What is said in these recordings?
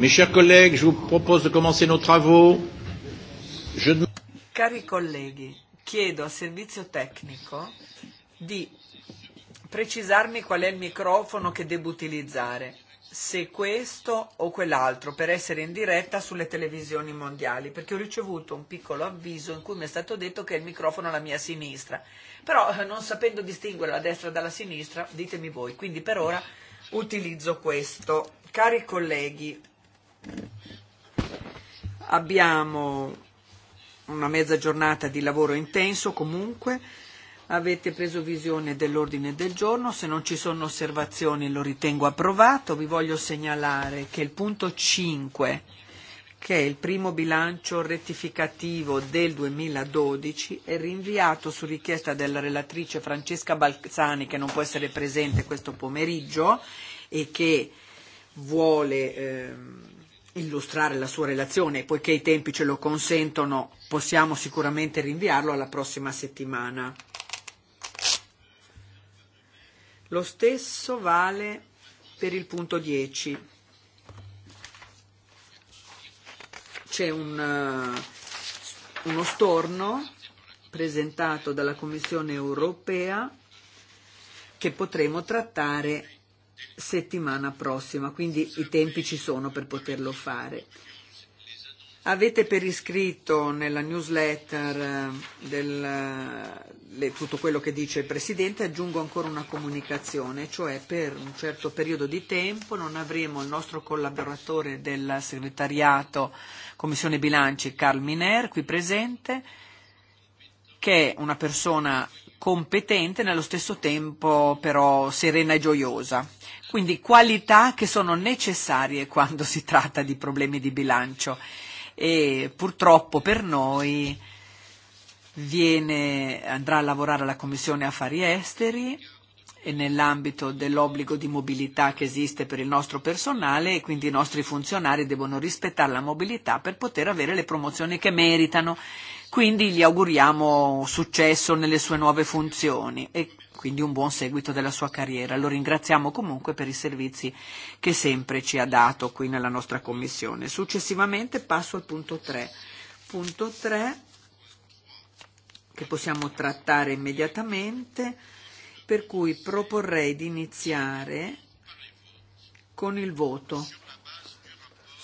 Mes chers collègues, je vous propose de commencer nos travaux. Je... Cari colleghi, chiedo al servizio tecnico di precisarmi qual è il microfono che devo utilizzare, se questo o quell'altro, per essere in diretta sulle televisioni mondiali, perché ho ricevuto un piccolo avviso in cui mi è stato detto che è il microfono alla mia sinistra, però eh, non sapendo distinguere la destra dalla sinistra, ditemi voi, quindi per ora utilizzo questo. Cari colleghi, Abbiamo una mezza giornata di lavoro intenso comunque. Avete preso visione dell'ordine del giorno, se non ci sono osservazioni lo ritengo approvato. Vi voglio segnalare che il punto 5, che è il primo bilancio rettificativo del 2012, è rinviato su richiesta della relatrice Francesca Balzani, che non può essere presente questo pomeriggio e che vuole. Ehm, illustrare la sua relazione, poiché i tempi ce lo consentono, possiamo sicuramente rinviarlo alla prossima settimana. Lo stesso vale per il punto 10. C'è un, uh, uno storno presentato dalla Commissione europea che potremo trattare settimana prossima, quindi i tempi ci sono per poterlo fare. Avete per iscritto nella newsletter eh, del, eh, le, tutto quello che dice il Presidente, aggiungo ancora una comunicazione, cioè per un certo periodo di tempo non avremo il nostro collaboratore del segretariato Commissione Bilanci, Carl Miner, qui presente, che è una persona competente, nello stesso tempo però serena e gioiosa. Quindi qualità che sono necessarie quando si tratta di problemi di bilancio e purtroppo per noi viene, andrà a lavorare alla Commissione Affari Esteri e nell'ambito dell'obbligo di mobilità che esiste per il nostro personale e quindi i nostri funzionari devono rispettare la mobilità per poter avere le promozioni che meritano Quindi gli auguriamo successo nelle sue nuove funzioni e quindi un buon seguito della sua carriera. Lo ringraziamo comunque per i servizi che sempre ci ha dato qui nella nostra commissione. Successivamente passo al punto 3. Punto 3 che possiamo trattare immediatamente, per cui proporrei di iniziare con il voto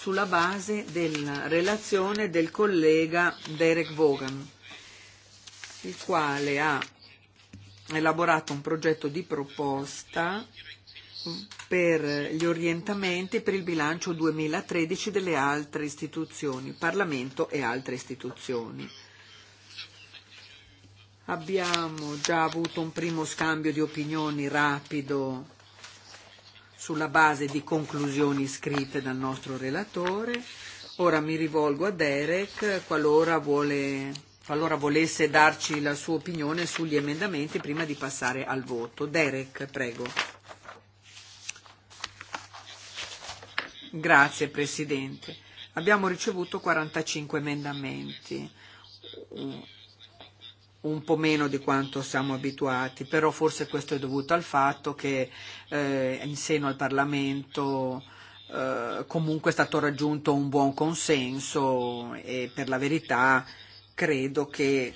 sulla base della relazione del collega Derek Vaughan, il quale ha elaborato un progetto di proposta per gli orientamenti per il bilancio 2013 delle altre istituzioni, Parlamento e altre istituzioni. Abbiamo già avuto un primo scambio di opinioni rapido sulla base di conclusioni scritte dal nostro relatore. Ora mi rivolgo a Derek qualora, vuole, qualora volesse darci la sua opinione sugli emendamenti prima di passare al voto. Derek, prego. Grazie Presidente. Abbiamo ricevuto 45 emendamenti un po' meno di quanto siamo abituati, però forse questo è dovuto al fatto che eh, in seno al Parlamento eh, comunque è stato raggiunto un buon consenso e per la verità credo che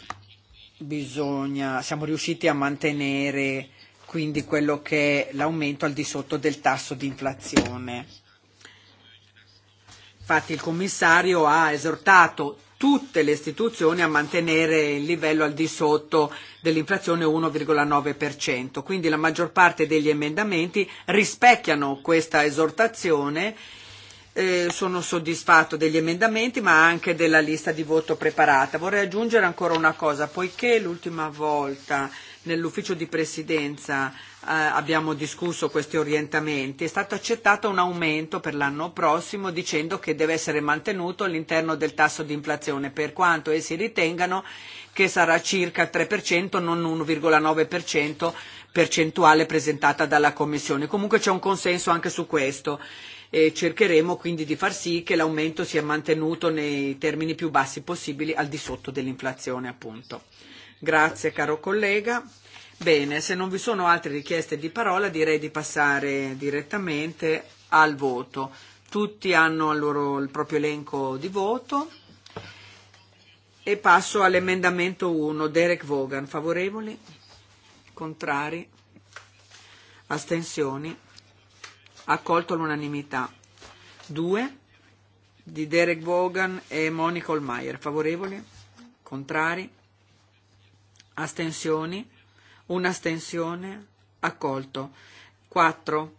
bisogna, siamo riusciti a mantenere quindi quello che è l'aumento al di sotto del tasso di inflazione. Infatti il commissario ha esortato tutte le istituzioni a mantenere il livello al di sotto dell'inflazione 1,9%. Quindi la maggior parte degli emendamenti rispecchiano questa esortazione. Eh, sono soddisfatto degli emendamenti ma anche della lista di voto preparata. Vorrei aggiungere ancora una cosa, poiché l'ultima volta nell'ufficio di presidenza eh, abbiamo discusso questi orientamenti, è stato accettato un aumento per l'anno prossimo dicendo che deve essere mantenuto all'interno del tasso di inflazione, per quanto essi ritengano che sarà circa il 3%, non 1,9% percentuale presentata dalla Commissione. Comunque c'è un consenso anche su questo e cercheremo quindi di far sì che l'aumento sia mantenuto nei termini più bassi possibili al di sotto dell'inflazione appunto. Grazie caro collega. Bene, se non vi sono altre richieste di parola direi di passare direttamente al voto. Tutti hanno il, loro, il proprio elenco di voto e passo all'emendamento 1. Derek Vaughan, favorevoli? Contrari? Astensioni? Accolto all'unanimità. 2 di Derek Vaughan e Monica Olmeyer, favorevoli? Contrari? astensioni, un'astensione, accolto. 4.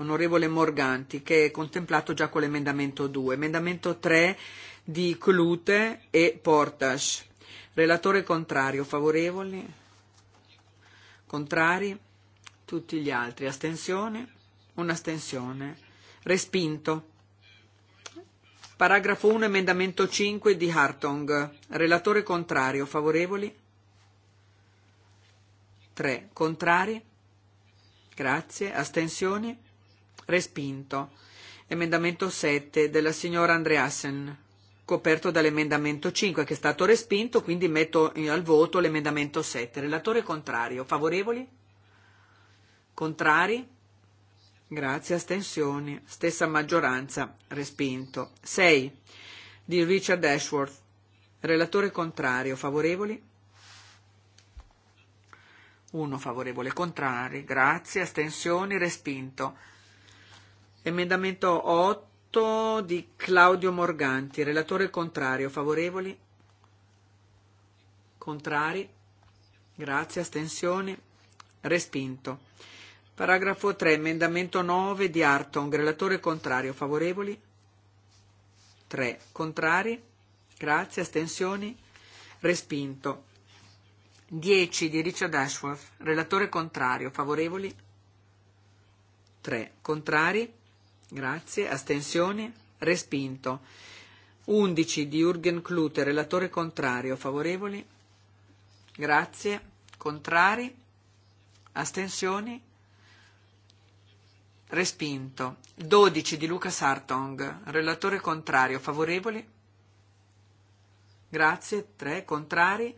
Onorevole Morganti, che è contemplato già con l'emendamento 2. Emendamento 3 di Clute e Portas. Relatore contrario, favorevoli? Contrari? Tutti gli altri. Astensione? Un'astensione. Respinto. Paragrafo 1, emendamento 5 di Hartong. Relatore contrario, favorevoli? 3. Contrari? Grazie. Astensioni? Respinto. Emendamento 7 della signora Andreasen, coperto dall'emendamento 5 che è stato respinto, quindi metto al voto l'emendamento 7. Relatore contrario. Favorevoli? Contrari? Grazie. Astensioni? Stessa maggioranza. Respinto. 6 di Richard Ashworth. Relatore contrario. Favorevoli? 1 favorevole, contrari, grazie, astensioni, respinto. Emendamento 8 di Claudio Morganti, relatore contrario, favorevoli, contrari, grazie, astensioni, respinto. Paragrafo 3, emendamento 9 di Arton, relatore contrario, favorevoli, 3, contrari, grazie, astensioni, respinto. 10 di Richard Ashworth, relatore contrario, favorevoli? 3 contrari, grazie, astensioni, respinto. 11 di Jürgen Klute, relatore contrario, favorevoli? Grazie, contrari, astensioni, respinto. 12 di Luca Sartong, relatore contrario, favorevoli? Grazie, 3 contrari,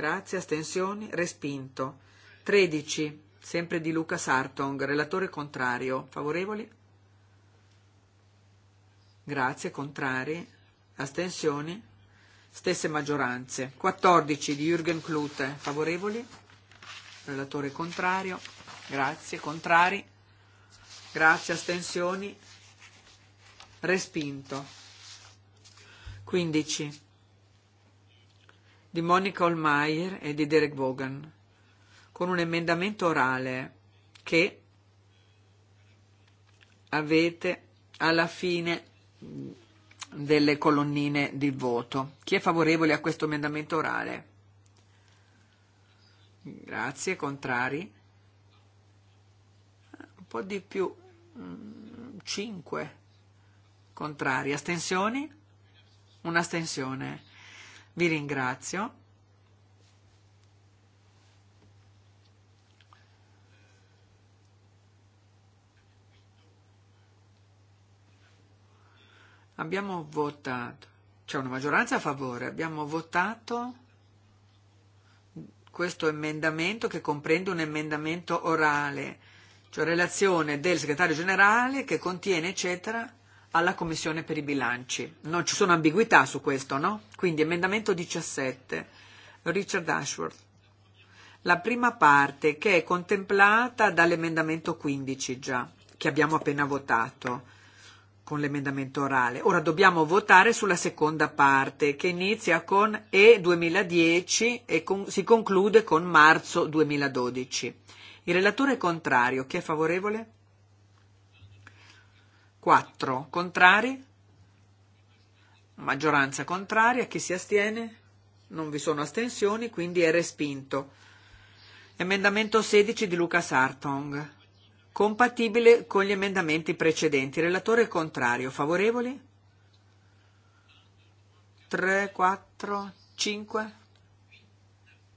Grazie, astensioni, respinto. 13, sempre di Luca Sartong, relatore contrario. Favorevoli? Grazie, contrari, astensioni, stesse maggioranze. 14 di Jürgen Klute, favorevoli? Relatore contrario, grazie, contrari, grazie, astensioni, respinto. 15 di Monica Olmaier e di Derek Vaughan, con un emendamento orale che avete alla fine mm, delle colonnine di voto. Chi è favorevole a questo emendamento orale? Grazie, contrari? Un po' di più, 5 mm, contrari. Astensioni? Un'astensione vi ringrazio. Abbiamo votato, c'è una maggioranza a favore, abbiamo votato questo emendamento che comprende un emendamento orale, cioè relazione del segretario generale che contiene, eccetera, alla Commissione per i bilanci. Non ci sono ambiguità su questo, no? Quindi emendamento 17, Richard Ashworth. La prima parte che è contemplata dall'emendamento 15 già, che abbiamo appena votato con l'emendamento orale. Ora dobbiamo votare sulla seconda parte che inizia con E 2010 e con, si conclude con marzo 2012. Il relatore è contrario. Chi è favorevole? 4. Contrari? Maggioranza contraria. Chi si astiene? Non vi sono astensioni, quindi è respinto. Emendamento 16 di Luca Sartong. Compatibile con gli emendamenti precedenti. Relatore contrario. Favorevoli? 3, 4, 5,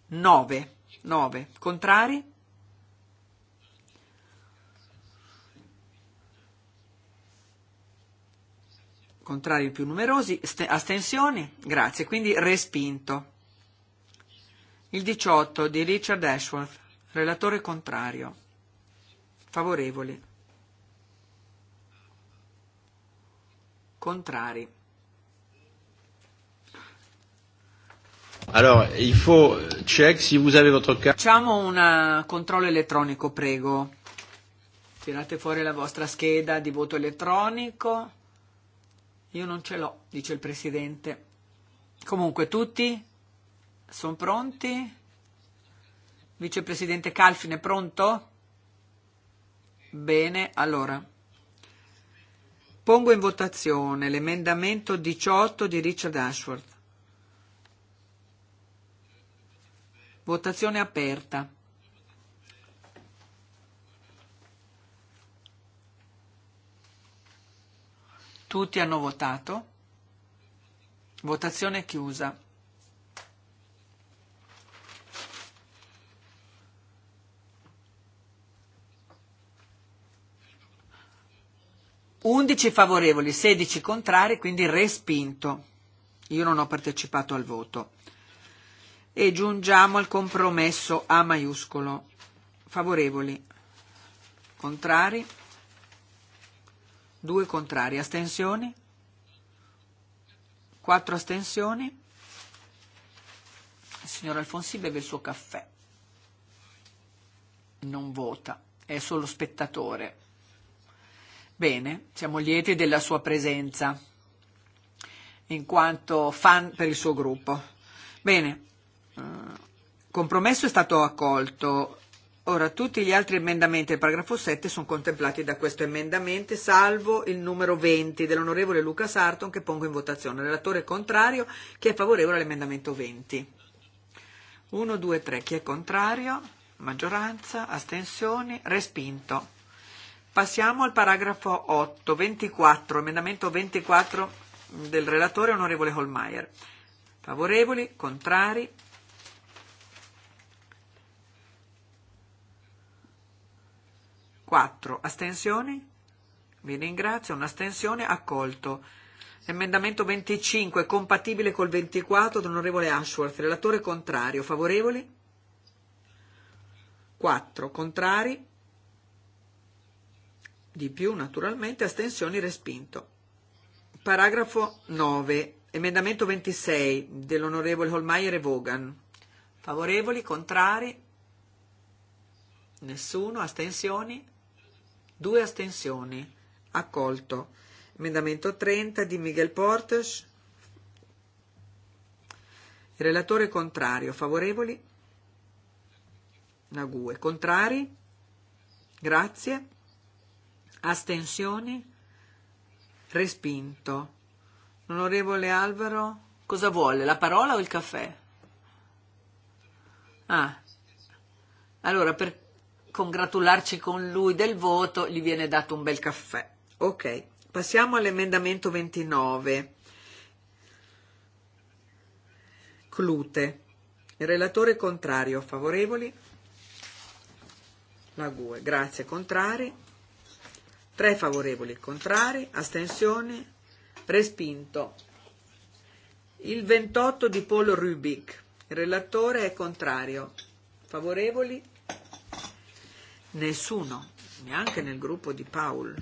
9. 9. Contrari? contrari più numerosi, astensioni, grazie, quindi respinto. Il 18 di Richard Ashworth, relatore contrario, favorevoli, contrari. Allora, il faut check si vous avez votre carte. Facciamo un eh, controllo elettronico, prego. Tirate fuori la vostra scheda di voto elettronico. Io non ce l'ho, dice il Presidente. Comunque tutti sono pronti? Vicepresidente Calfine, pronto? Bene, allora. Pongo in votazione l'emendamento 18 di Richard Ashworth. Votazione aperta. Tutti hanno votato. Votazione chiusa. Undici favorevoli, sedici contrari, quindi respinto. Io non ho partecipato al voto. E giungiamo al compromesso A maiuscolo. Favorevoli, contrari 2 contrari, astensioni, 4 astensioni. Il signor Alfonsi beve il suo caffè, non vota, è solo spettatore. Bene, siamo lieti della sua presenza, in quanto fan per il suo gruppo. Bene, eh, compromesso è stato accolto Ora, tutti gli altri emendamenti al paragrafo 7 sono contemplati da questo emendamento, salvo il numero 20 dell'onorevole Luca Sarton che pongo in votazione. Il relatore è contrario, chi è favorevole all'emendamento 20? 1, 2, 3, chi è contrario? Maggioranza, astensioni, respinto. Passiamo al paragrafo 8, 24, emendamento 24 del relatore onorevole Holmeier. Favorevoli, contrari, 4. Astensioni? Vi ringrazio, un'astensione accolto. Emendamento 25, compatibile col 24 dell'onorevole Ashworth. Relatore contrario. Favorevoli? 4. Contrari? Di più, naturalmente. Astensioni respinto. Paragrafo 9. Emendamento 26 dell'onorevole Holmeyer e Vogan. Favorevoli? Contrari? Nessuno? Astensioni? 2 astensioni, accolto. Emendamento 30 di Miguel Portes, il relatore contrario, favorevoli? Nague. Contrari? Grazie. Astensioni? Respinto. Onorevole Alvaro, cosa vuole? La parola o il caffè? Ah. Allora, per congratularci con lui del voto, gli viene dato un bel caffè. Ok, passiamo all'emendamento 29. Clute. Il relatore contrario, favorevoli? La GUE, grazie, contrari. 3 favorevoli, contrari, astensioni, respinto. Il 28 di Paul Rubik. Il relatore è contrario. Favorevoli? Nessuno, neanche nel gruppo di Paul.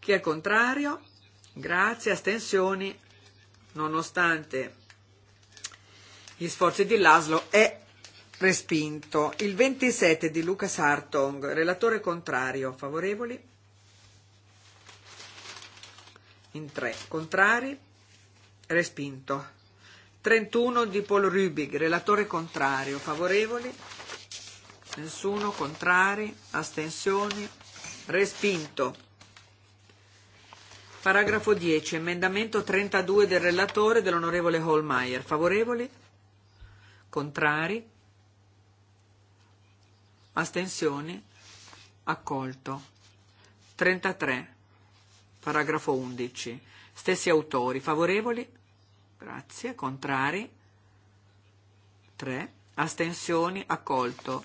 Chi è contrario? Grazie, astensioni. Nonostante gli sforzi di Laszlo è respinto. Il 27 di Luca Sartong, relatore contrario, favorevoli? In tre, contrari, respinto. 31 di Paul Rubig, relatore contrario, favorevoli? Nessuno, contrari, astensioni, respinto. Paragrafo 10, emendamento 32 del relatore dell'onorevole Holmeier, favorevoli? Contrari, astensioni, accolto. 33, paragrafo 11, stessi autori, favorevoli? Grazie. Contrari? 3. Astensioni? Accolto.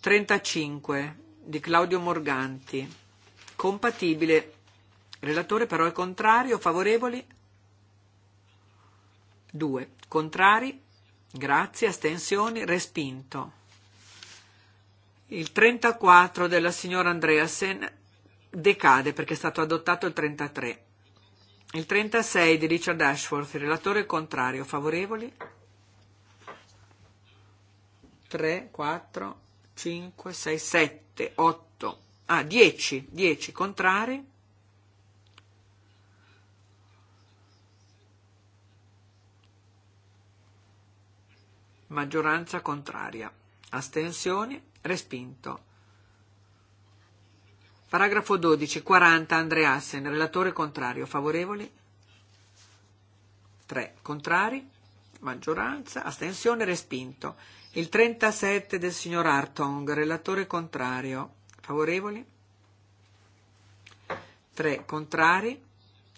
35 di Claudio Morganti. Compatibile. Relatore però è contrario. Favorevoli? 2. Contrari? Grazie. Astensioni? Respinto. Il 34 della signora Andreasen decade perché è stato adottato il 33. Il 36 di Richard Ashworth, relatore contrario, favorevoli? 3, 4, 5, 6, 7, 8, ah 10, 10 contrari. Maggioranza contraria. Astensioni? Respinto. Paragrafo 12, 40 Andreasen, relatore contrario, favorevoli? 3 contrari, maggioranza, astensione, respinto. Il 37 del signor Hartong, relatore contrario, favorevoli? 3 contrari,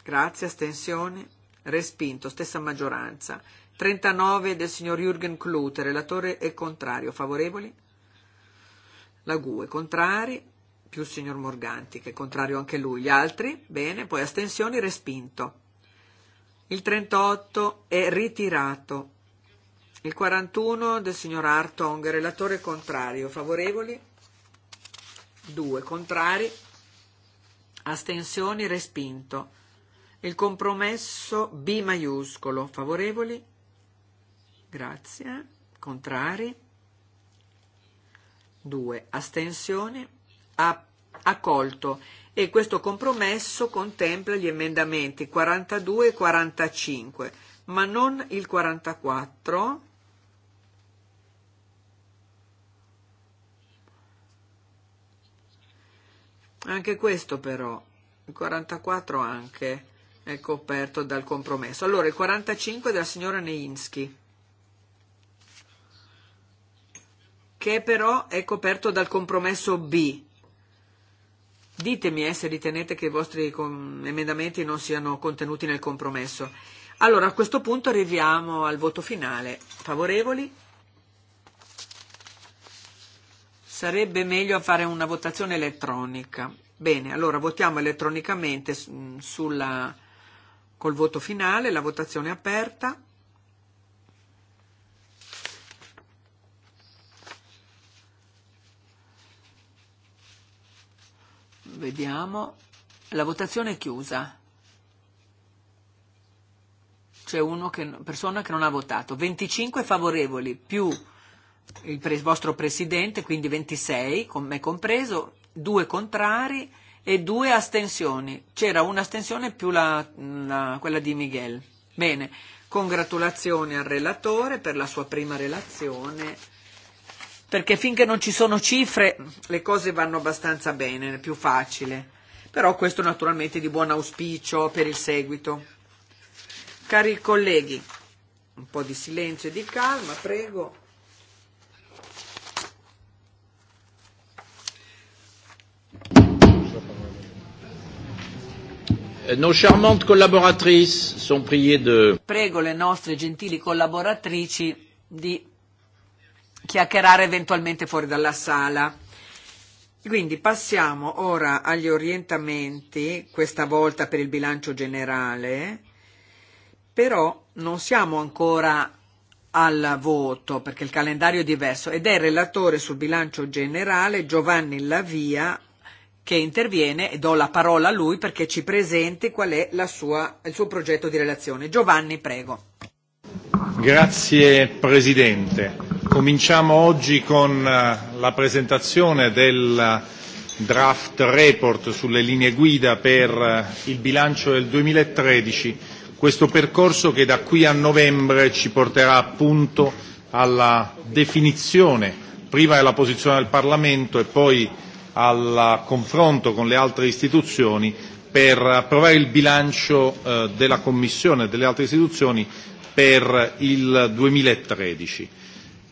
grazie, astensione, respinto, stessa maggioranza. 39 del signor Jürgen Klute, relatore e contrario, favorevoli? La GUE, contrari, più il signor Morganti, che è contrario anche lui. Gli altri? Bene, poi astensioni, respinto. Il 38 è ritirato. Il 41 del signor Artong, relatore contrario. Favorevoli? Due Contrari? Astensioni, respinto. Il compromesso B maiuscolo. Favorevoli? Grazie. Contrari? Due Astensioni? A accolto e questo compromesso contempla gli emendamenti 42 e 45, ma non il 44. Anche questo però, il 44 anche è coperto dal compromesso. Allora, il 45 della signora Neinsky, che però è coperto dal compromesso B ditemi eh, se ritenete che i vostri emendamenti non siano contenuti nel compromesso. Allora, a questo punto arriviamo al voto finale. Favorevoli? Sarebbe meglio fare una votazione elettronica. Bene, allora votiamo elettronicamente mm, sulla, col voto finale, la votazione è aperta. Vediamo. La votazione è chiusa. C'è una che, persona che non ha votato. 25 favorevoli più il pre, vostro presidente, quindi 26, con me compreso, due contrari e due astensioni. C'era un'astensione più la, la, quella di Miguel. Bene, congratulazioni al relatore per la sua prima relazione perché finché non ci sono cifre le cose vanno abbastanza bene, è più facile. Però questo naturalmente è di buon auspicio per il seguito. Cari colleghi, un po' di silenzio e di calma, prego. Nos charmantes collaboratrices sont priées de... Prego le nostre gentili collaboratrici di chiacchierare eventualmente fuori dalla sala. Quindi passiamo ora agli orientamenti, questa volta per il bilancio generale, però non siamo ancora al voto perché il calendario è diverso ed è il relatore sul bilancio generale Giovanni Lavia che interviene e do la parola a lui perché ci presenti qual è la sua, il suo progetto di relazione. Giovanni, prego. Grazie Presidente. Cominciamo oggi con eh, la presentazione del eh, draft report sulle linee guida per eh, il bilancio del 2013, questo percorso che da qui a novembre ci porterà appunto alla definizione prima della posizione del Parlamento e poi al confronto con le altre istituzioni per approvare il bilancio della Commissione e delle altre istituzioni per il 2013.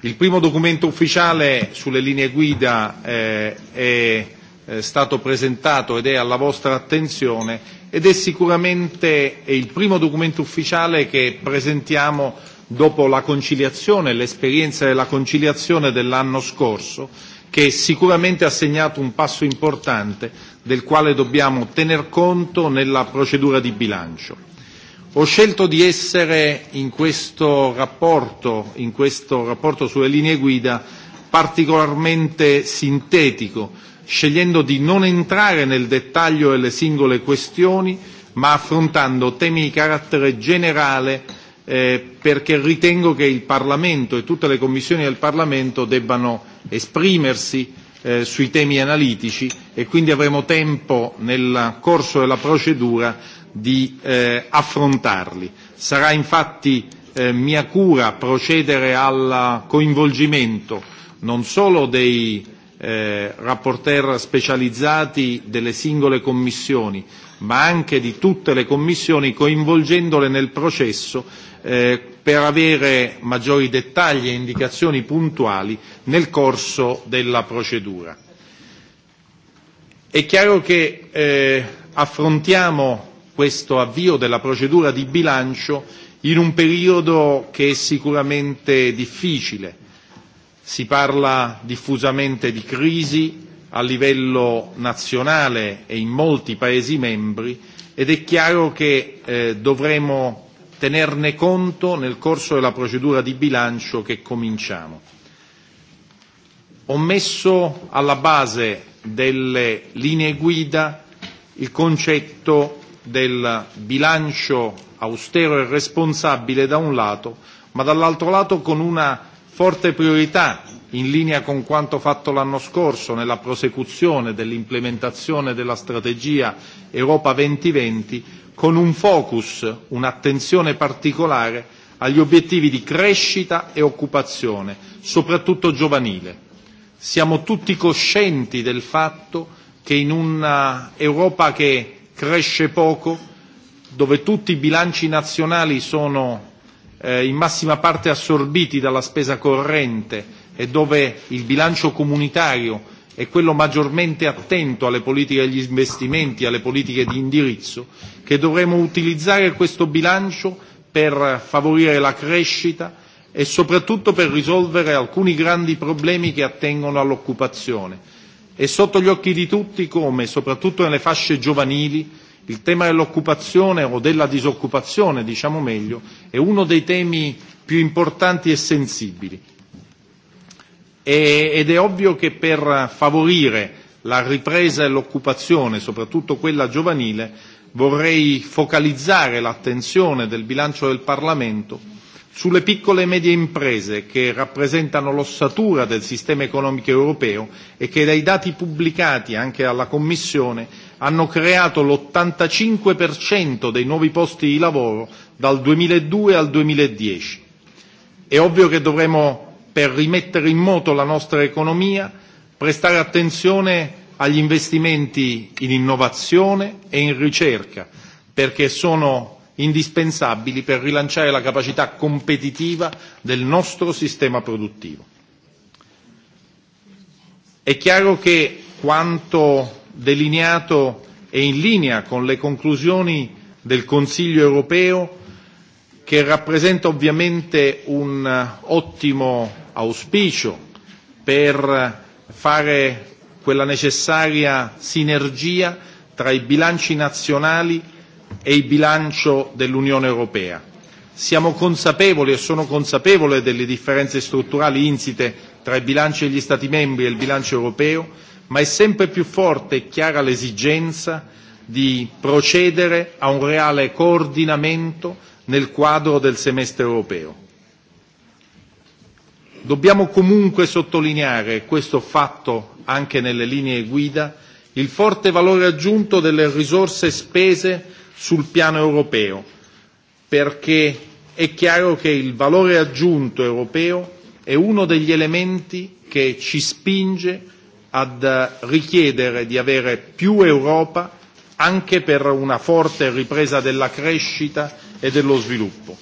Il primo documento ufficiale sulle linee guida eh, è eh, stato presentato ed è alla vostra attenzione ed è sicuramente il primo documento ufficiale che presentiamo dopo la conciliazione, l'esperienza della conciliazione dell'anno scorso, che sicuramente ha segnato un passo importante del quale dobbiamo tener conto nella procedura di bilancio. Ho scelto di essere in questo rapporto, in questo rapporto sulle linee guida, particolarmente sintetico, scegliendo di non entrare nel dettaglio delle singole questioni, ma affrontando temi di carattere generale eh, perché ritengo che il Parlamento e tutte le commissioni del Parlamento debbano esprimersi eh, sui temi analitici e quindi avremo tempo nel corso della procedura di eh, affrontarli. Sarà infatti eh, mia cura procedere al coinvolgimento non solo dei eh, rapporteur specializzati delle singole commissioni, ma anche di tutte le commissioni coinvolgendole nel processo eh, per avere maggiori dettagli e indicazioni puntuali nel corso della procedura. È chiaro che eh, affrontiamo questo avvio della procedura di bilancio in un periodo che è sicuramente difficile. Si parla diffusamente di crisi a livello nazionale e in molti Paesi membri ed è chiaro che eh, dovremo tenerne conto nel corso della procedura di bilancio che cominciamo. Ho messo alla base delle linee guida il concetto del bilancio austero e responsabile da un lato, ma dall'altro lato con una forte priorità in linea con quanto fatto l'anno scorso nella prosecuzione dell'implementazione della strategia Europa 2020, con un focus, un'attenzione particolare agli obiettivi di crescita e occupazione, soprattutto giovanile. Siamo tutti coscienti del fatto che in un'Europa che cresce poco, dove tutti i bilanci nazionali sono eh, in massima parte assorbiti dalla spesa corrente e dove il bilancio comunitario è quello maggiormente attento alle politiche degli investimenti, alle politiche di indirizzo, che dovremo utilizzare questo bilancio per favorire la crescita e soprattutto per risolvere alcuni grandi problemi che attengono all'occupazione È e sotto gli occhi di tutti come, soprattutto nelle fasce giovanili, il tema dell'occupazione o della disoccupazione, diciamo meglio, è uno dei temi più importanti e sensibili. E, ed è ovvio che per favorire la ripresa e l'occupazione, soprattutto quella giovanile, vorrei focalizzare l'attenzione del bilancio del Parlamento Sulle piccole e medie imprese, che rappresentano l'ossatura del sistema economico europeo e che dai dati pubblicati anche dalla Commissione hanno creato l'85% dei nuovi posti di lavoro dal 2002 al 2010. È ovvio che dovremo, per rimettere in moto la nostra economia, prestare attenzione agli investimenti in innovazione e in ricerca, perché sono indispensabili per rilanciare la capacità competitiva del nostro sistema produttivo. È chiaro che quanto delineato è e in linea con le conclusioni del Consiglio europeo che rappresenta ovviamente un ottimo auspicio per fare quella necessaria sinergia tra i bilanci nazionali e il bilancio dell'Unione Europea. Siamo consapevoli e sono consapevole delle differenze strutturali insite tra il bilancio degli Stati membri e il bilancio europeo, ma è sempre più forte e chiara l'esigenza di procedere a un reale coordinamento nel quadro del semestre europeo. Dobbiamo comunque sottolineare, e questo fatto anche nelle linee guida, il forte valore aggiunto delle risorse spese sul piano europeo, perché è chiaro che il valore aggiunto europeo è uno degli elementi che ci spinge ad richiedere di avere più Europa anche per una forte ripresa della crescita e dello sviluppo.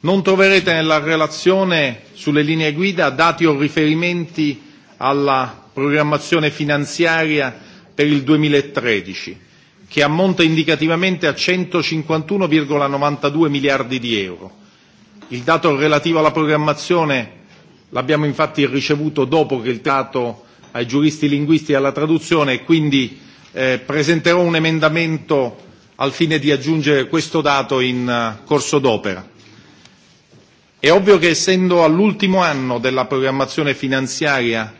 Non troverete nella relazione sulle linee guida dati o riferimenti alla programmazione finanziaria per il 2013, che ammonta indicativamente a 151,92 miliardi di euro. Il dato relativo alla programmazione l'abbiamo infatti ricevuto dopo che il dato ai giuristi linguisti e alla traduzione e quindi eh, presenterò un emendamento al fine di aggiungere questo dato in uh, corso d'opera. È ovvio che essendo all'ultimo anno della programmazione finanziaria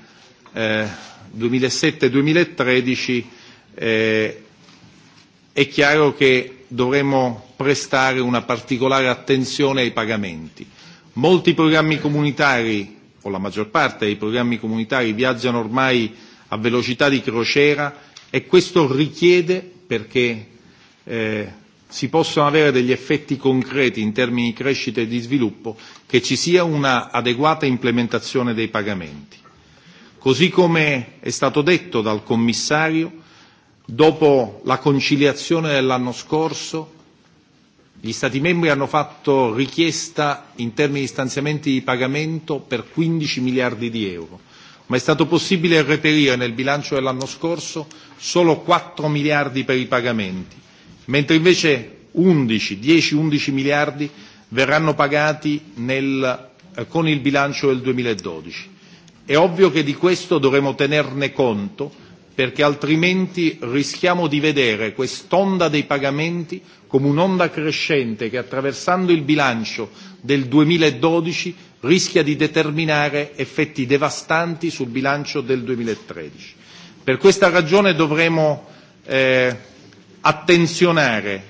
2007-2013 eh, eh, è chiaro che dovremo prestare una particolare attenzione ai pagamenti. Molti programmi comunitari, o la maggior parte dei programmi comunitari, viaggiano ormai a velocità di crociera e questo richiede, perché eh, si possono avere degli effetti concreti in termini di crescita e di sviluppo, che ci sia una adeguata implementazione dei pagamenti. Così come è stato detto dal commissario, dopo la conciliazione dell'anno scorso, gli Stati membri hanno fatto richiesta in termini di stanziamenti di pagamento per 15 miliardi di euro, ma è stato possibile reperire nel bilancio dell'anno scorso solo 4 miliardi per i pagamenti, mentre invece 11, 10-11 miliardi verranno pagati nel, eh, con il bilancio del 2012. È ovvio che di questo dovremo tenerne conto perché altrimenti rischiamo di vedere quest'onda dei pagamenti come un'onda crescente che attraversando il bilancio del 2012 rischia di determinare effetti devastanti sul bilancio del 2013. Per questa ragione dovremo eh, attenzionare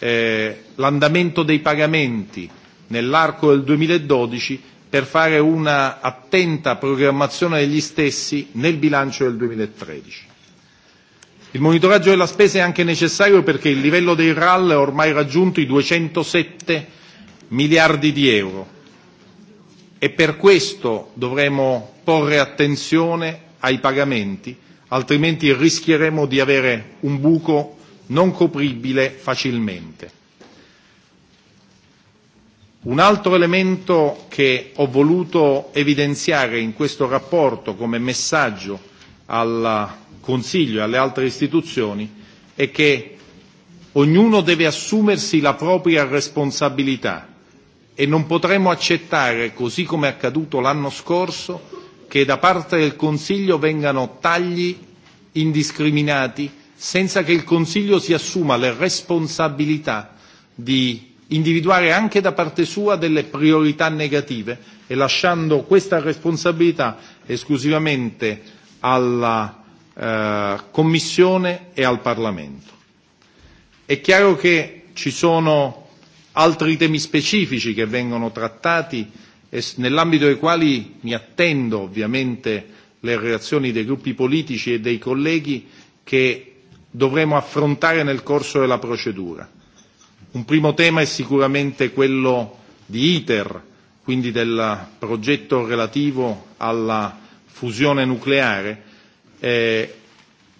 eh, l'andamento dei pagamenti nell'arco del 2012 per fare una attenta programmazione degli stessi nel bilancio del 2013. Il monitoraggio della spesa è anche necessario perché il livello dei RAL ha ormai raggiunto i 207 miliardi di euro e per questo dovremo porre attenzione ai pagamenti, altrimenti rischieremo di avere un buco non copribile facilmente. Un altro elemento che ho voluto evidenziare in questo rapporto come messaggio al Consiglio e alle altre istituzioni è che ognuno deve assumersi la propria responsabilità e non potremo accettare, così come è accaduto l'anno scorso, che da parte del Consiglio vengano tagli indiscriminati senza che il Consiglio si assuma le responsabilità di individuare anche da parte sua delle priorità negative e lasciando questa responsabilità esclusivamente alla eh, Commissione e al Parlamento. È chiaro che ci sono altri temi specifici che vengono trattati e nell'ambito dei quali mi attendo ovviamente le reazioni dei gruppi politici e dei colleghi che dovremo affrontare nel corso della procedura Un primo tema è sicuramente quello di ITER, quindi del progetto relativo alla fusione nucleare, eh,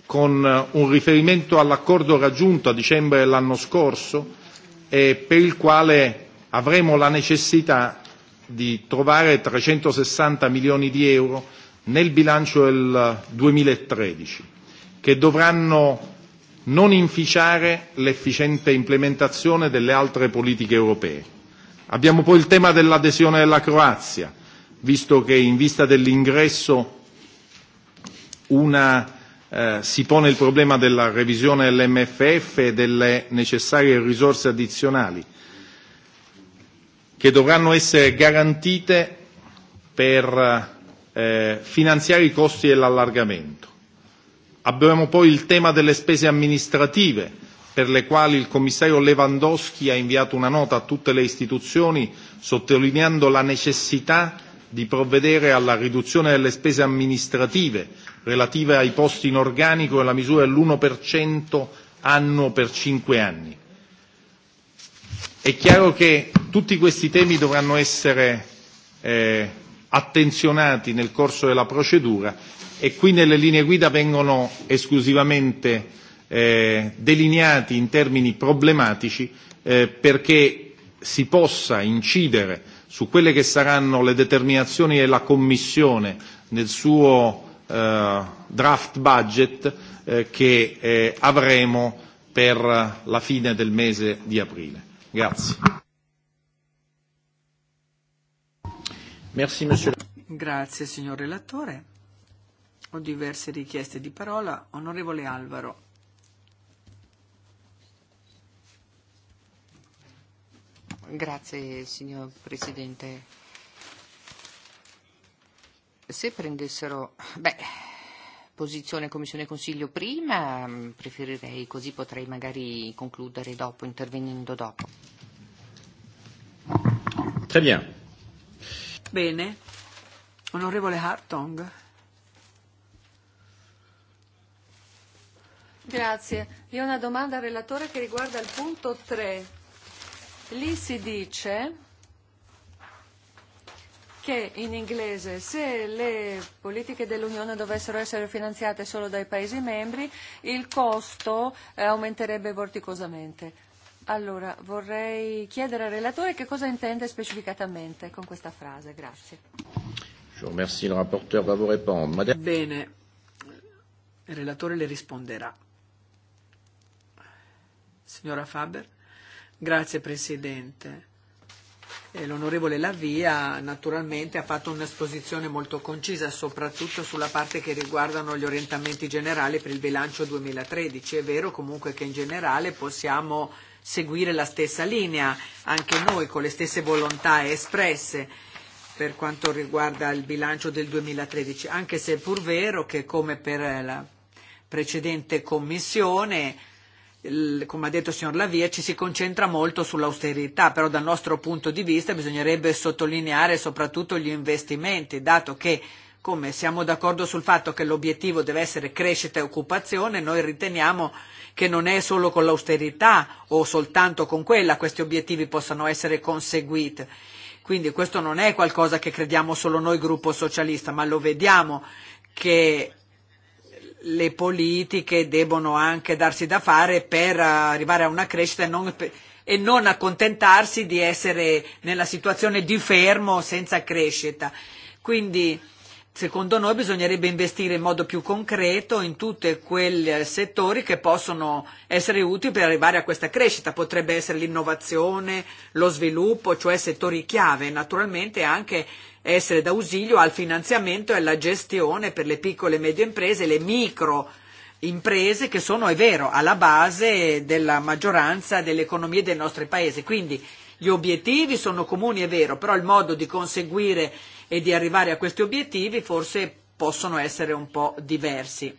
con un riferimento all'accordo raggiunto a dicembre dell'anno scorso, e eh, per il quale avremo la necessità di trovare 360 milioni di euro nel bilancio del 2013, che dovranno non inficiare l'efficiente implementazione delle altre politiche europee. Abbiamo poi il tema dell'adesione della Croazia, visto che in vista dell'ingresso una, eh, si pone il problema della revisione dell'MFF e delle necessarie risorse addizionali che dovranno essere garantite per eh, finanziare i costi dell'allargamento. Abbiamo poi il tema delle spese amministrative, per le quali il commissario Lewandowski ha inviato una nota a tutte le istituzioni sottolineando la necessità di provvedere alla riduzione delle spese amministrative relative ai posti in organico nella misura dell'1% annuo per cinque anni. È chiaro che tutti questi temi dovranno essere eh, attenzionati nel corso della procedura e qui nelle linee guida vengono esclusivamente eh, delineati in termini problematici eh, perché si possa incidere su quelle che saranno le determinazioni della Commissione nel suo eh, draft budget eh, che eh, avremo per la fine del mese di aprile. Grazie. Merci, Grazie signor relatore. Ho diverse richieste di parola. Onorevole Alvaro. Grazie, signor Presidente. Se prendessero beh, posizione Commissione e Consiglio prima, preferirei così potrei magari concludere dopo, intervenendo dopo. Très bien. Bene. Onorevole Hartong. Grazie. Io ho una domanda al relatore che riguarda il punto 3. Lì si dice che in inglese se le politiche dell'Unione dovessero essere finanziate solo dai Paesi membri, il costo eh, aumenterebbe vorticosamente. Allora, vorrei chiedere al relatore che cosa intende specificatamente con questa frase. Grazie. Bene, il relatore le risponderà. Signora Faber. Grazie Presidente. E l'onorevole Lavia naturalmente ha fatto un'esposizione molto concisa, soprattutto sulla parte che riguardano gli orientamenti generali per il bilancio 2013. È vero comunque che in generale possiamo seguire la stessa linea, anche noi con le stesse volontà espresse per quanto riguarda il bilancio del 2013, anche se è pur vero che come per la precedente commissione come ha detto il signor Lavia, ci si concentra molto sull'austerità, però dal nostro punto di vista bisognerebbe sottolineare soprattutto gli investimenti, dato che come siamo d'accordo sul fatto che l'obiettivo deve essere crescita e occupazione, noi riteniamo che non è solo con l'austerità o soltanto con quella questi obiettivi possano essere conseguiti. Quindi questo non è qualcosa che crediamo solo noi gruppo socialista, ma lo vediamo che le politiche debbono anche darsi da fare per arrivare a una crescita e non, e non accontentarsi di essere nella situazione di fermo senza crescita. Quindi secondo noi bisognerebbe investire in modo più concreto in tutti quei settori che possono essere utili per arrivare a questa crescita. Potrebbe essere l'innovazione, lo sviluppo, cioè settori chiave, naturalmente anche essere d'ausilio al finanziamento e alla gestione per le piccole e medie imprese, le micro imprese che sono, è vero, alla base della maggioranza delle economie dei nostri paesi. Quindi gli obiettivi sono comuni, è vero, però il modo di conseguire e di arrivare a questi obiettivi forse possono essere un po' diversi.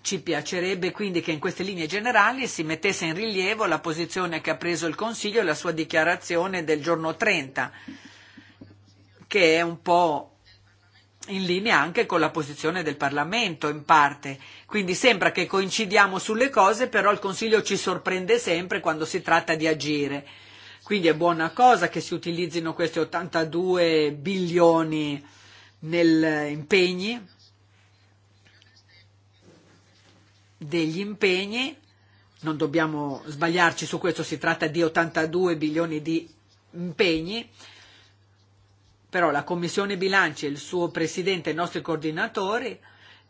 Ci piacerebbe quindi che in queste linee generali si mettesse in rilievo la posizione che ha preso il Consiglio e la sua dichiarazione del giorno 30 che è un po' in linea anche con la posizione del Parlamento in parte. Quindi sembra che coincidiamo sulle cose, però il Consiglio ci sorprende sempre quando si tratta di agire. Quindi è buona cosa che si utilizzino questi 82 bilioni negli impegni, degli impegni, non dobbiamo sbagliarci su questo, si tratta di 82 bilioni di impegni però la Commissione bilancio e il suo Presidente e i nostri coordinatori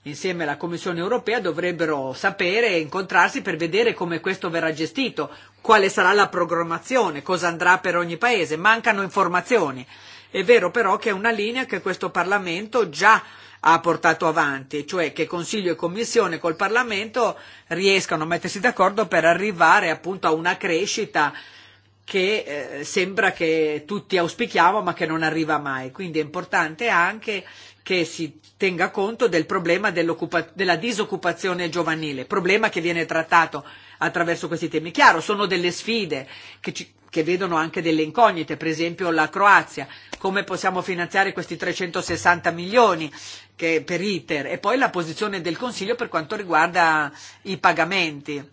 insieme alla Commissione europea dovrebbero sapere e incontrarsi per vedere come questo verrà gestito, quale sarà la programmazione, cosa andrà per ogni paese. Mancano informazioni. È vero però che è una linea che questo Parlamento già ha portato avanti, cioè che Consiglio e Commissione col Parlamento riescano a mettersi d'accordo per arrivare appunto a una crescita che eh, sembra che tutti auspichiamo ma che non arriva mai. Quindi è importante anche che si tenga conto del problema della disoccupazione giovanile, problema che viene trattato attraverso questi temi. Chiaro, sono delle sfide che, ci, che vedono anche delle incognite, per esempio la Croazia, come possiamo finanziare questi 360 milioni che, per ITER e poi la posizione del Consiglio per quanto riguarda i pagamenti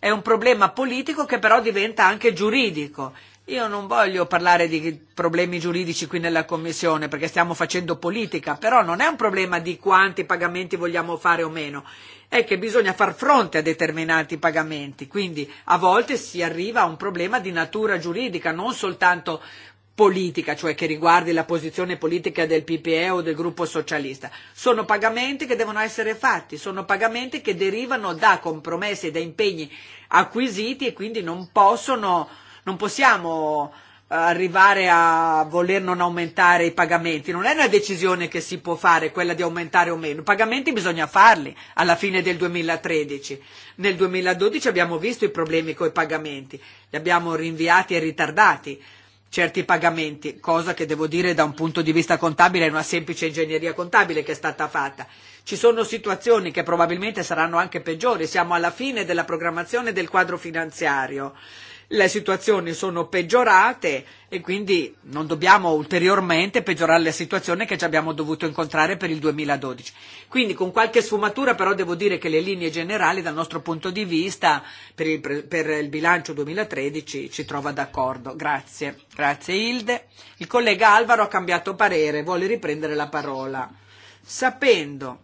È un problema politico che però diventa anche giuridico. Io non voglio parlare di problemi giuridici qui nella Commissione perché stiamo facendo politica, però non è un problema di quanti pagamenti vogliamo fare o meno, è che bisogna far fronte a determinati pagamenti, quindi a volte si arriva a un problema di natura giuridica, non soltanto politica, cioè che riguardi la posizione politica del PPE o del gruppo socialista. Sono pagamenti che devono essere fatti, sono pagamenti che derivano da compromessi e da impegni acquisiti e quindi non possono, non possiamo eh, arrivare a voler non aumentare i pagamenti. Non è una decisione che si può fare quella di aumentare o meno. I pagamenti bisogna farli alla fine del 2013. Nel 2012 abbiamo visto i problemi con i pagamenti, li abbiamo rinviati e ritardati certi pagamenti, cosa che devo dire da un punto di vista contabile è una semplice ingegneria contabile che è stata fatta. Ci sono situazioni che probabilmente saranno anche peggiori, siamo alla fine della programmazione del quadro finanziario le situazioni sono peggiorate e quindi non dobbiamo ulteriormente peggiorare la situazione che ci abbiamo dovuto incontrare per il 2012. Quindi con qualche sfumatura però devo dire che le linee generali dal nostro punto di vista per il, per il bilancio 2013 ci trova d'accordo. Grazie. Grazie Hilde. Il collega Alvaro ha cambiato parere, vuole riprendere la parola. Sapendo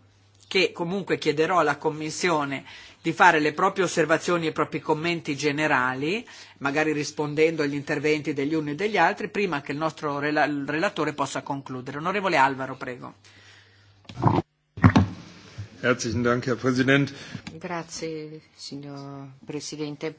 che comunque chiederò alla Commissione di fare le proprie osservazioni e i propri commenti generali, magari rispondendo agli interventi degli uni e degli altri, prima che il nostro rela- relatore possa concludere. Onorevole Alvaro, prego. Herzlichen Dank, Herr Präsident. Grazie, signor Presidente.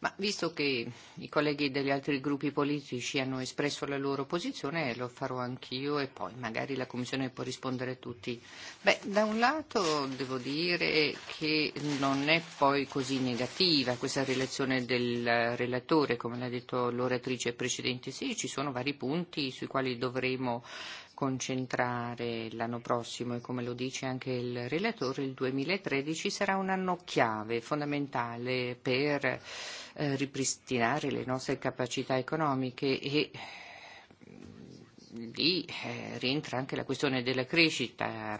Ma visto che i colleghi degli altri gruppi politici hanno espresso la loro posizione, eh, lo farò anch'io e poi magari la Commissione può rispondere a tutti. Beh, da un lato devo dire che non è poi così negativa questa relazione del relatore, come l'ha detto l'oratrice precedente. Sì, ci sono vari punti sui quali dovremo concentrare l'anno prossimo e come lo dice anche il relatore, il 2013 sarà un anno chiave, fondamentale per eh, ripristinare le nostre capacità economiche e mm, lì eh, rientra anche la questione della crescita.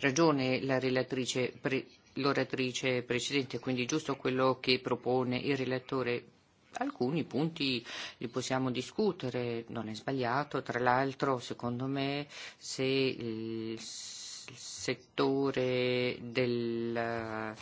Ragione la relatrice pre- l'oratrice precedente, quindi giusto quello che propone il relatore alcuni punti li possiamo discutere, non è sbagliato, tra l'altro secondo me se il settore del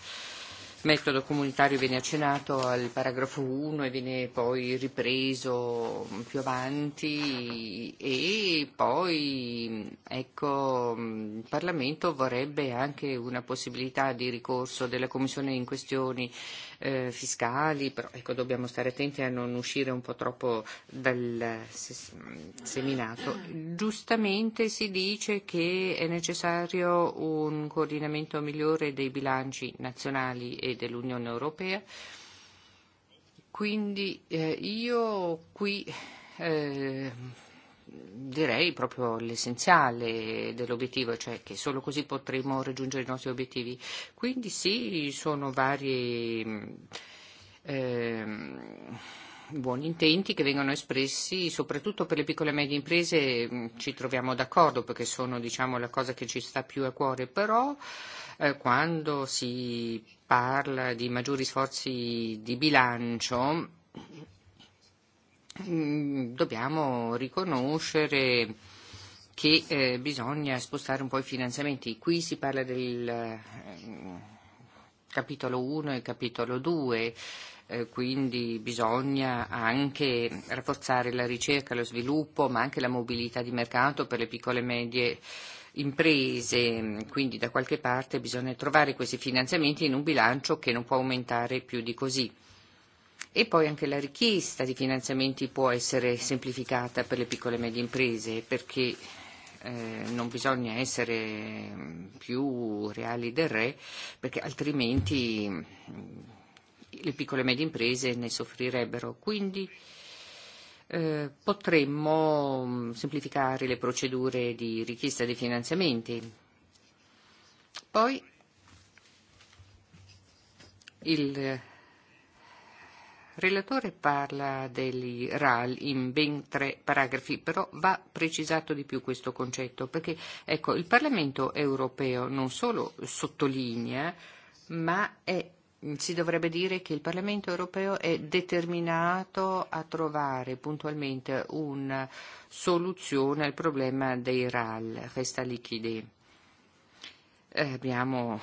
metodo comunitario viene accennato al paragrafo 1 e viene poi ripreso più avanti e poi ecco il Parlamento vorrebbe anche una possibilità di ricorso della Commissione in questioni eh, fiscali, però ecco, dobbiamo stare attenti a non uscire un po' troppo dal seminato. Giustamente si dice che è necessario un coordinamento migliore dei bilanci nazionali e dell'Unione Europea. Quindi eh, io qui eh, direi proprio l'essenziale dell'obiettivo, cioè che solo così potremo raggiungere i nostri obiettivi. Quindi sì, sono vari eh, buoni intenti che vengono espressi, soprattutto per le piccole e medie imprese mm, ci troviamo d'accordo perché sono diciamo, la cosa che ci sta più a cuore, però eh, quando si parla di maggiori sforzi di bilancio Mm, dobbiamo riconoscere che eh, bisogna spostare un po' i finanziamenti. Qui si parla del eh, capitolo 1 e capitolo 2, eh, quindi bisogna anche rafforzare la ricerca, lo sviluppo, ma anche la mobilità di mercato per le piccole e medie imprese, quindi da qualche parte bisogna trovare questi finanziamenti in un bilancio che non può aumentare più di così. E poi anche la richiesta di finanziamenti può essere semplificata per le piccole e medie imprese perché eh, non bisogna essere mm, più reali del re perché altrimenti mm, le piccole e medie imprese ne soffrirebbero. Quindi eh, potremmo mm, semplificare le procedure di richiesta di finanziamenti. Poi il relatore parla degli RAL in ben tre paragrafi, però va precisato di più questo concetto, perché ecco, il Parlamento europeo non solo sottolinea, ma è si dovrebbe dire che il Parlamento europeo è determinato a trovare puntualmente una soluzione al problema dei RAL, resta liquidi. Eh, abbiamo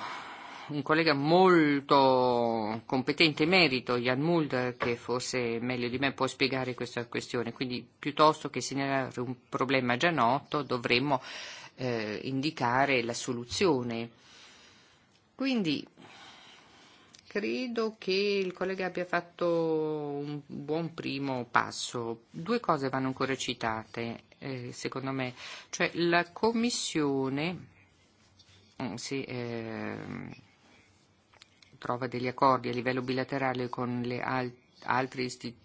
un collega molto competente in merito, Jan Mulder, che forse meglio di me può spiegare questa questione. Quindi piuttosto che segnalare un problema già noto dovremmo eh, indicare la soluzione. Quindi credo che il collega abbia fatto un buon primo passo. Due cose vanno ancora citate, eh, secondo me. Cioè la Commissione mm, Sì, eh, trova degli accordi a livello bilaterale con le al- altre istituzioni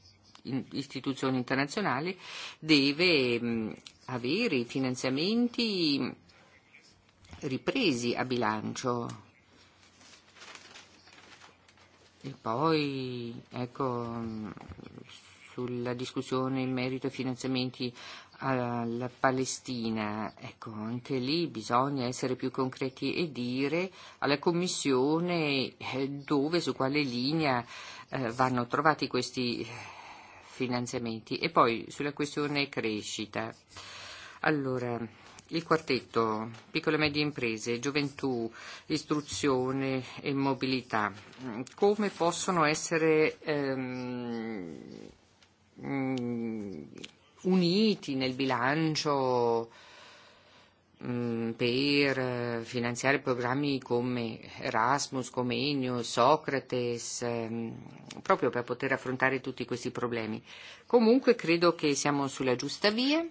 istituzioni internazionali deve mm, avere i finanziamenti mm, ripresi a bilancio. E poi, ecco, mm, sulla discussione in merito ai finanziamenti alla Palestina. Ecco, anche lì bisogna essere più concreti e dire alla Commissione eh, dove, su quale linea eh, vanno trovati questi eh, finanziamenti. E poi sulla questione crescita. Allora, il quartetto, piccole e medie imprese, gioventù, istruzione e mobilità, come possono essere ehm, mm, uniti nel bilancio mm, per eh, finanziare programmi come Erasmus, Comenio, Socrates, ehm, proprio per poter affrontare tutti questi problemi. Comunque credo che siamo sulla giusta via.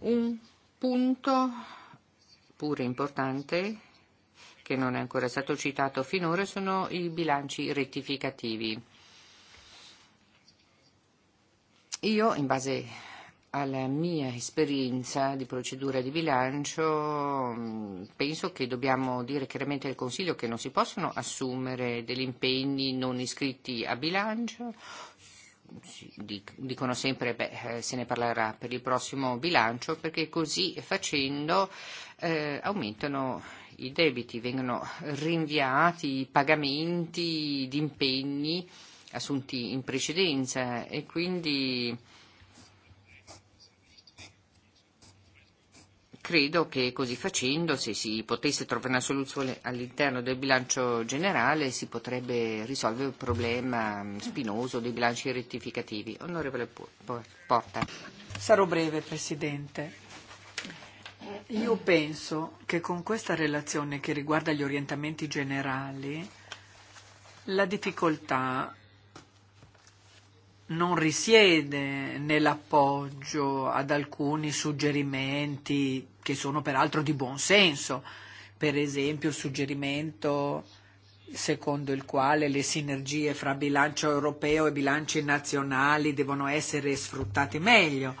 Un punto pure importante che non è ancora stato citato finora sono i bilanci rettificativi Io, in base alla mia esperienza di procedura di bilancio, mm, penso che dobbiamo dire chiaramente al Consiglio che non si possono assumere degli impegni non iscritti a bilancio. Dicono sempre che eh, se ne parlerà per il prossimo bilancio perché così facendo eh, aumentano i debiti, vengono rinviati i pagamenti di impegni eh, assunti in precedenza e quindi credo che così facendo, se si potesse trovare una soluzione all'interno del bilancio generale, si potrebbe risolvere il problema mm, spinoso dei bilanci rettificativi. Onorevole Porta. Sarò breve, Presidente. Io penso che con questa relazione che riguarda gli orientamenti generali, la difficoltà non risiede nell'appoggio ad alcuni suggerimenti che sono peraltro di buon senso, per esempio il suggerimento secondo il quale le sinergie fra bilancio europeo e bilanci nazionali devono essere sfruttate meglio,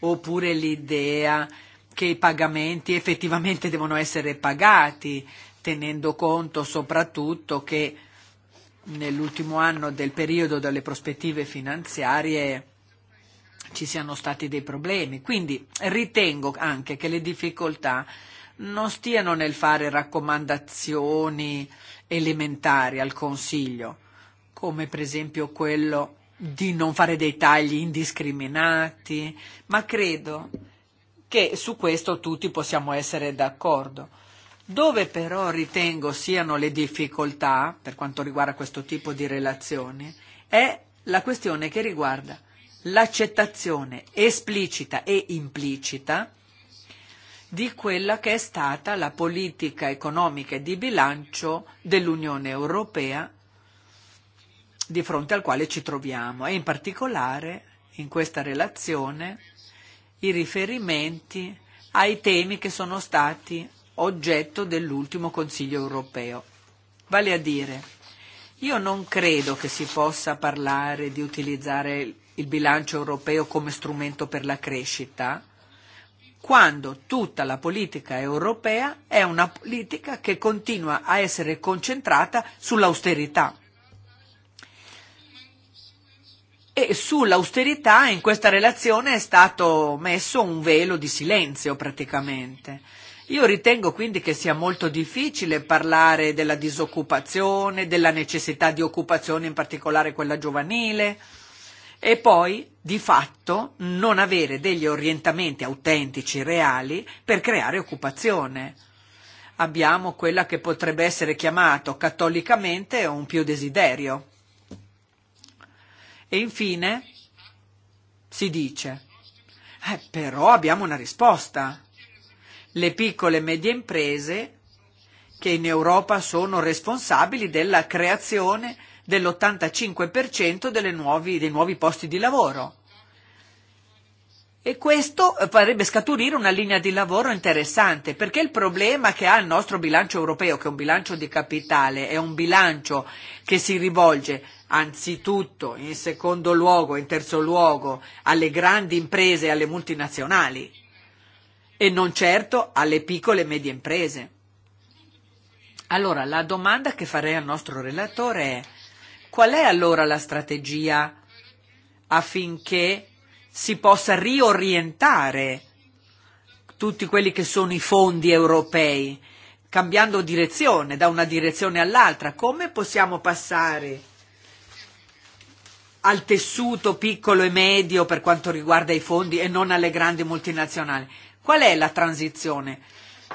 oppure l'idea che i pagamenti effettivamente devono essere pagati, tenendo conto soprattutto che nell'ultimo anno del periodo delle prospettive finanziarie ci siano stati dei problemi. Quindi ritengo anche che le difficoltà non stiano nel fare raccomandazioni elementari al Consiglio, come per esempio quello di non fare dei tagli indiscriminati, ma credo che su questo tutti possiamo essere d'accordo. Dove però ritengo siano le difficoltà per quanto riguarda questo tipo di relazioni è la questione che riguarda l'accettazione esplicita e implicita di quella che è stata la politica economica e di bilancio dell'Unione Europea di fronte al quale ci troviamo e in particolare in questa relazione i riferimenti ai temi che sono stati oggetto dell'ultimo Consiglio europeo. Vale a dire, io non credo che si possa parlare di utilizzare il bilancio europeo come strumento per la crescita, quando tutta la politica europea è una politica che continua a essere concentrata sull'austerità. E sull'austerità in questa relazione è stato messo un velo di silenzio praticamente. Io ritengo quindi che sia molto difficile parlare della disoccupazione, della necessità di occupazione, in particolare quella giovanile, e poi di fatto non avere degli orientamenti autentici, reali, per creare occupazione. Abbiamo quella che potrebbe essere chiamato cattolicamente un più desiderio. E infine si dice, eh, però abbiamo una risposta le piccole e medie imprese che in Europa sono responsabili della creazione dell'85% delle nuovi, dei nuovi posti di lavoro. E questo farebbe scaturire una linea di lavoro interessante, perché il problema che ha il nostro bilancio europeo, che è un bilancio di capitale, è un bilancio che si rivolge anzitutto, in secondo luogo, in terzo luogo, alle grandi imprese e alle multinazionali e non certo alle piccole e medie imprese. Allora, la domanda che farei al nostro relatore è qual è allora la strategia affinché si possa riorientare tutti quelli che sono i fondi europei, cambiando direzione da una direzione all'altra? Come possiamo passare al tessuto piccolo e medio per quanto riguarda i fondi e non alle grandi multinazionali? Qual è la transizione?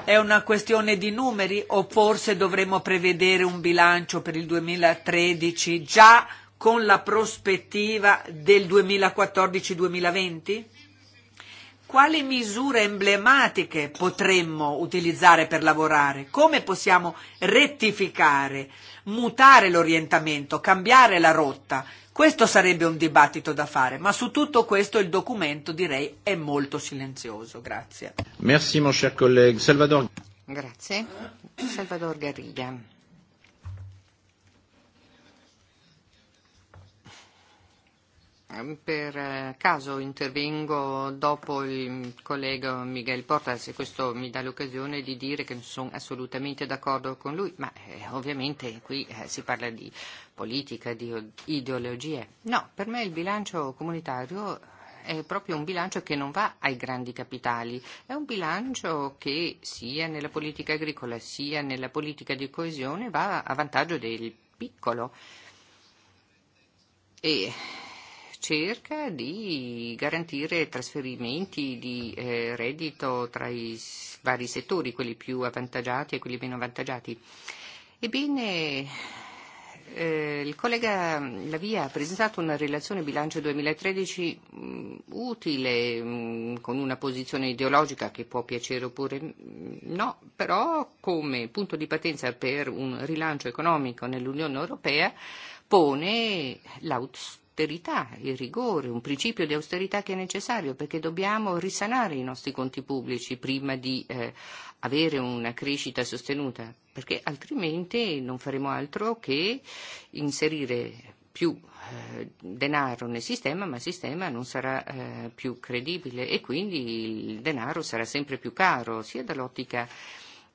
È una questione di numeri o forse dovremmo prevedere un bilancio per il 2013 già con la prospettiva del 2014-2020? Quali misure emblematiche potremmo utilizzare per lavorare? Come possiamo rettificare, mutare l'orientamento, cambiare la rotta? Questo sarebbe un dibattito da fare, ma su tutto questo il documento direi è molto silenzioso. Grazie. Merci mon cher collègue. Salvador. Grazie. Salvador Garriga. per caso intervengo dopo il collega Miguel Portas e questo mi dà l'occasione di dire che non sono assolutamente d'accordo con lui, ma eh, ovviamente qui eh, si parla di politica, di ideologie. No, per me il bilancio comunitario è proprio un bilancio che non va ai grandi capitali, è un bilancio che sia nella politica agricola sia nella politica di coesione va a vantaggio del piccolo. E cerca di garantire trasferimenti di eh, reddito tra i vari settori, quelli più avvantaggiati e quelli meno avvantaggiati. Ebbene, eh, il collega Lavia ha presentato una relazione bilancio 2013 mh, mm, utile, mh, mm, con una posizione ideologica che può piacere oppure mh, no, però come punto di partenza per un rilancio economico nell'Unione Europea pone l'autostrada austerità, il rigore, un principio di austerità che è necessario perché dobbiamo risanare i nostri conti pubblici prima di eh, avere una crescita sostenuta, perché altrimenti non faremo altro che inserire più eh, denaro nel sistema, ma il sistema non sarà eh, più credibile e quindi il denaro sarà sempre più caro, sia dall'ottica eh,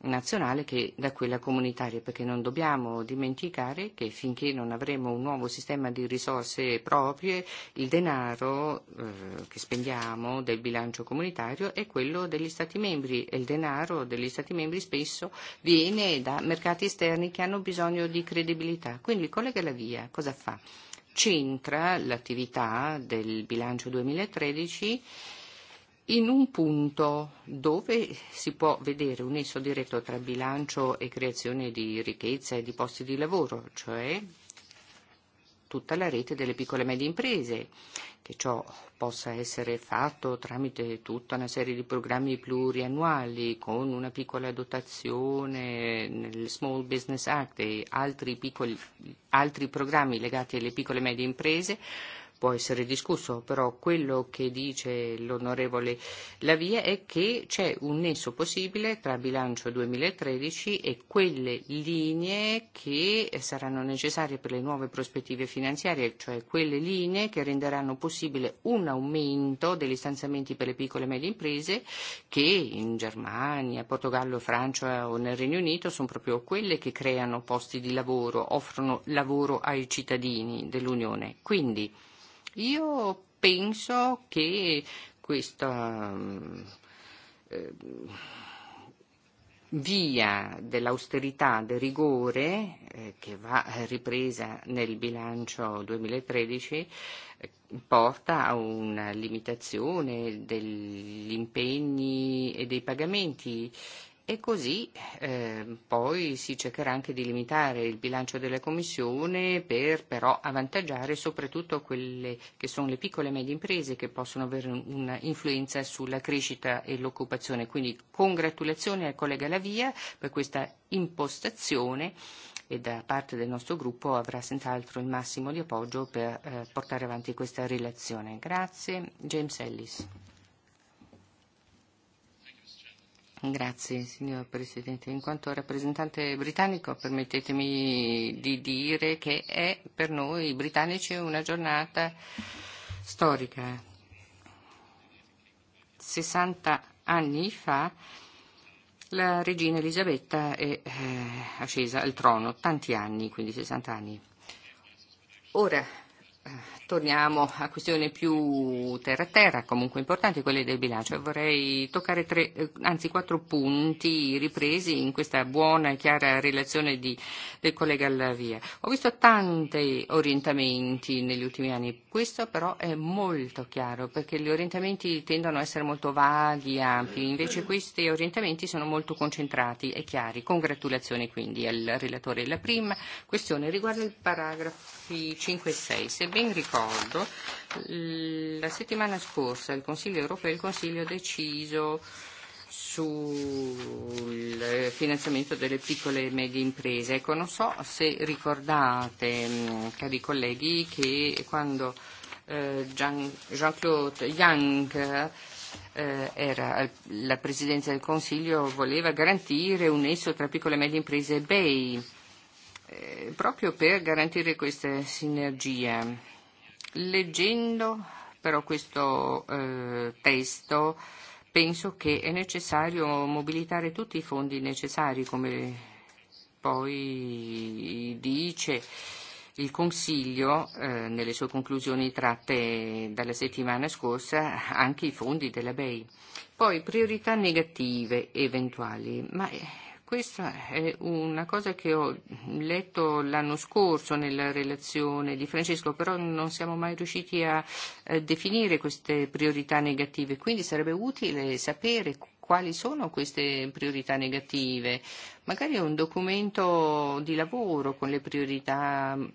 nazionale che da quella comunitaria, perché non dobbiamo dimenticare che finché non avremo un nuovo sistema di risorse proprie, il denaro eh, che spendiamo del bilancio comunitario è quello degli Stati membri e il denaro degli Stati membri spesso viene da mercati esterni che hanno bisogno di credibilità. Quindi il collega La Via cosa fa? Centra l'attività del bilancio 2013 in un punto dove si può vedere un nesso diretto tra bilancio e creazione di ricchezza e di posti di lavoro, cioè tutta la rete delle piccole e medie imprese, che ciò possa essere fatto tramite tutta una serie di programmi pluriannuali con una piccola dotazione nel Small Business Act e altri, piccoli, altri programmi legati alle piccole e medie imprese, può essere discusso, però quello che dice l'onorevole Lavia è che c'è un nesso possibile tra bilancio 2013 e quelle linee che saranno necessarie per le nuove prospettive finanziarie, cioè quelle linee che renderanno possibile un aumento degli stanziamenti per le piccole e medie imprese che in Germania, Portogallo, Francia o nel Regno Unito sono proprio quelle che creano posti di lavoro, offrono lavoro ai cittadini dell'Unione. Quindi Io penso che questa eh, via dell'austerità, del rigore, eh, che va ripresa nel bilancio 2013, eh, porta a una limitazione degli impegni e dei pagamenti E così eh, poi si cercherà anche di limitare il bilancio della Commissione per però avvantaggiare soprattutto quelle che sono le piccole e medie imprese che possono avere un'influenza sulla crescita e l'occupazione. Quindi congratulazioni al collega Lavia per questa impostazione e da parte del nostro gruppo avrà senz'altro il massimo di appoggio per eh, portare avanti questa relazione. Grazie. James Ellis. Grazie signor Presidente. In quanto rappresentante britannico permettetemi di dire che è per noi britannici una giornata storica. 60 anni fa la regina Elisabetta è eh, ascesa al trono, tanti anni, quindi 60 anni. Ora, torniamo a questioni più terra a terra, comunque importanti, quelle del bilancio. Vorrei toccare tre, anzi quattro punti ripresi in questa buona e chiara relazione di, del collega Lavia. Ho visto tanti orientamenti negli ultimi anni, questo però è molto chiaro perché gli orientamenti tendono a essere molto vaghi, e ampi, invece questi orientamenti sono molto concentrati e chiari. Congratulazioni quindi al relatore. La prima questione riguarda il paragrafo versi 5 e 6. Se ben ricordo, la settimana scorsa il Consiglio europeo e il Consiglio ha deciso sul finanziamento delle piccole e medie imprese. Ecco, non so se ricordate, mm, cari colleghi, che quando eh, Jean-Claude Juncker eh, era la Presidenza del Consiglio voleva garantire un nesso tra piccole e medie imprese e BEI Eh, proprio per garantire queste sinergie. Leggendo però questo eh, testo penso che è necessario mobilitare tutti i fondi necessari, come poi dice il Consiglio eh, nelle sue conclusioni tratte dalla settimana scorsa anche i fondi della BEI. Poi priorità negative eventuali, ma eh, Questa è una cosa che ho letto l'anno scorso nella relazione di Francesco, però non siamo mai riusciti a eh, definire queste priorità negative, quindi sarebbe utile sapere quali sono queste priorità negative. Magari un documento di lavoro con le priorità mm,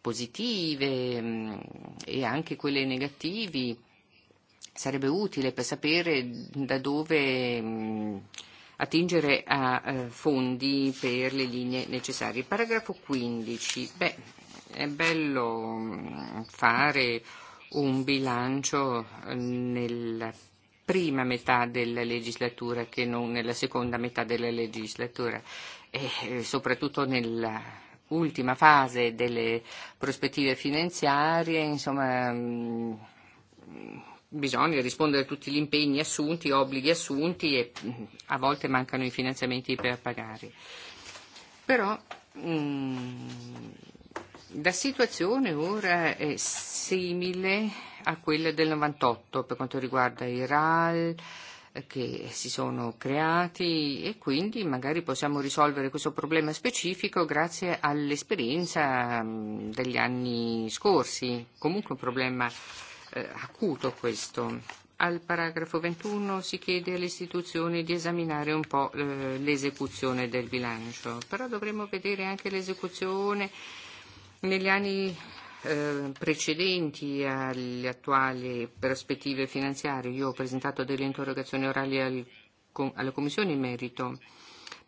positive mm, e anche quelle negative sarebbe utile per sapere da dove Mh, mm, attingere a eh, fondi per le linee necessarie. Paragrafo 15. Beh, è bello mm, fare un bilancio mm, nella prima metà della legislatura che non nella seconda metà della legislatura e eh, soprattutto nella ultima fase delle prospettive finanziarie, insomma mm, bisogna rispondere a tutti gli impegni assunti, obblighi assunti e mm, a volte mancano i finanziamenti per pagare. Però mh, mm, la situazione ora è simile a quella del 98 per quanto riguarda i RAL che si sono creati e quindi magari possiamo risolvere questo problema specifico grazie all'esperienza mm, degli anni scorsi, comunque un problema eh, acuto questo. Al paragrafo 21 si chiede alle istituzioni di esaminare un po' eh, l'esecuzione del bilancio, però dovremmo vedere anche l'esecuzione negli anni eh, precedenti alle attuali prospettive finanziarie. Io ho presentato delle interrogazioni orali al, alla Commissione in merito. Eh,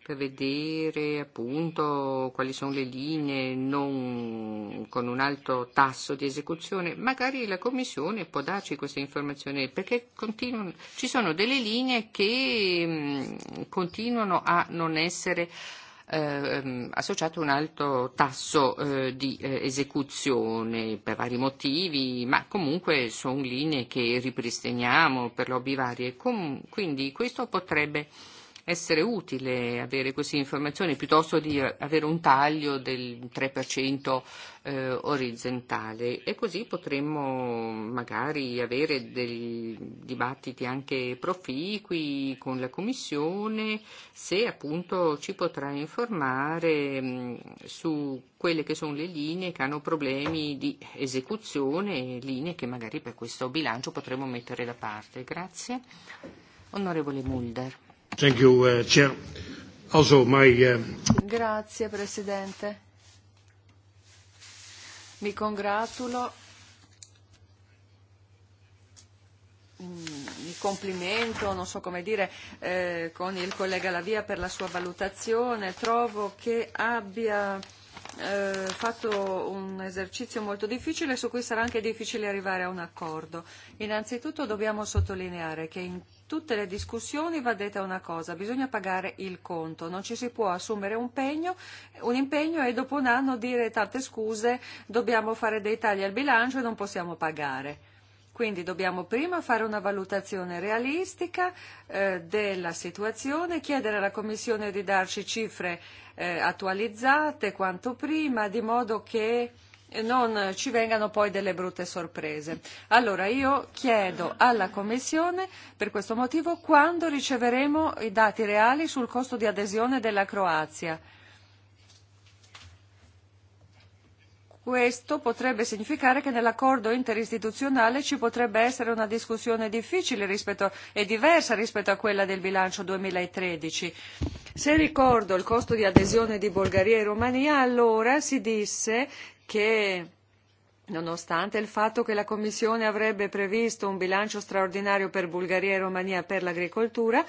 per vedere appunto quali sono le linee non con un alto tasso di esecuzione, magari la Commissione può darci queste informazioni perché continuano, ci sono delle linee che mh, mm, continuano a non essere eh, associato a un alto tasso eh, di eh, esecuzione per vari motivi, ma comunque sono linee che ripristiniamo per lobby varie. Com- quindi questo potrebbe eh, essere utile avere queste informazioni piuttosto di avere un taglio del 3% eh, orizzontale e così potremmo magari avere dei dibattiti anche proficui con la Commissione se appunto ci potrà informare mh, mm, su quelle che sono le linee che hanno problemi di esecuzione e linee che magari per questo bilancio potremmo mettere da parte. Grazie. Onorevole Mulder. Thank you, uh, Chair. Also my, uh... Grazie, Presidente. Mi congratulo mm, mi complimento, non so come dire, eh, con il collega Lavia per la sua valutazione. Trovo che abbia eh, fatto un esercizio molto difficile su cui sarà anche difficile arrivare a un accordo. Innanzitutto dobbiamo sottolineare che in tutte le discussioni va detta una cosa, bisogna pagare il conto, non ci si può assumere un impegno, un impegno e dopo un anno dire tante scuse, dobbiamo fare dei tagli al bilancio e non possiamo pagare. Quindi dobbiamo prima fare una valutazione realistica eh, della situazione, chiedere alla Commissione di darci cifre eh, attualizzate quanto prima, di modo che eh, non ci vengano poi delle brutte sorprese. Allora io chiedo alla Commissione per questo motivo quando riceveremo i dati reali sul costo di adesione della Croazia. Questo potrebbe significare che nell'accordo interistituzionale ci potrebbe essere una discussione difficile rispetto, e diversa rispetto a quella del bilancio 2013. Se ricordo il costo di adesione di Bulgaria e Romania, allora si disse che nonostante il fatto che la Commissione avrebbe previsto un bilancio straordinario per Bulgaria e Romania per l'agricoltura,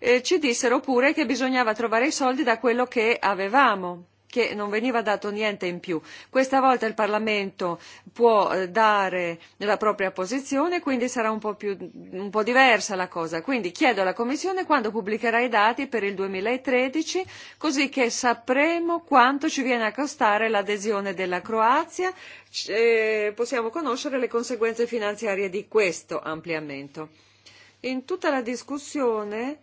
eh, ci dissero pure che bisognava trovare i soldi da quello che avevamo che non veniva dato niente in più. Questa volta il Parlamento può eh, dare la propria posizione, quindi sarà un po', più, un po' diversa la cosa. Quindi chiedo alla Commissione quando pubblicherà i dati per il 2013, così che sapremo quanto ci viene a costare l'adesione della Croazia e possiamo conoscere le conseguenze finanziarie di questo ampliamento. In tutta la discussione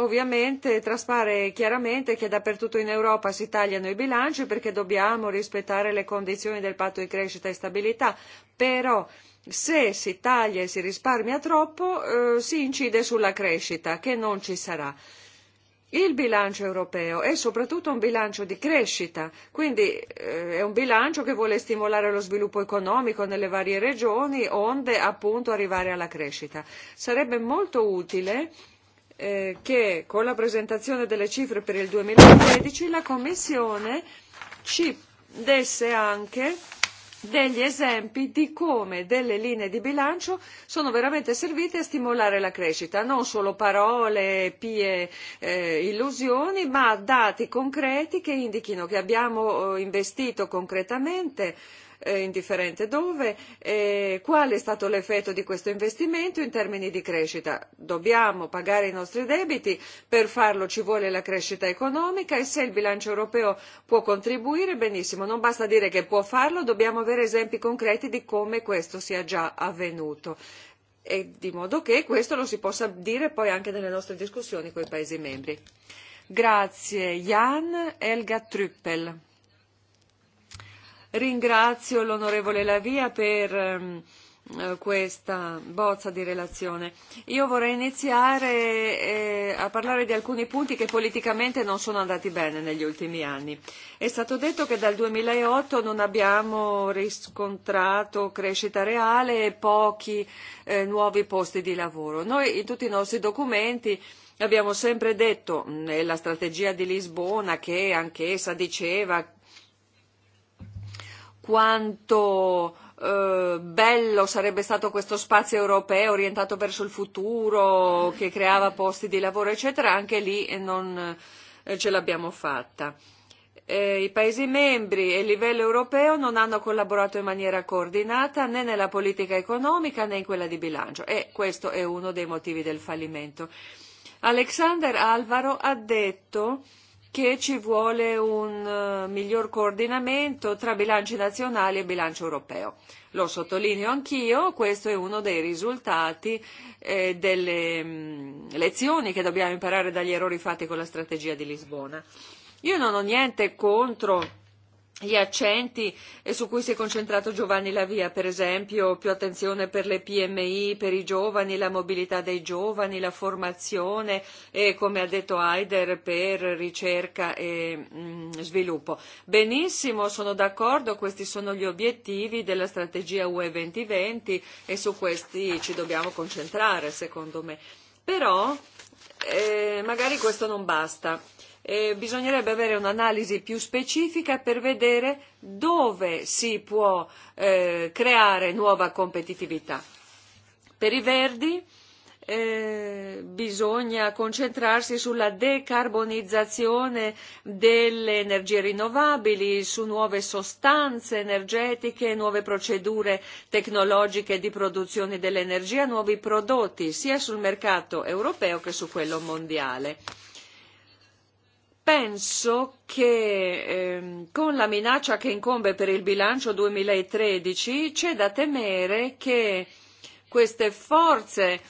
Ovviamente traspare chiaramente che dappertutto in Europa si tagliano i bilanci perché dobbiamo rispettare le condizioni del patto di crescita e stabilità, però se si taglia e si risparmia troppo eh, si incide sulla crescita che non ci sarà. Il bilancio europeo è soprattutto un bilancio di crescita, quindi eh, è un bilancio che vuole stimolare lo sviluppo economico nelle varie regioni, onde appunto arrivare alla crescita. Sarebbe molto utile eh, eh, che con la presentazione delle cifre per il 2013 la Commissione ci desse anche degli esempi di come delle linee di bilancio sono veramente servite a stimolare la crescita, non solo parole, pie eh, illusioni, ma dati concreti che indichino che abbiamo eh, investito concretamente Eh, indifferente dove e qual è stato l'effetto di questo investimento in termini di crescita. Dobbiamo pagare i nostri debiti, per farlo ci vuole la crescita economica e se il bilancio europeo può contribuire benissimo, non basta dire che può farlo, dobbiamo avere esempi concreti di come questo sia già avvenuto e di modo che questo lo si possa dire poi anche nelle nostre discussioni con i Paesi membri. Grazie Jan Elga Trüppel. Ringrazio l'onorevole Lavia per ehm, questa bozza di relazione. Io vorrei iniziare eh, a parlare di alcuni punti che politicamente non sono andati bene negli ultimi anni. È stato detto che dal 2008 non abbiamo riscontrato crescita reale e pochi eh, nuovi posti di lavoro. Noi in tutti i nostri documenti abbiamo sempre detto nella strategia di Lisbona che anch'essa diceva quanto eh, bello sarebbe stato questo spazio europeo orientato verso il futuro, che creava posti di lavoro, eccetera, anche lì eh, non eh, ce l'abbiamo fatta. Eh, I Paesi membri e il livello europeo non hanno collaborato in maniera coordinata né nella politica economica né in quella di bilancio e questo è uno dei motivi del fallimento. Alexander Alvaro ha detto eh, che ci vuole un eh, miglior coordinamento tra bilanci nazionali e bilancio europeo. Lo sottolineo anch'io, questo è uno dei risultati eh, delle mh, mm, lezioni che dobbiamo imparare dagli errori fatti con la strategia di Lisbona. Io non ho niente contro gli accenti e su cui si è concentrato Giovanni la via per esempio più attenzione per le PMI, per i giovani, la mobilità dei giovani, la formazione e, come ha detto Haider, per ricerca e mh, mm, sviluppo. Benissimo, sono d'accordo, questi sono gli obiettivi della strategia UE 2020 e su questi ci dobbiamo concentrare, secondo me. Però eh, magari questo non basta eh, bisognerebbe avere un'analisi più specifica per vedere dove si può eh, creare nuova competitività. Per i Verdi eh, bisogna concentrarsi sulla decarbonizzazione delle energie rinnovabili, su nuove sostanze energetiche, nuove procedure tecnologiche di produzione dell'energia, nuovi prodotti sia sul mercato europeo che su quello mondiale penso che ehm, con la minaccia che incombe per il bilancio 2013 c'è da temere che queste forze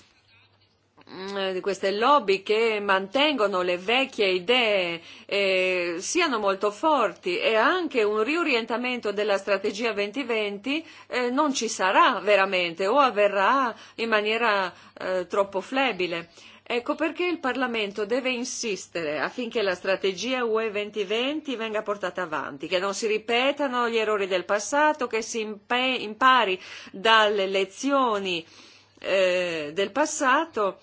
di mm, queste lobby che mantengono le vecchie idee eh, siano molto forti e anche un riorientamento della strategia 2020 eh, non ci sarà veramente o avverrà in maniera eh, troppo flebile. Eh, Ecco perché il Parlamento deve insistere affinché la strategia UE 2020 venga portata avanti, che non si ripetano gli errori del passato, che si impari dalle lezioni eh, del passato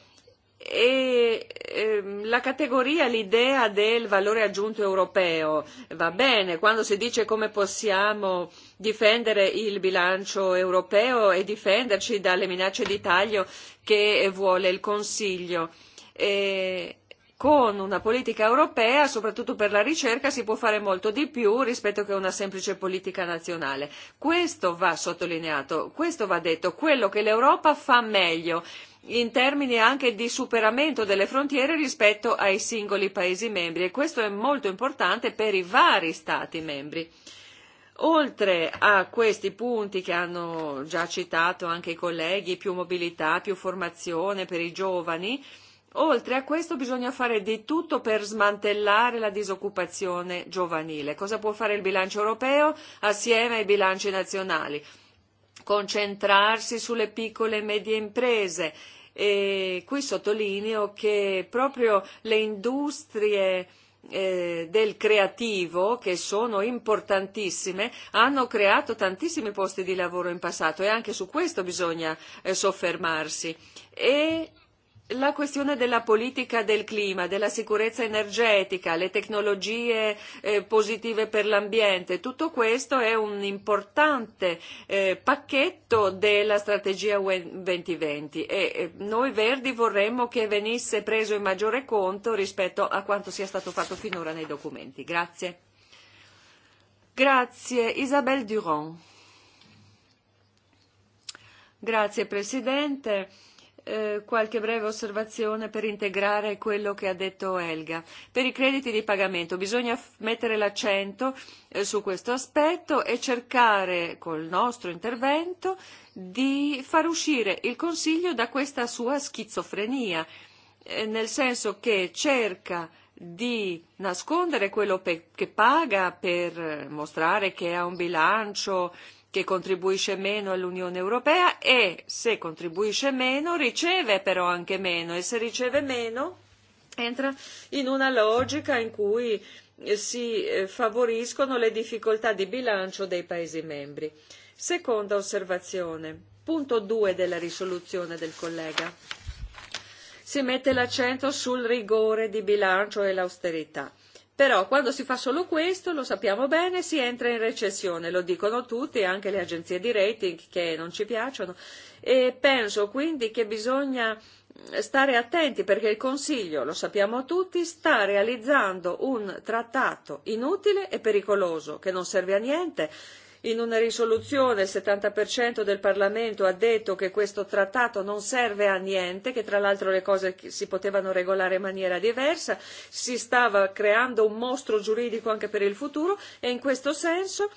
e ehm, la categoria, l'idea del valore aggiunto europeo va bene quando si dice come possiamo difendere il bilancio europeo e difenderci dalle minacce di taglio che vuole il Consiglio. E con una politica europea, soprattutto per la ricerca, si può fare molto di più rispetto che una semplice politica nazionale. Questo va sottolineato, questo va detto, quello che l'Europa fa meglio in termini anche di superamento delle frontiere rispetto ai singoli Paesi membri e questo è molto importante per i vari Stati membri. Oltre a questi punti che hanno già citato anche i colleghi, più mobilità, più formazione per i giovani, eh, Oltre a questo bisogna fare di tutto per smantellare la disoccupazione giovanile. Cosa può fare il bilancio europeo assieme ai bilanci nazionali? Concentrarsi sulle piccole e medie imprese. E qui sottolineo che proprio le industrie eh, del creativo, che sono importantissime, hanno creato tantissimi posti di lavoro in passato e anche su questo bisogna eh, soffermarsi. E la questione della politica del clima, della sicurezza energetica, le tecnologie eh, positive per l'ambiente, tutto questo è un importante eh, pacchetto della strategia UE 2020 e eh, noi Verdi vorremmo che venisse preso in maggiore conto rispetto a quanto sia stato fatto finora nei documenti. Grazie. Grazie. Isabelle Durand. Grazie Presidente. Eh, qualche breve osservazione per integrare quello che ha detto Elga. Per i crediti di pagamento bisogna mettere l'accento eh, su questo aspetto e cercare col nostro intervento di far uscire il Consiglio da questa sua schizofrenia, eh, nel senso che cerca di nascondere quello che paga per eh, mostrare che ha un bilancio eh, che contribuisce meno all'Unione Europea e se contribuisce meno riceve però anche meno e se riceve meno entra in una logica in cui eh, si eh, favoriscono le difficoltà di bilancio dei Paesi membri. Seconda osservazione, punto 2 della risoluzione del collega. Si mette l'accento sul rigore di bilancio e l'austerità Però quando si fa solo questo, lo sappiamo bene, si entra in recessione, lo dicono tutti, anche le agenzie di rating che non ci piacciono. E penso quindi che bisogna stare attenti perché il Consiglio, lo sappiamo tutti, sta realizzando un trattato inutile e pericoloso che non serve a niente, In una risoluzione il settanta del Parlamento ha detto che questo trattato non serve a niente, che tra l'altro le cose si potevano regolare in maniera diversa, si stava creando un mostro giuridico anche per il futuro e in questo senso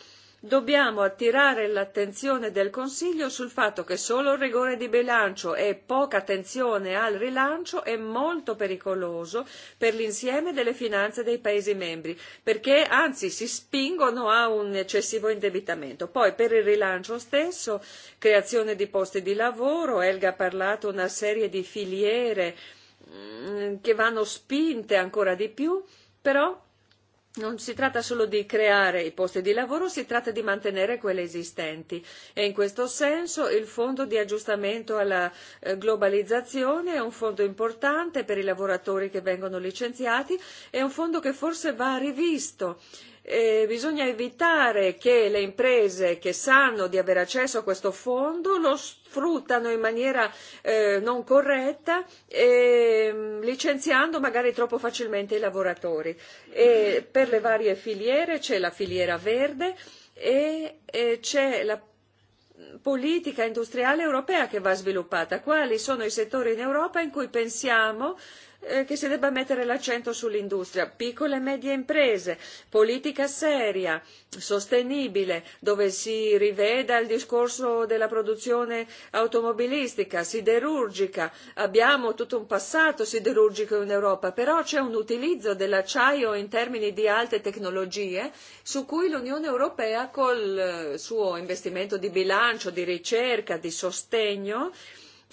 dobbiamo attirare l'attenzione del Consiglio sul fatto che solo il rigore di bilancio e poca attenzione al rilancio è molto pericoloso per l'insieme delle finanze dei Paesi membri, perché anzi si spingono a un eccessivo indebitamento. Poi per il rilancio stesso, creazione di posti di lavoro, Elga ha parlato una serie di filiere mm, che vanno spinte ancora di più, però Non si tratta solo di creare i posti di lavoro, si tratta di mantenere quelli esistenti e in questo senso il fondo di aggiustamento alla eh, globalizzazione è un fondo importante per i lavoratori che vengono licenziati, è un fondo che forse va rivisto Eh, bisogna evitare che le imprese che sanno di avere accesso a questo fondo lo sfruttano in maniera eh, non corretta, eh, licenziando magari troppo facilmente i lavoratori. E per le varie filiere c'è la filiera verde e, e c'è la politica industriale europea che va sviluppata. Quali sono i settori in Europa in cui pensiamo Eh, che si debba mettere l'accento sull'industria, piccole e medie imprese, politica seria, sostenibile, dove si riveda il discorso della produzione automobilistica, siderurgica. Abbiamo tutto un passato siderurgico in Europa, però c'è un utilizzo dell'acciaio in termini di alte tecnologie su cui l'Unione Europea col eh, suo investimento di bilancio, di ricerca, di sostegno,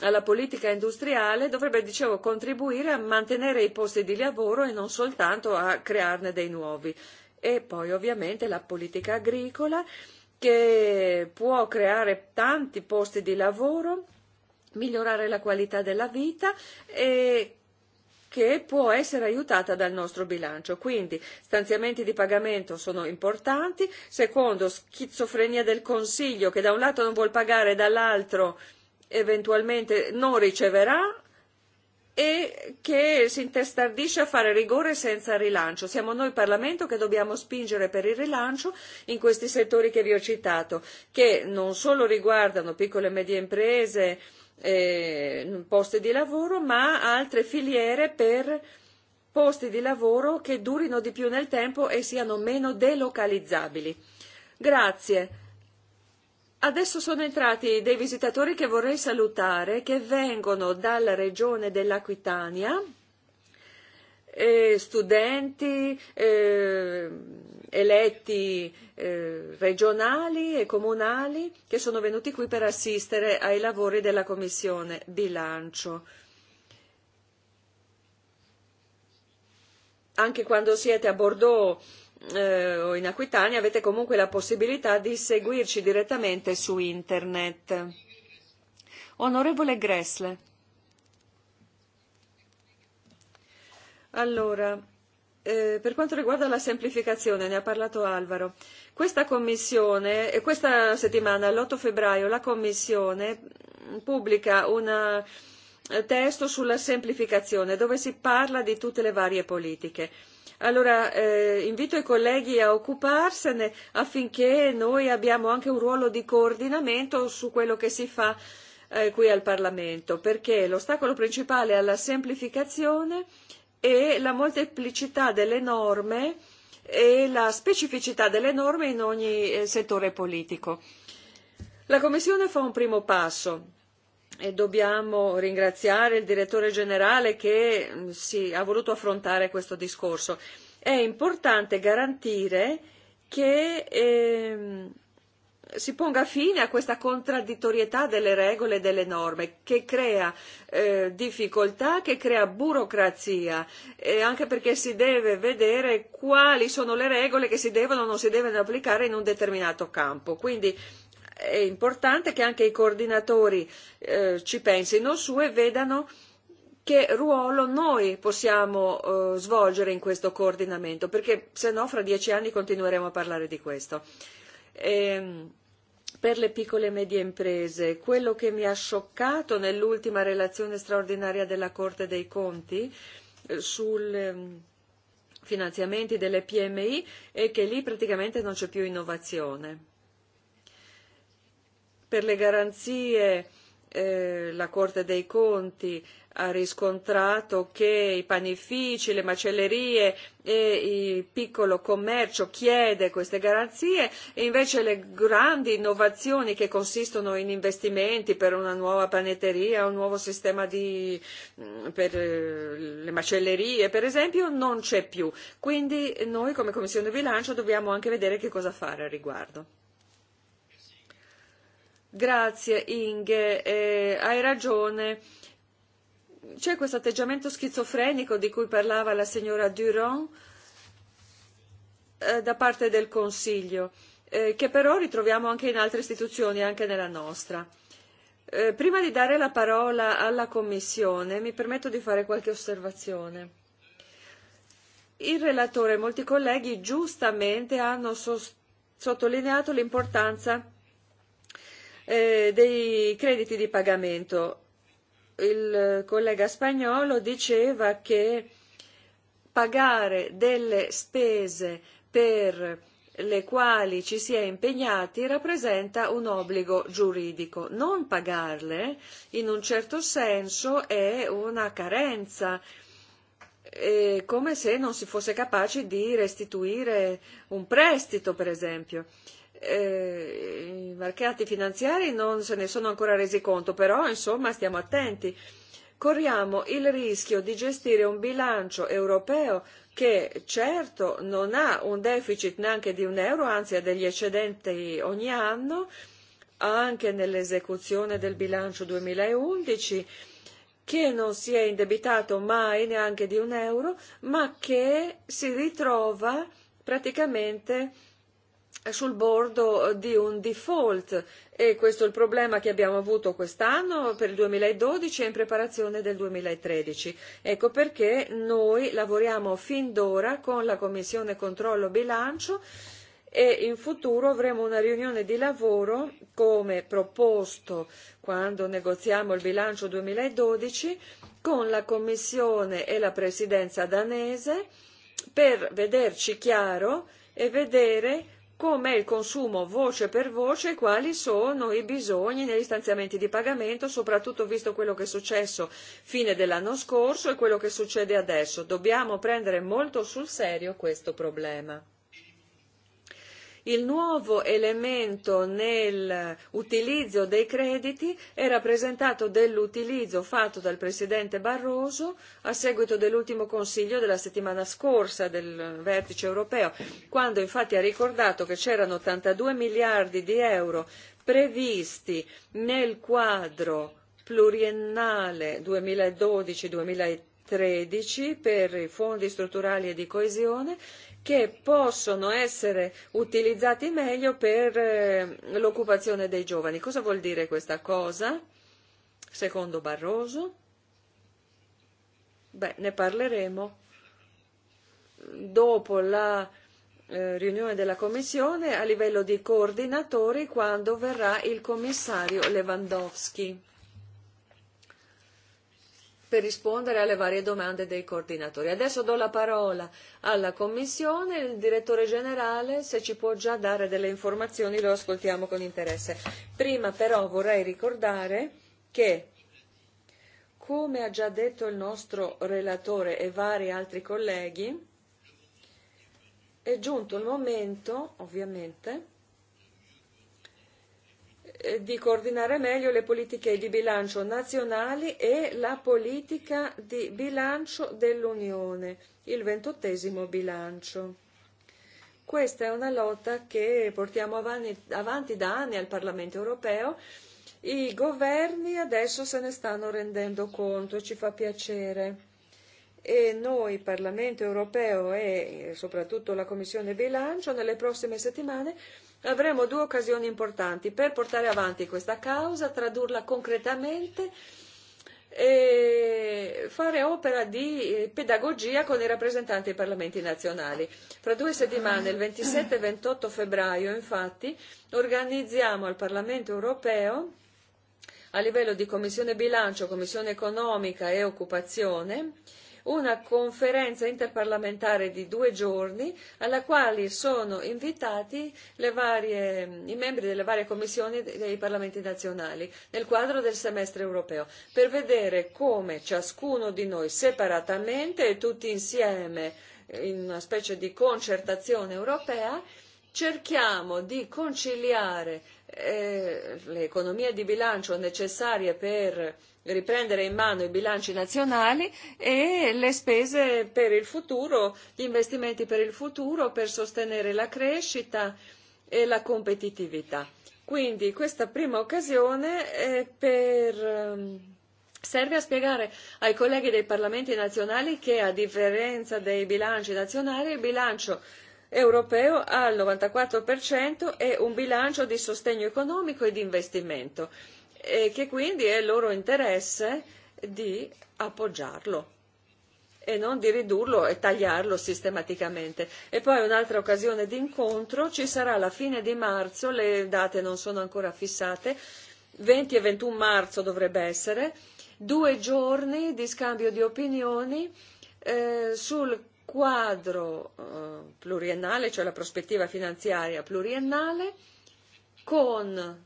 alla politica industriale dovrebbe, dicevo, contribuire a mantenere i posti di lavoro e non soltanto a crearne dei nuovi. E poi ovviamente la politica agricola che può creare tanti posti di lavoro, migliorare la qualità della vita e che può essere aiutata dal nostro bilancio. Quindi stanziamenti di pagamento sono importanti, secondo schizofrenia del Consiglio che da un lato non vuol pagare, e dall'altro eventualmente non riceverà e che si intestardisce a fare rigore senza rilancio. Siamo noi Parlamento che dobbiamo spingere per il rilancio in questi settori che vi ho citato, che non solo riguardano piccole e medie imprese, eh, posti di lavoro, ma altre filiere per posti di lavoro che durino di più nel tempo e siano meno delocalizzabili. Grazie Adesso sono entrati dei visitatori che vorrei salutare, che vengono dalla regione dell'Aquitania, eh, studenti, eh, eletti eh, regionali e comunali, che sono venuti qui per assistere ai lavori della Commissione bilancio. Anche quando siete a Bordeaux Eh, in Aquitania avete comunque la possibilità di seguirci direttamente su internet. Onorevole Gressle. Allora, eh, per quanto riguarda la semplificazione, ne ha parlato Alvaro. Questa commissione, eh, questa settimana, l'8 febbraio, la commissione pubblica un eh, testo sulla semplificazione dove si parla di tutte le varie politiche Allora eh, invito i colleghi a occuparsene affinché noi abbiamo anche un ruolo di coordinamento su quello che si fa eh, qui al Parlamento, perché l'ostacolo principale alla semplificazione è la molteplicità delle norme e la specificità delle norme in ogni eh, settore politico. La Commissione fa un primo passo e dobbiamo ringraziare il direttore generale che mm, si, ha voluto affrontare questo discorso. È importante garantire che ehm, si ponga fine a questa contraddittorietà delle regole e delle norme che crea eh, difficoltà, che crea burocrazia, eh, anche perché si deve vedere quali sono le regole che si devono o non si devono applicare in un determinato campo. Quindi è importante che anche i coordinatori eh, ci pensino su e vedano che ruolo noi possiamo eh, svolgere in questo coordinamento, perché se no fra dieci anni continueremo a parlare di questo. Ehm, per le piccole e medie imprese, quello che mi ha scioccato nell'ultima relazione straordinaria della Corte dei Conti eh, sul ehm, finanziamenti delle PMI è che lì praticamente non c'è più innovazione Per le garanzie eh, la Corte dei Conti ha riscontrato che i panifici, le macellerie e il piccolo commercio chiede queste garanzie e invece le grandi innovazioni che consistono in investimenti per una nuova panetteria, un nuovo sistema di, mm, per eh, le macellerie per esempio non c'è più. Quindi noi come Commissione bilancio dobbiamo anche vedere che cosa fare al riguardo. Grazie Inge, eh, hai ragione. C'è questo atteggiamento schizofrenico di cui parlava la signora Durand eh, da parte del Consiglio, eh, che però ritroviamo anche in altre istituzioni, anche nella nostra. Eh, prima di dare la parola alla Commissione, mi permetto di fare qualche osservazione. Il relatore e molti colleghi giustamente hanno sost- sottolineato l'importanza Eh, dei crediti di pagamento. Il collega spagnolo diceva che pagare delle spese per le quali ci si è impegnati rappresenta un obbligo giuridico. Non pagarle, in un certo senso, è una carenza, è eh, come se non si fosse capaci di restituire un prestito, per esempio. Eh, eh, i mercati finanziari non se ne sono ancora resi conto, però insomma stiamo attenti. Corriamo il rischio di gestire un bilancio europeo che certo non ha un deficit neanche di un euro, anzi ha degli eccedenti ogni anno, anche nell'esecuzione del bilancio 2011, che non si è indebitato mai neanche di un euro, ma che si ritrova praticamente sul bordo di un default e questo è il problema che abbiamo avuto quest'anno per il 2012 e in preparazione del 2013. Ecco perché noi lavoriamo fin d'ora con la Commissione Controllo Bilancio e in futuro avremo una riunione di lavoro come proposto quando negoziamo il bilancio 2012 con la Commissione e la Presidenza danese per vederci chiaro e vedere come il consumo voce per voce, quali sono i bisogni negli stanziamenti di pagamento, soprattutto visto quello che è successo fine dell'anno scorso e quello che succede adesso. Dobbiamo prendere molto sul serio questo problema. Il nuovo elemento nell'utilizzo dei crediti è rappresentato dell'utilizzo fatto dal Presidente Barroso a seguito dell'ultimo Consiglio della settimana scorsa del vertice europeo, quando infatti ha ricordato che c'erano 82 miliardi di euro previsti nel quadro pluriennale 2012-2013 per i fondi strutturali e di coesione che possono essere utilizzati meglio per eh, l'occupazione dei giovani. Cosa vuol dire questa cosa? Secondo Barroso? Beh, ne parleremo dopo la eh, riunione della Commissione a livello di coordinatori quando verrà il commissario Lewandowski per rispondere alle varie domande dei coordinatori. Adesso do la parola alla Commissione, il direttore generale, se ci può già dare delle informazioni lo ascoltiamo con interesse. Prima però vorrei ricordare che, come ha già detto il nostro relatore e vari altri colleghi, è giunto il momento, ovviamente, Eh, di coordinare meglio le politiche di bilancio nazionali e la politica di bilancio dell'Unione, il ventottesimo bilancio. Questa è una lotta che portiamo avanti, avanti da anni al Parlamento europeo. I governi adesso se ne stanno rendendo conto, e ci fa piacere e noi Parlamento europeo e, e soprattutto la Commissione bilancio nelle prossime settimane avremo due occasioni importanti per portare avanti questa causa, tradurla concretamente e fare opera di eh, pedagogia con i rappresentanti dei parlamenti nazionali. Fra due settimane, il 27 e 28 febbraio, infatti, organizziamo al Parlamento europeo, a livello di Commissione bilancio, Commissione economica e occupazione, una conferenza interparlamentare di due giorni alla quale sono invitati le varie, i membri delle varie commissioni dei parlamenti nazionali nel quadro del semestre europeo per vedere come ciascuno di noi separatamente e tutti insieme in una specie di concertazione europea cerchiamo di conciliare Eh, le economie di bilancio necessarie per riprendere in mano i bilanci nazionali e le spese per il futuro, gli investimenti per il futuro per sostenere la crescita e la competitività. Quindi questa prima occasione è eh, per, ehm, serve a spiegare ai colleghi dei parlamenti nazionali che a differenza dei bilanci nazionali il bilancio europeo al 94% è e un bilancio di sostegno economico e di investimento e che quindi è loro interesse di appoggiarlo e non di ridurlo e tagliarlo sistematicamente. E poi un'altra occasione di incontro ci sarà alla fine di marzo, le date non sono ancora fissate, 20 e 21 marzo dovrebbe essere, due giorni di scambio di opinioni eh, sul quadro eh, pluriennale, cioè la prospettiva finanziaria pluriennale, con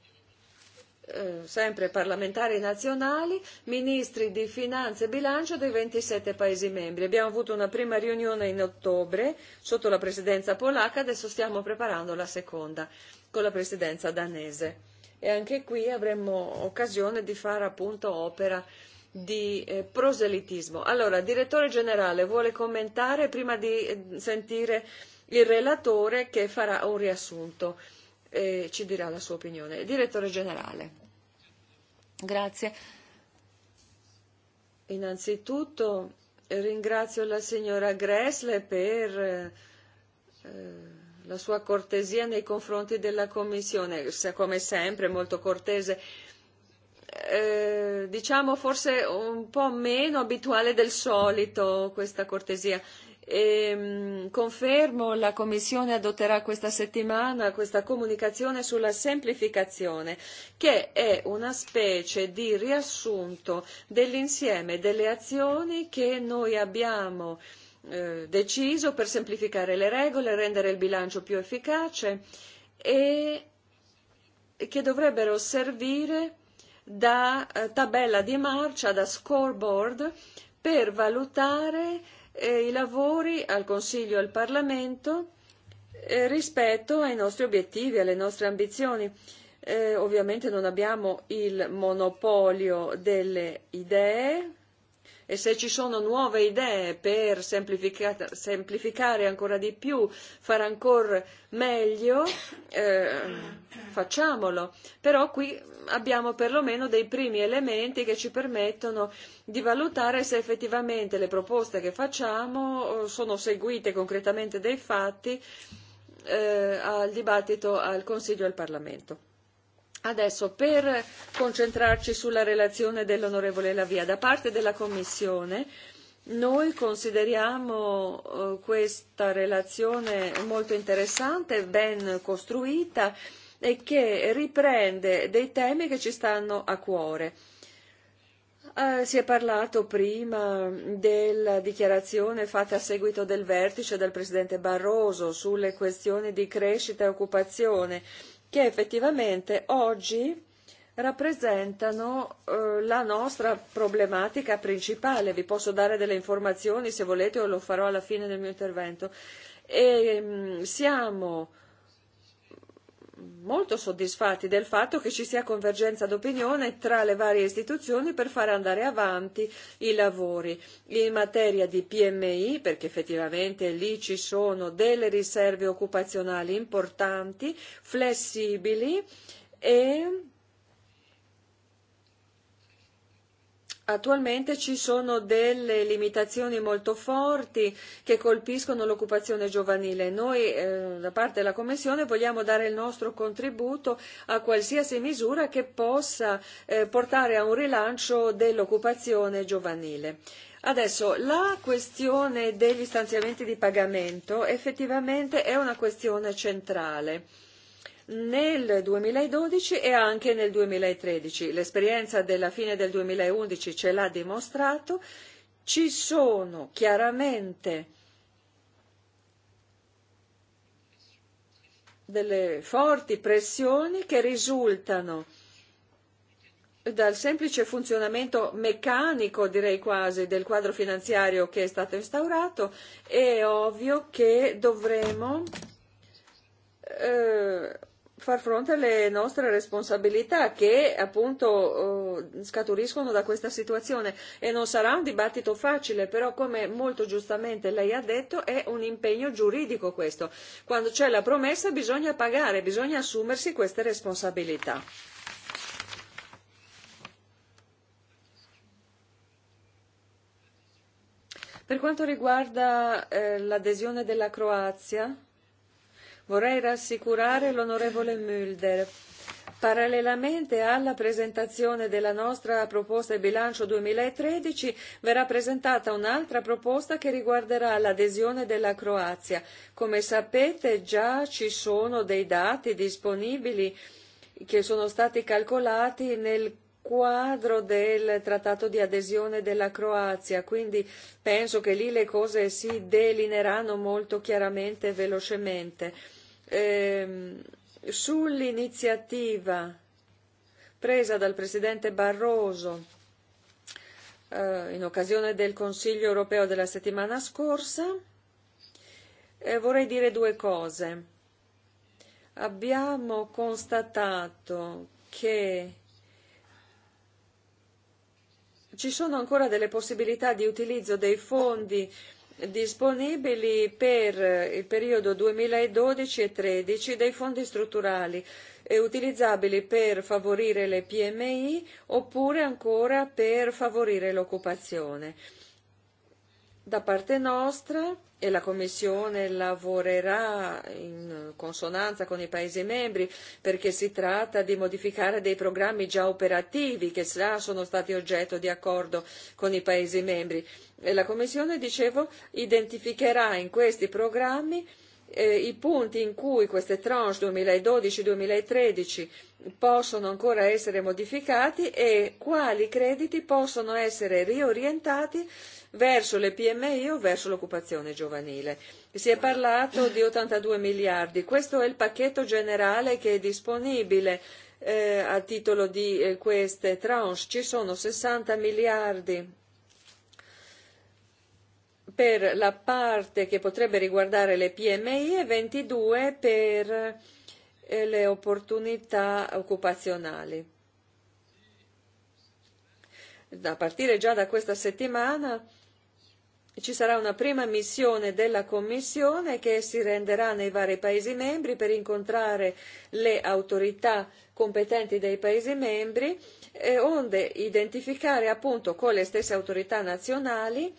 eh, sempre parlamentari nazionali, ministri di finanza e bilancio dei 27 Paesi membri. Abbiamo avuto una prima riunione in ottobre sotto la presidenza polacca, adesso stiamo preparando la seconda con la presidenza danese. E anche qui avremo occasione di fare appunto opera eh, di eh, proselitismo. Allora, direttore generale, vuole commentare prima di eh, sentire il relatore che farà un riassunto e ci dirà la sua opinione. Direttore generale. Grazie. Innanzitutto ringrazio la signora Gressle per eh, eh la sua cortesia nei confronti della Commissione, come sempre molto cortese Eh, diciamo forse un po' meno abituale del solito questa cortesia. E, confermo, la Commissione adotterà questa settimana questa comunicazione sulla semplificazione, che è una specie di riassunto dell'insieme delle azioni che noi abbiamo eh, deciso per semplificare le regole, rendere il bilancio più efficace e che dovrebbero servire da eh, tabella di marcia, da scoreboard, per valutare eh, i lavori al Consiglio e al Parlamento eh, rispetto ai nostri obiettivi, alle nostre ambizioni. Eh, ovviamente non abbiamo il monopolio delle idee, e se ci sono nuove idee per semplificare ancora di più, fare ancora meglio, eh, facciamolo. Però qui abbiamo perlomeno dei primi elementi che ci permettono di valutare se effettivamente le proposte che facciamo eh, sono seguite concretamente dai fatti eh, al dibattito al Consiglio e al Parlamento. Adesso, per concentrarci sulla relazione dell'onorevole Lavia, da parte della Commissione noi consideriamo eh, questa relazione molto interessante, ben costruita e che riprende dei temi che ci stanno a cuore. Eh, si è parlato prima della dichiarazione fatta a seguito del vertice del Presidente Barroso sulle questioni di crescita e occupazione che effettivamente oggi rappresentano eh, la nostra problematica principale. Vi posso dare delle informazioni se volete o lo farò alla fine del mio intervento. E, mh, mm, siamo molto soddisfatti del fatto che ci sia convergenza d'opinione tra le varie istituzioni per far andare avanti i lavori in materia di PMI, perché effettivamente lì ci sono delle riserve occupazionali importanti, flessibili e Attualmente ci sono delle limitazioni molto forti che colpiscono l'occupazione giovanile. Noi, eh, da parte della Commissione, vogliamo dare il nostro contributo a qualsiasi misura che possa eh, portare a un rilancio dell'occupazione giovanile. Adesso, la questione degli stanziamenti di pagamento effettivamente è una questione centrale nel 2012 e anche nel 2013. L'esperienza della fine del 2011 ce l'ha dimostrato. Ci sono chiaramente delle forti pressioni che risultano dal semplice funzionamento meccanico, direi quasi, del quadro finanziario che è stato instaurato, è ovvio che dovremo eh, far fronte alle nostre responsabilità che appunto eh, scaturiscono da questa situazione e non sarà un dibattito facile, però come molto giustamente lei ha detto è un impegno giuridico questo. Quando c'è la promessa bisogna pagare, bisogna assumersi queste responsabilità. Per quanto riguarda eh, l'adesione della Croazia, Vorrei rassicurare l'onorevole Mulder. Parallelamente alla presentazione della nostra proposta di bilancio 2013 verrà presentata un'altra proposta che riguarderà l'adesione della Croazia. Come sapete già ci sono dei dati disponibili che sono stati calcolati nel quadro del trattato di adesione della Croazia, quindi penso che lì le cose si delineeranno molto chiaramente e velocemente. Ehm, sull'iniziativa presa dal Presidente Barroso eh, in occasione del Consiglio europeo della settimana scorsa, eh, vorrei dire due cose. Abbiamo constatato che ci sono ancora delle possibilità di utilizzo dei fondi disponibili per il periodo 2012 e 2013 dei fondi strutturali e utilizzabili per favorire le PMI oppure ancora per favorire l'occupazione. Da parte nostra, e la Commissione lavorerà in consonanza con i Paesi membri, perché si tratta di modificare dei programmi già operativi che già sono stati oggetto di accordo con i Paesi membri. E la Commissione, dicevo, identificherà in questi programmi Eh, i punti in cui queste tranche 2012-2013 e e possono ancora essere modificati e quali crediti possono essere riorientati verso le PMI o verso l'occupazione giovanile. Si è parlato di 82 miliardi. Questo è il pacchetto generale che è disponibile eh, a titolo di eh, queste tranche. Ci sono 60 miliardi per la parte che potrebbe riguardare le PMI e 22 per eh, le opportunità occupazionali. A partire già da questa settimana ci sarà una prima missione della Commissione che si renderà nei vari Paesi membri per incontrare le autorità competenti dei Paesi membri, eh, onde identificare appunto con le stesse autorità nazionali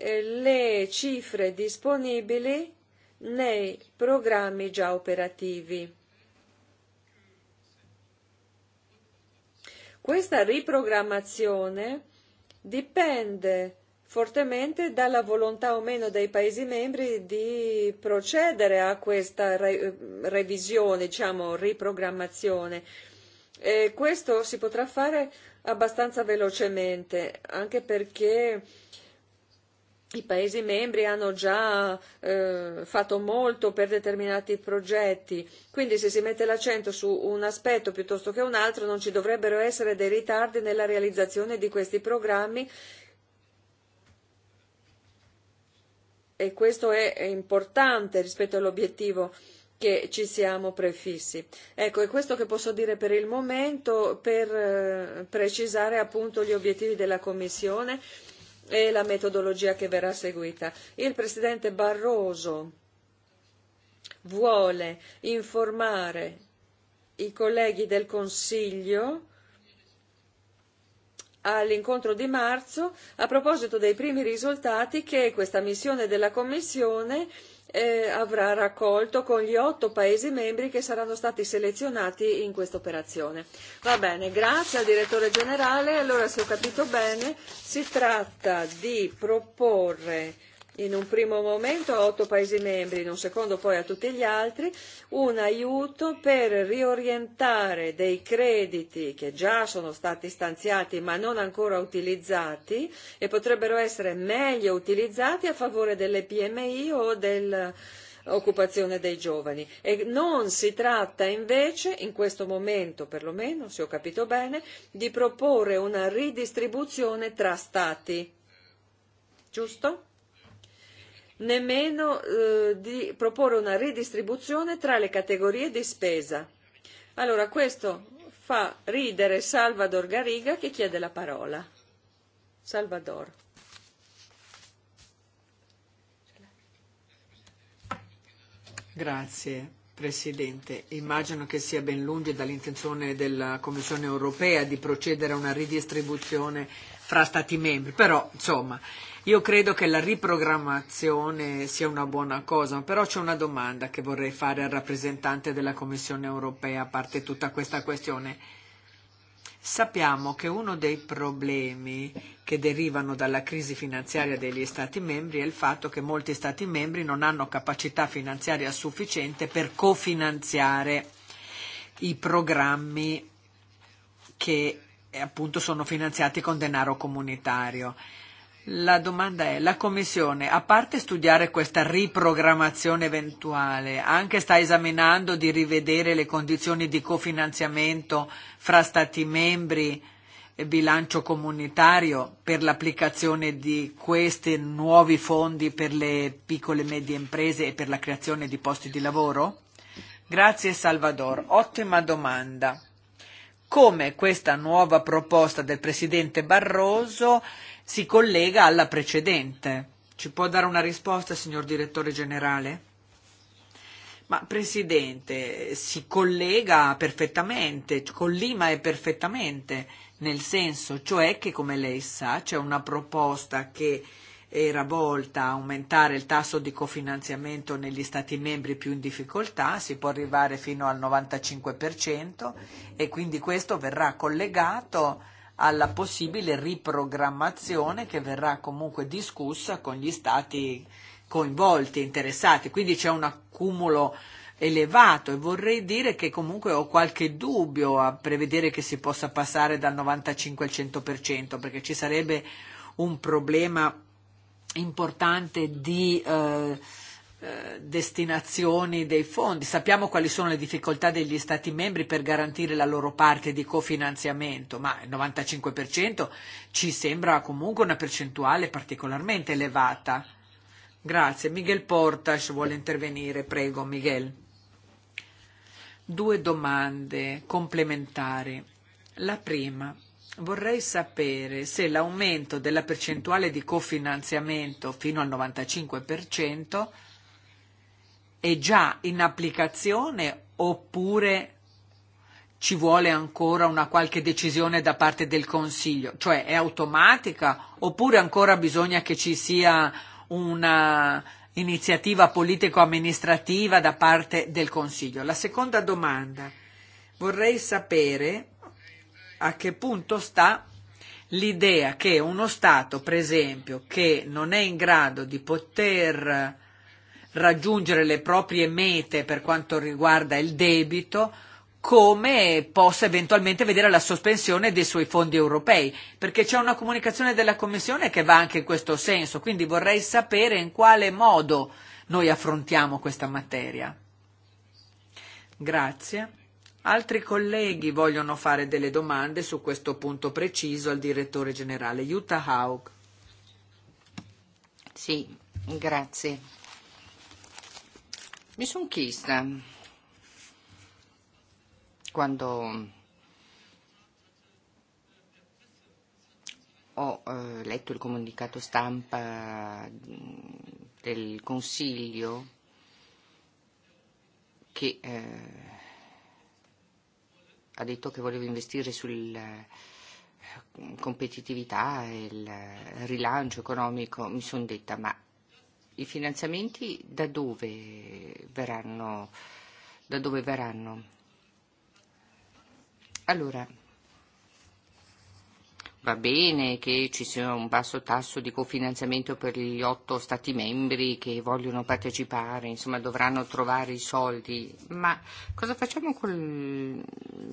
le cifre disponibili nei programmi già operativi. Questa riprogrammazione dipende fortemente dalla volontà o meno dei Paesi membri di procedere a questa re revisione, diciamo riprogrammazione. E questo si potrà fare abbastanza velocemente, anche perché eh, i Paesi membri hanno già eh, fatto molto per determinati progetti, quindi se si mette l'accento su un aspetto piuttosto che un altro non ci dovrebbero essere dei ritardi nella realizzazione di questi programmi e questo è importante rispetto all'obiettivo che ci siamo prefissi. Ecco, è questo che posso dire per il momento per eh, precisare appunto gli obiettivi della Commissione e la metodologia che verrà seguita. Il Presidente Barroso vuole informare i colleghi del Consiglio all'incontro di marzo a proposito dei primi risultati che questa missione della Commissione eh, E, avrà raccolto con gli otto Paesi membri che saranno stati selezionati in questa operazione. Va bene, grazie al direttore generale. Allora, se ho capito bene, si tratta di proporre in un primo momento a otto Paesi membri, in un secondo poi a tutti gli altri, un aiuto per riorientare dei crediti che già sono stati stanziati ma non ancora utilizzati e potrebbero essere meglio utilizzati a favore delle PMI o del occupazione dei giovani e non si tratta invece in questo momento perlomeno se ho capito bene di proporre una ridistribuzione tra stati giusto? nemmeno eh, di proporre una ridistribuzione tra le categorie di spesa. Allora, questo fa ridere Salvador Garriga che chiede la parola. Salvador. Grazie. Presidente, immagino che sia ben lungi dall'intenzione della Commissione europea di procedere a una ridistribuzione fra Stati membri, però insomma Io credo che la riprogrammazione sia una buona cosa, però c'è una domanda che vorrei fare al rappresentante della Commissione europea a parte tutta questa questione. Sappiamo che uno dei problemi che derivano dalla crisi finanziaria degli Stati membri è il fatto che molti Stati membri non hanno capacità finanziaria sufficiente per cofinanziare i programmi che appunto sono finanziati con denaro comunitario. La domanda è, la Commissione, a parte studiare questa riprogrammazione eventuale, anche sta esaminando di rivedere le condizioni di cofinanziamento fra Stati membri e bilancio comunitario per l'applicazione di questi nuovi fondi per le piccole e medie imprese e per la creazione di posti di lavoro? Grazie Salvador, ottima domanda. Come questa nuova proposta del Presidente Barroso si collega alla precedente. Ci può dare una risposta, signor direttore generale? Ma Presidente, si collega perfettamente, collima è perfettamente, nel senso cioè che, come lei sa, c'è una proposta che era volta a aumentare il tasso di cofinanziamento negli Stati membri più in difficoltà, si può arrivare fino al 95% e quindi questo verrà collegato alla possibile riprogrammazione che verrà comunque discussa con gli stati coinvolti, interessati. Quindi c'è un accumulo elevato e vorrei dire che comunque ho qualche dubbio a prevedere che si possa passare dal 95 al 100% perché ci sarebbe un problema importante di eh, Eh, destinazioni dei fondi, sappiamo quali sono le difficoltà degli Stati membri per garantire la loro parte di cofinanziamento, ma il 95% ci sembra comunque una percentuale particolarmente elevata. Grazie. Miguel Portas vuole intervenire, prego Miguel. Due domande complementari. La prima. Vorrei sapere se l'aumento della percentuale di cofinanziamento fino al 95% è già in applicazione oppure ci vuole ancora una qualche decisione da parte del Consiglio? Cioè è automatica oppure ancora bisogna che ci sia una iniziativa politico-amministrativa da parte del Consiglio? La seconda domanda. Vorrei sapere a che punto sta l'idea che uno Stato, per esempio, che non è in grado di poter raggiungere le proprie mete per quanto riguarda il debito, come possa eventualmente vedere la sospensione dei suoi fondi europei, perché c'è una comunicazione della Commissione che va anche in questo senso, quindi vorrei sapere in quale modo noi affrontiamo questa materia. Grazie. Altri colleghi vogliono fare delle domande su questo punto preciso al direttore generale Jutta Haug. Sì, grazie. Es un chista. Quando ho eh, letto il comunicato stampa del Consiglio che eh, ha detto che voleva investire sul eh, competitività e il eh, rilancio economico, mi sono detta ma i finanziamenti da dove verranno? Da dove verranno? Allora, va bene che ci sia un basso tasso di cofinanziamento per gli otto Stati membri che vogliono partecipare, insomma dovranno trovare i soldi, ma cosa facciamo col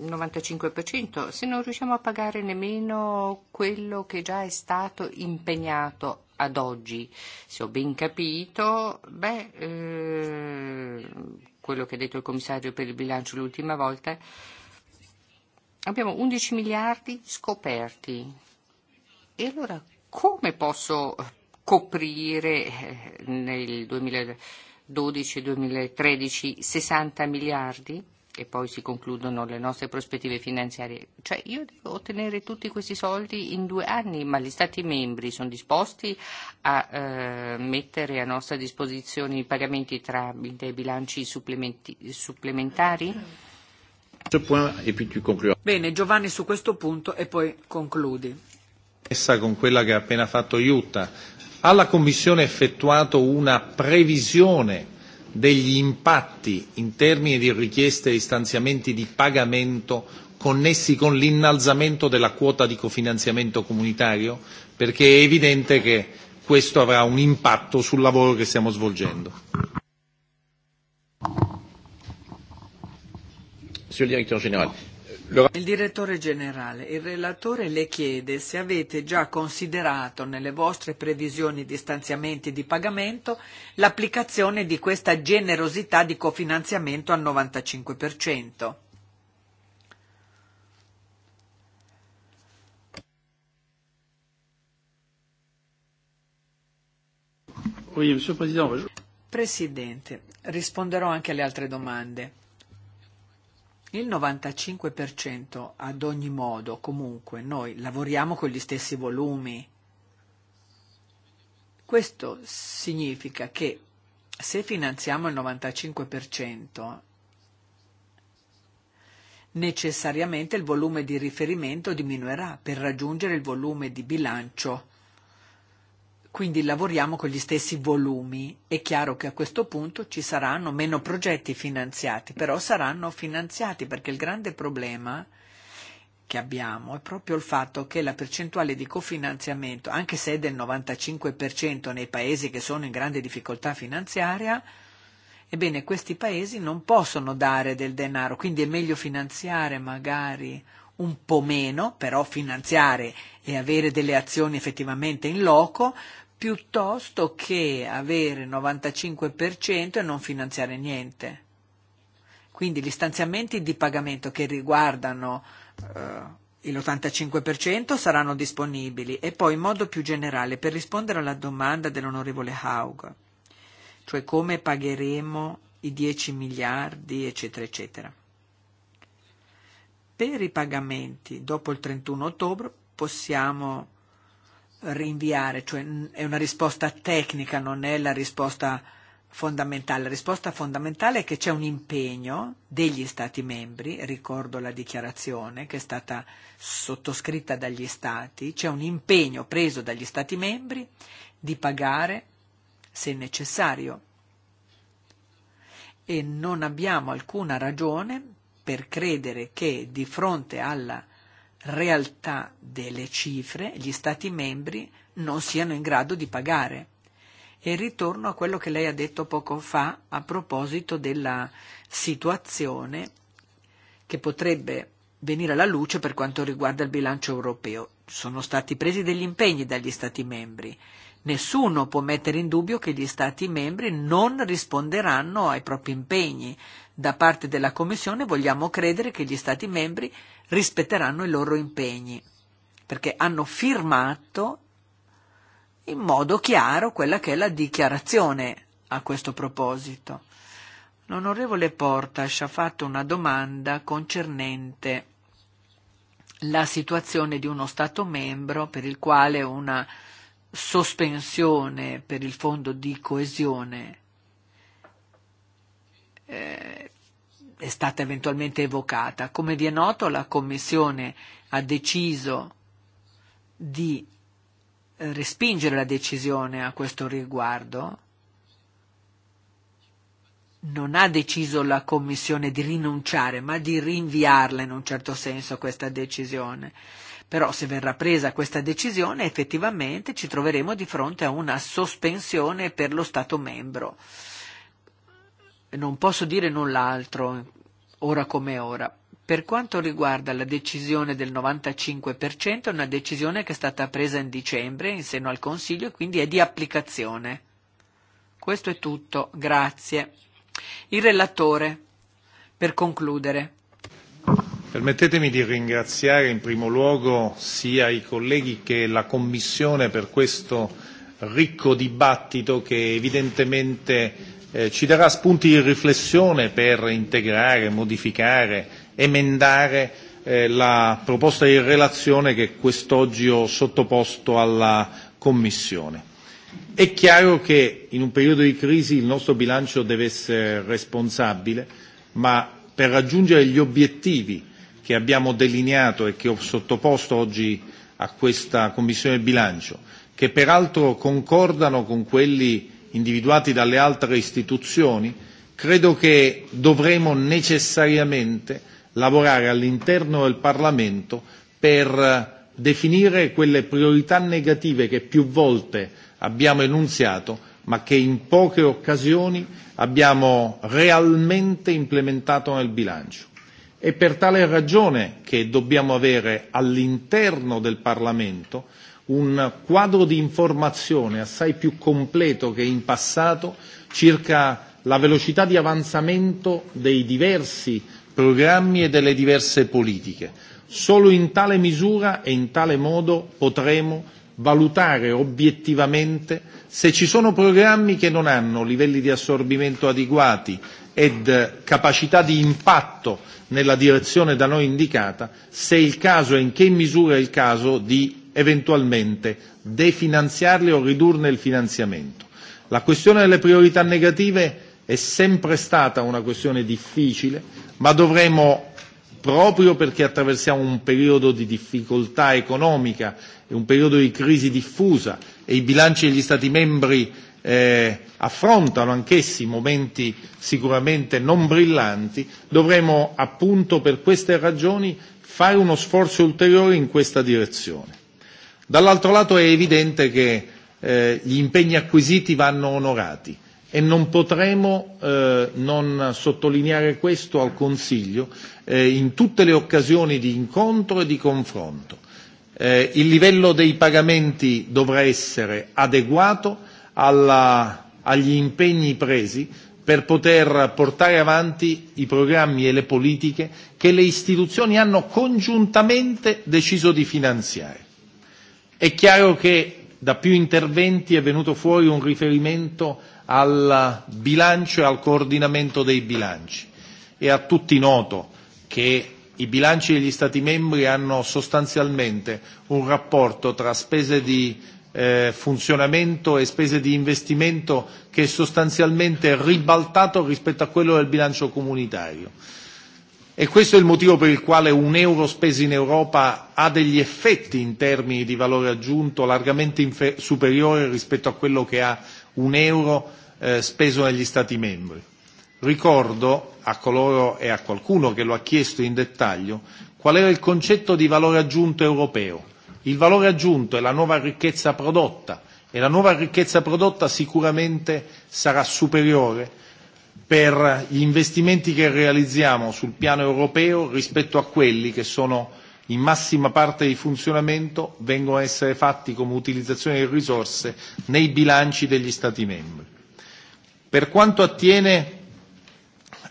95% se non riusciamo a pagare nemmeno quello che già è stato impegnato ad oggi, se ho ben capito, beh, eh, quello che ha detto il commissario per il bilancio l'ultima volta, abbiamo 11 miliardi scoperti. E allora come posso coprire eh, nel 2012-2013 60 miliardi? e poi si concludono le nostre prospettive finanziarie. Cioè io devo ottenere tutti questi soldi in due anni, ma gli Stati membri sono disposti a eh, mettere a nostra disposizione i pagamenti tra tramite bilanci supplementari? Bene, Giovanni su questo punto e poi concludi. Essa con quella che ha appena fatto Jutta. Ha la Commissione effettuato una previsione degli impatti in termini di richieste di stanziamenti di pagamento connessi con l'innalzamento della quota di cofinanziamento comunitario, perché è evidente che questo avrà un impatto sul lavoro che stiamo svolgendo. Monsieur le Directeur Il direttore generale, il relatore le chiede se avete già considerato nelle vostre previsioni di stanziamenti di pagamento l'applicazione di questa generosità di cofinanziamento al 95%. Presidente, risponderò anche alle altre domande il 95% ad ogni modo, comunque, noi lavoriamo con gli stessi volumi. Questo significa che se finanziamo il 95%, necessariamente il volume di riferimento diminuirà per raggiungere il volume di bilancio quindi lavoriamo con gli stessi volumi. È chiaro che a questo punto ci saranno meno progetti finanziati, però saranno finanziati perché il grande problema che abbiamo è proprio il fatto che la percentuale di cofinanziamento, anche se è del 95% nei paesi che sono in grande difficoltà finanziaria, ebbene questi paesi non possono dare del denaro, quindi è meglio finanziare magari un po' meno, però finanziare e avere delle azioni effettivamente in loco, piuttosto che avere il 95% e non finanziare niente. Quindi gli stanziamenti di pagamento che riguardano eh, il 85% saranno disponibili e poi in modo più generale per rispondere alla domanda dell'onorevole Haug, cioè come pagheremo i 10 miliardi eccetera eccetera. Per i pagamenti dopo il 31 ottobre possiamo rinviare, cioè è una risposta tecnica, non è la risposta fondamentale. La risposta fondamentale è che c'è un impegno degli Stati membri, ricordo la dichiarazione che è stata sottoscritta dagli Stati, c'è un impegno preso dagli Stati membri di pagare se necessario. E non abbiamo alcuna ragione per credere che di fronte alla realtà delle cifre gli Stati membri non siano in grado di pagare. E ritorno a quello che lei ha detto poco fa a proposito della situazione che potrebbe venire alla luce per quanto riguarda il bilancio europeo. Sono stati presi degli impegni dagli Stati membri. Nessuno può mettere in dubbio che gli Stati membri non risponderanno ai propri impegni da parte della Commissione, vogliamo credere che gli Stati membri rispetteranno i loro impegni, perché hanno firmato in modo chiaro quella che è la dichiarazione a questo proposito. L'onorevole Portas ha fatto una domanda concernente la situazione di uno Stato membro per il quale una sospensione per il fondo di coesione eh, è stata eventualmente evocata. Come vi è noto, la Commissione ha deciso di eh, respingere la decisione a questo riguardo. Non ha deciso la Commissione di rinunciare, ma di rinviarla in un certo senso questa decisione. Però se verrà presa questa decisione effettivamente ci troveremo di fronte a una sospensione per lo Stato membro non posso dire null'altro ora come ora. Per quanto riguarda la decisione del 95%, è una decisione che è stata presa in dicembre in seno al Consiglio e quindi è di applicazione. Questo è tutto, grazie. Il relatore, per concludere. Permettetemi di ringraziare in primo luogo sia i colleghi che la Commissione per questo ricco dibattito che evidentemente Eh, ci darà spunti di riflessione per integrare, modificare, emendare eh, la proposta di relazione che quest'oggi ho sottoposto alla Commissione. È chiaro che in un periodo di crisi il nostro bilancio deve essere responsabile, ma per raggiungere gli obiettivi che abbiamo delineato e che ho sottoposto oggi a questa Commissione bilancio, che peraltro concordano con quelli individuati dalle altre istituzioni, credo che dovremo necessariamente lavorare all'interno del Parlamento per eh, definire quelle priorità negative che più volte abbiamo enunziato ma che in poche occasioni abbiamo realmente implementato nel bilancio. È e per tale ragione che dobbiamo avere all'interno del Parlamento un quadro di informazione assai più completo che in passato circa la velocità di avanzamento dei diversi programmi e delle diverse politiche. Solo in tale misura e in tale modo potremo valutare obiettivamente se ci sono programmi che non hanno livelli di assorbimento adeguati ed capacità di impatto nella direzione da noi indicata, se è il caso e in che misura è il caso di eventualmente definanziarle o ridurne il finanziamento. La questione delle priorità negative è sempre stata una questione difficile, ma dovremo proprio perché attraversiamo un periodo di difficoltà economica e un periodo di crisi diffusa e i bilanci degli Stati membri eh, affrontano anch'essi momenti sicuramente non brillanti, dovremo appunto per queste ragioni fare uno sforzo ulteriore in questa direzione. Dall'altro lato è evidente che eh, gli impegni acquisiti vanno onorati e non potremo eh, non sottolineare questo al Consiglio eh, in tutte le occasioni di incontro e di confronto. Eh, il livello dei pagamenti dovrà essere adeguato alla, agli impegni presi per poter portare avanti i programmi e le politiche che le istituzioni hanno congiuntamente deciso di finanziare. È chiaro che da più interventi è venuto fuori un riferimento al bilancio e al coordinamento dei bilanci. È e a tutti noto che i bilanci degli Stati membri hanno sostanzialmente un rapporto tra spese di eh, funzionamento e spese di investimento che è sostanzialmente ribaltato rispetto a quello del bilancio comunitario E questo è il motivo per il quale un euro speso in Europa ha degli effetti in termini di valore aggiunto largamente superiore rispetto a quello che ha un euro eh, speso negli Stati membri. Ricordo a coloro e a qualcuno che lo ha chiesto in dettaglio qual era il concetto di valore aggiunto europeo. Il valore aggiunto è la nuova ricchezza prodotta e la nuova ricchezza prodotta sicuramente sarà superiore per gli investimenti che realizziamo sul piano europeo rispetto a quelli che sono in massima parte di funzionamento vengono a essere fatti come utilizzazione di risorse nei bilanci degli Stati membri. Per quanto attiene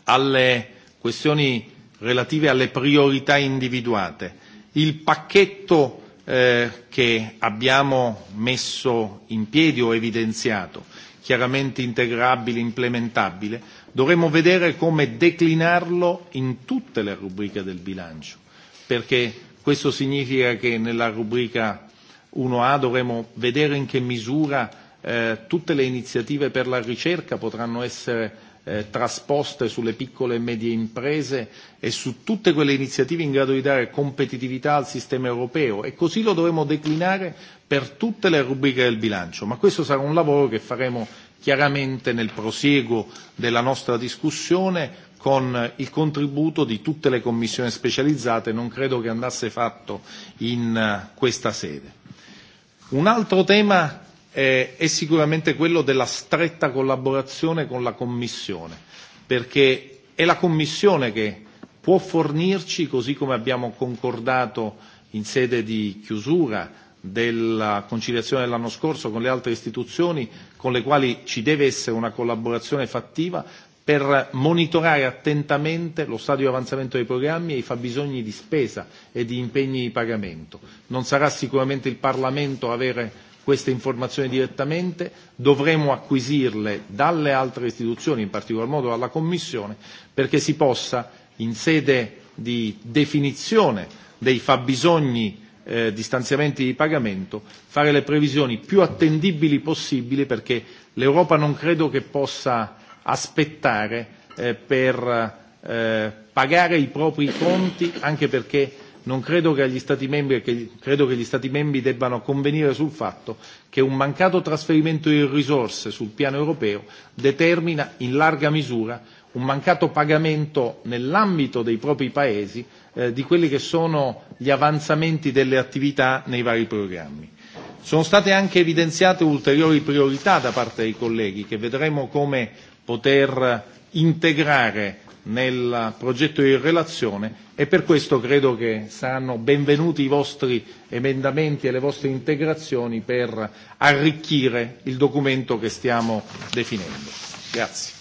alle questioni relative alle priorità individuate, il pacchetto eh, che abbiamo messo in piedi o evidenziato, chiaramente integrabile, e implementabile, dovremmo vedere come declinarlo in tutte le rubriche del bilancio, perché questo significa che nella rubrica 1A dovremo vedere in che misura eh, tutte le iniziative per la ricerca potranno essere eh, trasposte sulle piccole e medie imprese e su tutte quelle iniziative in grado di dare competitività al sistema europeo e così lo dovremo declinare per tutte le rubriche del bilancio, ma questo sarà un lavoro che faremo chiaramente nel prosieguo della nostra discussione con il contributo di tutte le commissioni specializzate, non credo che andasse fatto in eh, questa sede. Un altro tema eh, è sicuramente quello della stretta collaborazione con la Commissione, perché è la Commissione che può fornirci, così come abbiamo concordato in sede di chiusura della conciliazione dell'anno scorso con le altre istituzioni, con le quali ci deve essere una collaborazione fattiva per monitorare attentamente lo stadio di avanzamento dei programmi e i fabbisogni di spesa e di impegni di pagamento. Non sarà sicuramente il Parlamento avere queste informazioni direttamente, dovremo acquisirle dalle altre istituzioni, in particolar modo dalla Commissione, perché si possa in sede di definizione dei fabbisogni eh, di stanziamenti di pagamento, fare le previsioni più attendibili possibili perché l'Europa non credo che possa aspettare eh, per eh, pagare i propri conti anche perché non credo che, agli Stati membri, che, credo che gli Stati membri debbano convenire sul fatto che un mancato trasferimento di risorse sul piano europeo determina in larga misura un mancato pagamento nell'ambito dei propri paesi eh, di quelli che sono gli avanzamenti delle attività nei vari programmi. Sono state anche evidenziate ulteriori priorità da parte dei colleghi che vedremo come poter integrare nel progetto di relazione e per questo credo che saranno benvenuti i vostri emendamenti e le vostre integrazioni per arricchire il documento che stiamo definendo. Grazie.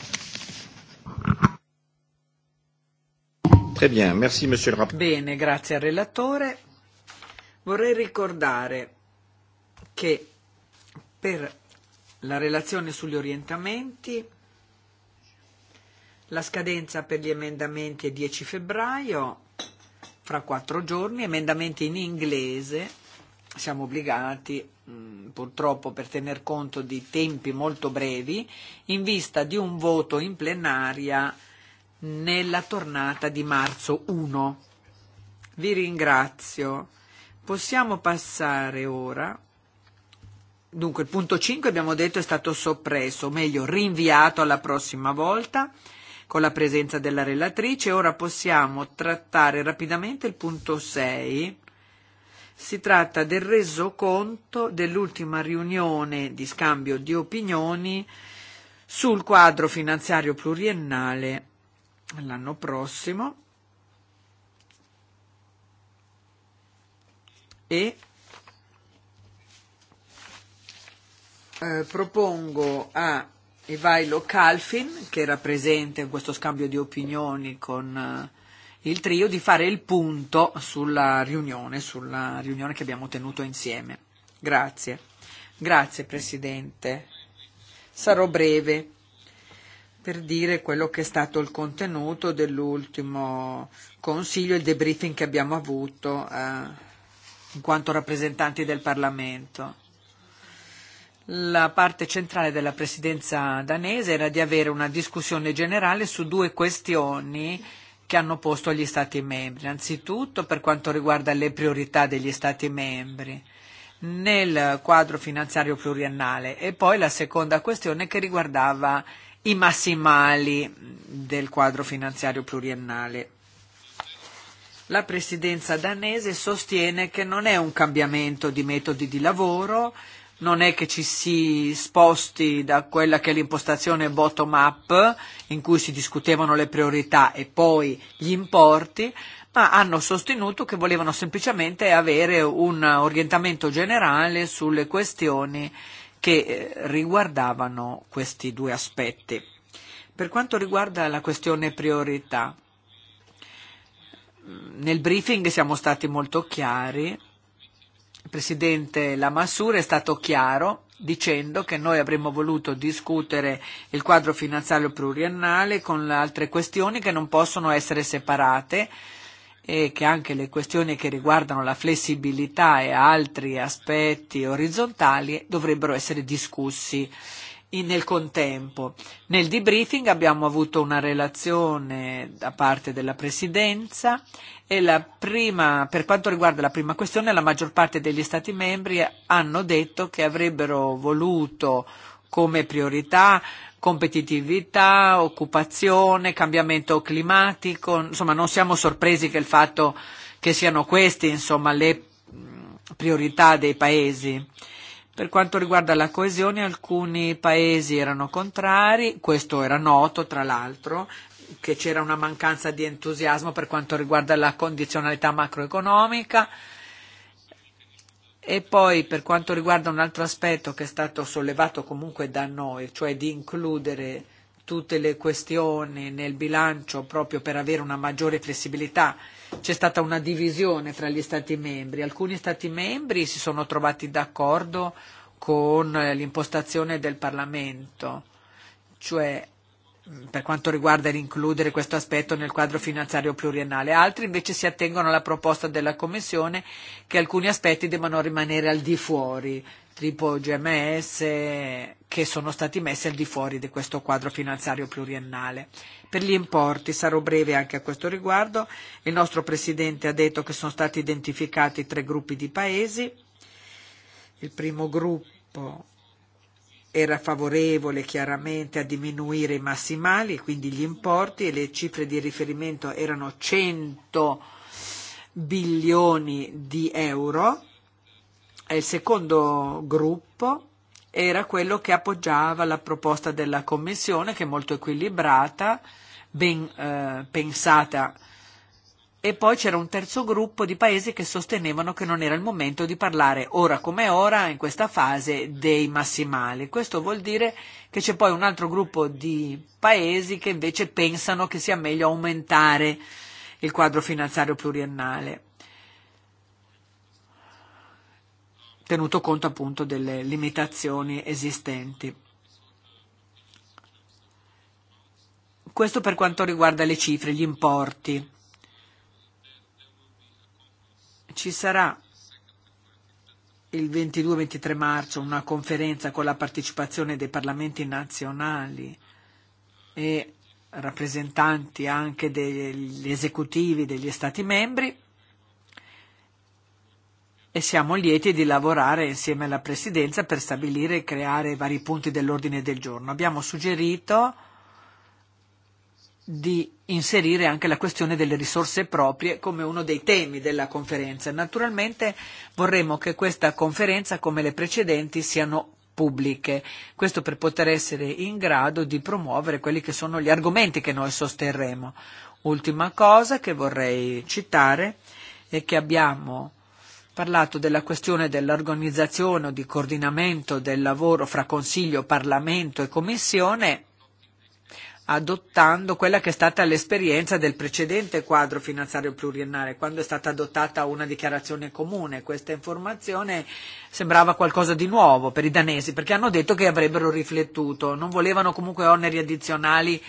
Très eh bien, merci monsieur le Bene, grazie al relatore. Vorrei ricordare che per la relazione sugli orientamenti la scadenza per gli emendamenti è 10 febbraio, fra quattro giorni, emendamenti in inglese, siamo obbligati purtroppo per tener conto di tempi molto brevi, in vista di un voto in plenaria nella tornata di marzo 1. Vi ringrazio. Possiamo passare ora. Dunque, il punto 5 abbiamo detto è stato soppresso, o meglio rinviato alla prossima volta con la presenza della relatrice. Ora possiamo trattare rapidamente il punto 6. Si tratta del resoconto dell'ultima riunione di scambio di opinioni sul quadro finanziario pluriennale l'anno prossimo e eh, propongo a Evailo Calfin, che era presente in questo scambio di opinioni con eh, il trio, di fare il punto sulla riunione, sulla riunione che abbiamo tenuto insieme. Grazie. Grazie Presidente. Sarò breve per dire quello che è stato il contenuto dell'ultimo Consiglio, il e debriefing che abbiamo avuto eh, in quanto rappresentanti del Parlamento. La parte centrale della presidenza danese era di avere una discussione generale su due questioni che hanno posto gli Stati membri. Anzitutto per quanto riguarda le priorità degli Stati membri nel quadro finanziario pluriannale e poi la seconda questione che riguardava i massimali del quadro finanziario pluriennale. La presidenza danese sostiene che non è un cambiamento di metodi di lavoro, non è che ci si sposti da quella che è l'impostazione bottom-up, in cui si discutevano le priorità e poi gli importi, ma hanno sostenuto che volevano semplicemente avere un orientamento generale sulle questioni che eh, riguardavano questi due aspetti. Per quanto riguarda la questione priorità, mm, nel briefing siamo stati molto chiari. Il Presidente Lamassur è stato chiaro dicendo che noi avremmo voluto discutere il quadro finanziario pluriennale con le altre questioni che non possono essere separate e che anche le questioni che riguardano la flessibilità e altri aspetti orizzontali dovrebbero essere discussi nel contempo. Nel debriefing abbiamo avuto una relazione da parte della Presidenza e la prima, per quanto riguarda la prima questione la maggior parte degli Stati membri hanno detto che avrebbero voluto come priorità competitività, occupazione, cambiamento climatico, insomma non siamo sorpresi che il fatto che siano queste insomma, le priorità dei paesi. Per quanto riguarda la coesione alcuni paesi erano contrari, questo era noto tra l'altro, che c'era una mancanza di entusiasmo per quanto riguarda la condizionalità macroeconomica, E poi per quanto riguarda un altro aspetto che è stato sollevato comunque da noi, cioè di includere tutte le questioni nel bilancio proprio per avere una maggiore flessibilità, c'è stata una divisione tra gli Stati membri. Alcuni Stati membri si sono trovati d'accordo con l'impostazione del Parlamento, cioè per quanto riguarda l'includere questo aspetto nel quadro finanziario pluriennale. Altri invece si attengono alla proposta della Commissione che alcuni aspetti debbano rimanere al di fuori, tipo GMS, che sono stati messi al di fuori di questo quadro finanziario pluriennale. Per gli importi sarò breve anche a questo riguardo. Il nostro Presidente ha detto che sono stati identificati tre gruppi di Paesi. Il primo gruppo era favorevole chiaramente a diminuire i massimali, quindi gli importi e le cifre di riferimento erano 100 bilioni di euro. E il secondo gruppo era quello che appoggiava la proposta della Commissione, che è molto equilibrata, ben eh, pensata e poi c'era un terzo gruppo di paesi che sostenevano che non era il momento di parlare ora come ora in questa fase dei massimali. Questo vuol dire che c'è poi un altro gruppo di paesi che invece pensano che sia meglio aumentare il quadro finanziario pluriennale, tenuto conto appunto delle limitazioni esistenti. Questo per quanto riguarda le cifre, gli importi Ci sarà il 22-23 marzo una conferenza con la partecipazione dei parlamenti nazionali e rappresentanti anche degli esecutivi degli Stati membri e siamo lieti di lavorare insieme alla Presidenza per stabilire e creare vari punti dell'ordine del giorno. Abbiamo suggerito di inserire anche la questione delle risorse proprie come uno dei temi della conferenza. Naturalmente vorremmo che questa conferenza, come le precedenti, siano pubbliche, questo per poter essere in grado di promuovere quelli che sono gli argomenti che noi sosterremo. Ultima cosa che vorrei citare è che abbiamo parlato della questione dell'organizzazione o di coordinamento del lavoro fra Consiglio, Parlamento e Commissione adottando quella che è stata l'esperienza del precedente quadro finanziario pluriennale, quando è stata adottata una dichiarazione comune. Questa informazione sembrava qualcosa di nuovo per i danesi, perché hanno detto che avrebbero riflettuto, non volevano comunque oneri addizionali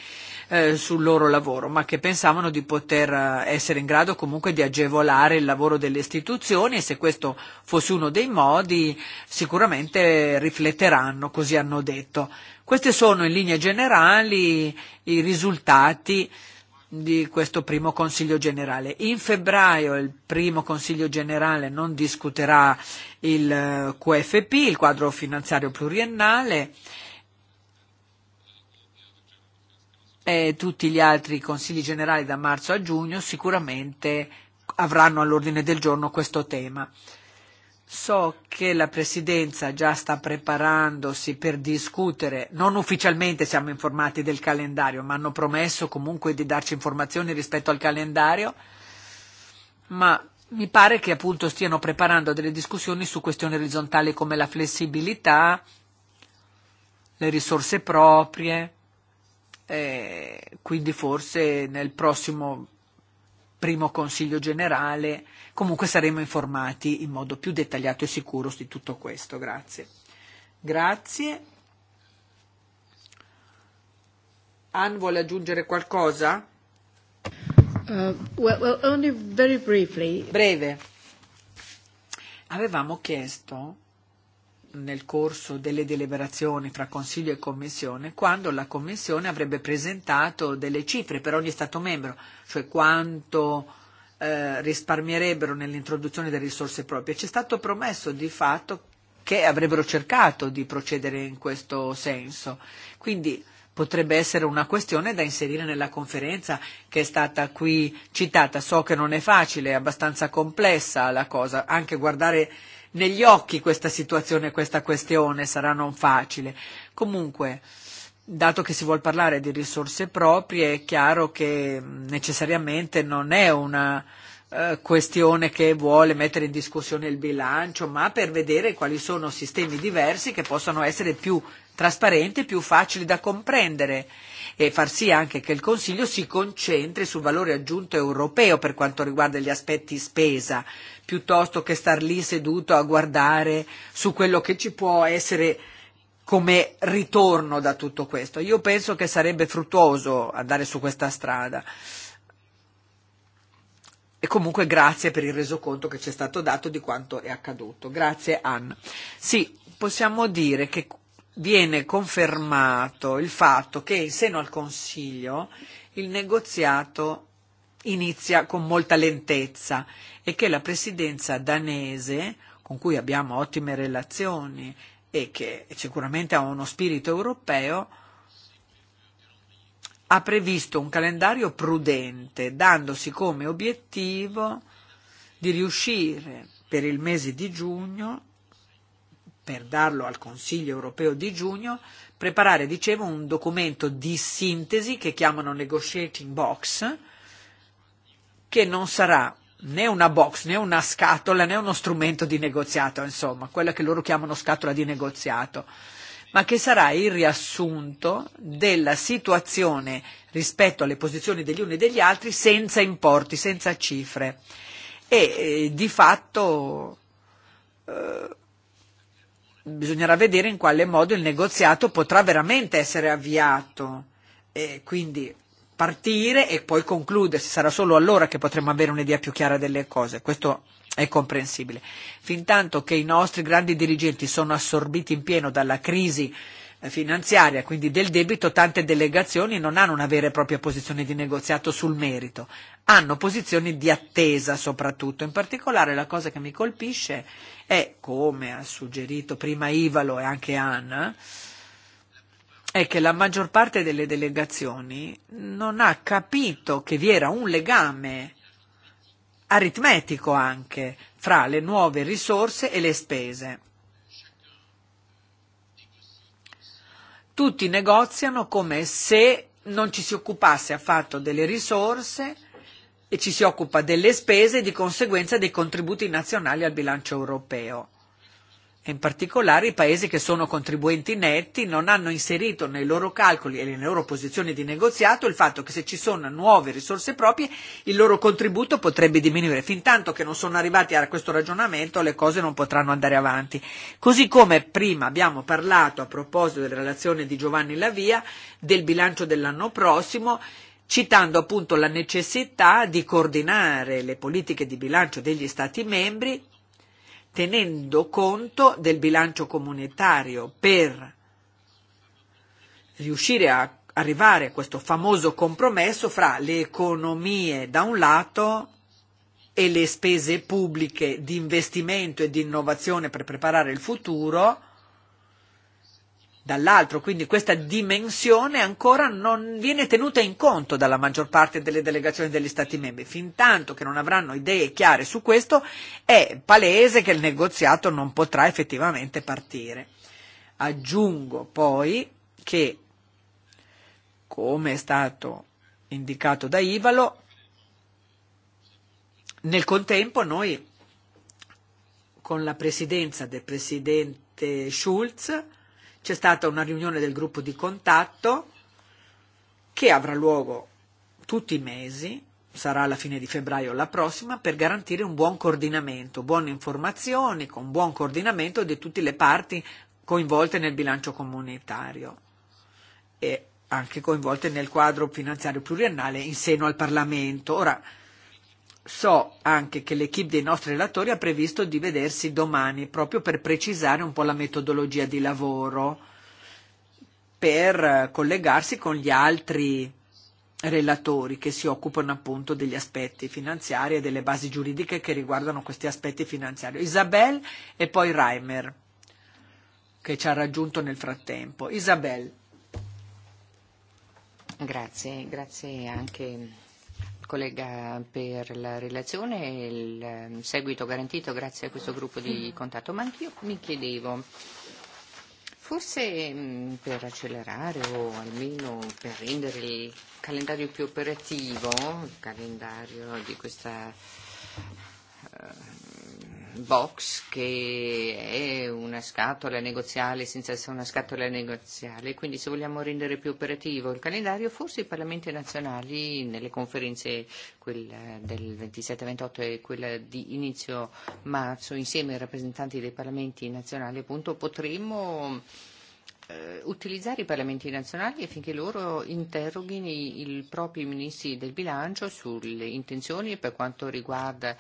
eh, sul loro lavoro, ma che pensavano di poter eh, essere in grado comunque di agevolare il lavoro delle istituzioni e se questo fosse uno dei modi sicuramente rifletteranno, così hanno detto Questi sono in linea generali i risultati di questo primo Consiglio generale. In febbraio il primo Consiglio generale non discuterà il eh, QFP, il quadro finanziario pluriennale, e tutti gli altri Consigli generali da marzo a giugno sicuramente avranno all'ordine del giorno questo tema. So che la Presidenza già sta preparandosi per discutere, non ufficialmente siamo informati del calendario, ma hanno promesso comunque di darci informazioni rispetto al calendario, ma mi pare che appunto stiano preparando delle discussioni su questioni orizzontali come la flessibilità, le risorse proprie, e quindi forse nel prossimo primo Consiglio generale. Comunque saremo informati in modo più dettagliato e sicuro di tutto questo. Grazie. Grazie. Ann vuole aggiungere qualcosa? Uh, well, well, only very briefly. Breve. Avevamo chiesto nel corso delle deliberazioni tra Consiglio e Commissione, quando la Commissione avrebbe presentato delle cifre per ogni Stato membro, cioè quanto eh, risparmierebbero nell'introduzione delle risorse proprie. C'è stato promesso di fatto che avrebbero cercato di procedere in questo senso. Quindi potrebbe essere una questione da inserire nella conferenza che è stata qui citata. So che non è facile, è abbastanza complessa la cosa, anche guardare eh, negli occhi questa situazione, questa questione, sarà non facile. Comunque, dato che si vuole parlare di risorse proprie, è chiaro che necessariamente non è una eh, questione che vuole mettere in discussione il bilancio, ma per vedere quali sono sistemi diversi che possano essere più trasparenti e più facili da comprendere e far sì anche che il Consiglio si concentri sul valore aggiunto europeo per quanto riguarda gli aspetti spesa, piuttosto che star lì seduto a guardare su quello che ci può essere come ritorno da tutto questo. Io penso che sarebbe fruttuoso andare su questa strada. E comunque grazie per il resoconto che ci è stato dato di quanto è accaduto. Grazie Ann. Sì, possiamo dire che viene confermato il fatto che in seno al Consiglio il negoziato inizia con molta lentezza e che la presidenza danese, con cui abbiamo ottime relazioni e che sicuramente ha uno spirito europeo, ha previsto un calendario prudente, dandosi come obiettivo di riuscire per il mese di giugno per darlo al Consiglio europeo di giugno, preparare, dicevo, un documento di sintesi che chiamano negotiating box, che non sarà né una box, né una scatola, né uno strumento di negoziato, insomma, quella che loro chiamano scatola di negoziato, ma che sarà il riassunto della situazione rispetto alle posizioni degli uni e degli altri senza importi, senza cifre. E eh, di fatto eh, bisognerà vedere in quale modo il negoziato potrà veramente essere avviato e quindi partire e poi concludersi. Sarà solo allora che potremo avere un'idea più chiara delle cose. Questo è comprensibile. Fintanto che i nostri grandi dirigenti sono assorbiti in pieno dalla crisi finanziaria, quindi del debito, tante delegazioni non hanno una vera e propria posizione di negoziato sul merito, hanno posizioni di attesa soprattutto. In particolare la cosa che mi colpisce è, come ha suggerito prima Ivalo e anche Anna, è che la maggior parte delle delegazioni non ha capito che vi era un legame aritmetico anche fra le nuove risorse e le spese tutti negoziano come se non ci si occupasse affatto delle risorse e ci si occupa delle spese e di conseguenza dei contributi nazionali al bilancio europeo. In particolare i paesi che sono contribuenti netti non hanno inserito nei loro calcoli e nelle loro posizioni di negoziato il fatto che se ci sono nuove risorse proprie il loro contributo potrebbe diminuire. Fintanto che non sono arrivati a questo ragionamento le cose non potranno andare avanti. Così come prima abbiamo parlato a proposito della relazione di Giovanni Lavia del bilancio dell'anno prossimo citando appunto la necessità di coordinare le politiche di bilancio degli Stati membri tenendo conto del bilancio comunitario per riuscire a arrivare a questo famoso compromesso fra le economie da un lato e le spese pubbliche di investimento e di innovazione per preparare il futuro dall'altro, quindi questa dimensione ancora non viene tenuta in conto dalla maggior parte delle delegazioni degli Stati membri. Fin tanto che non avranno idee chiare su questo, è palese che il negoziato non potrà effettivamente partire. Aggiungo poi che, come è stato indicato da Ivalo, nel contempo noi con la presidenza del Presidente Schulz c'è stata una riunione del gruppo di contatto che avrà luogo tutti i mesi, sarà alla fine di febbraio la prossima, per garantire un buon coordinamento, buone informazioni, con buon coordinamento di tutte le parti coinvolte nel bilancio comunitario e anche coinvolte nel quadro finanziario pluriannale in seno al Parlamento. Ora, So anche che l'equipe dei nostri relatori ha previsto di vedersi domani proprio per precisare un po' la metodologia di lavoro, per collegarsi con gli altri relatori che si occupano appunto degli aspetti finanziari e delle basi giuridiche che riguardano questi aspetti finanziari. Isabel e poi Reimer che ci ha raggiunto nel frattempo. Isabel. Grazie, grazie anche collega per la relazione e il ehm, seguito garantito grazie a questo gruppo di contatto, ma anch'io mi chiedevo, forse mh, mm, per accelerare o almeno per rendere il calendario più operativo, il calendario di questa eh, box che è una scatola negoziale senza essere una scatola negoziale, quindi se vogliamo rendere più operativo il calendario forse i parlamenti nazionali nelle conferenze quella del 27-28 e quella di inizio marzo insieme ai rappresentanti dei parlamenti nazionali appunto potremmo eh, utilizzare i parlamenti nazionali affinché loro interroghino i, i propri ministri del bilancio sulle intenzioni per quanto riguarda eh,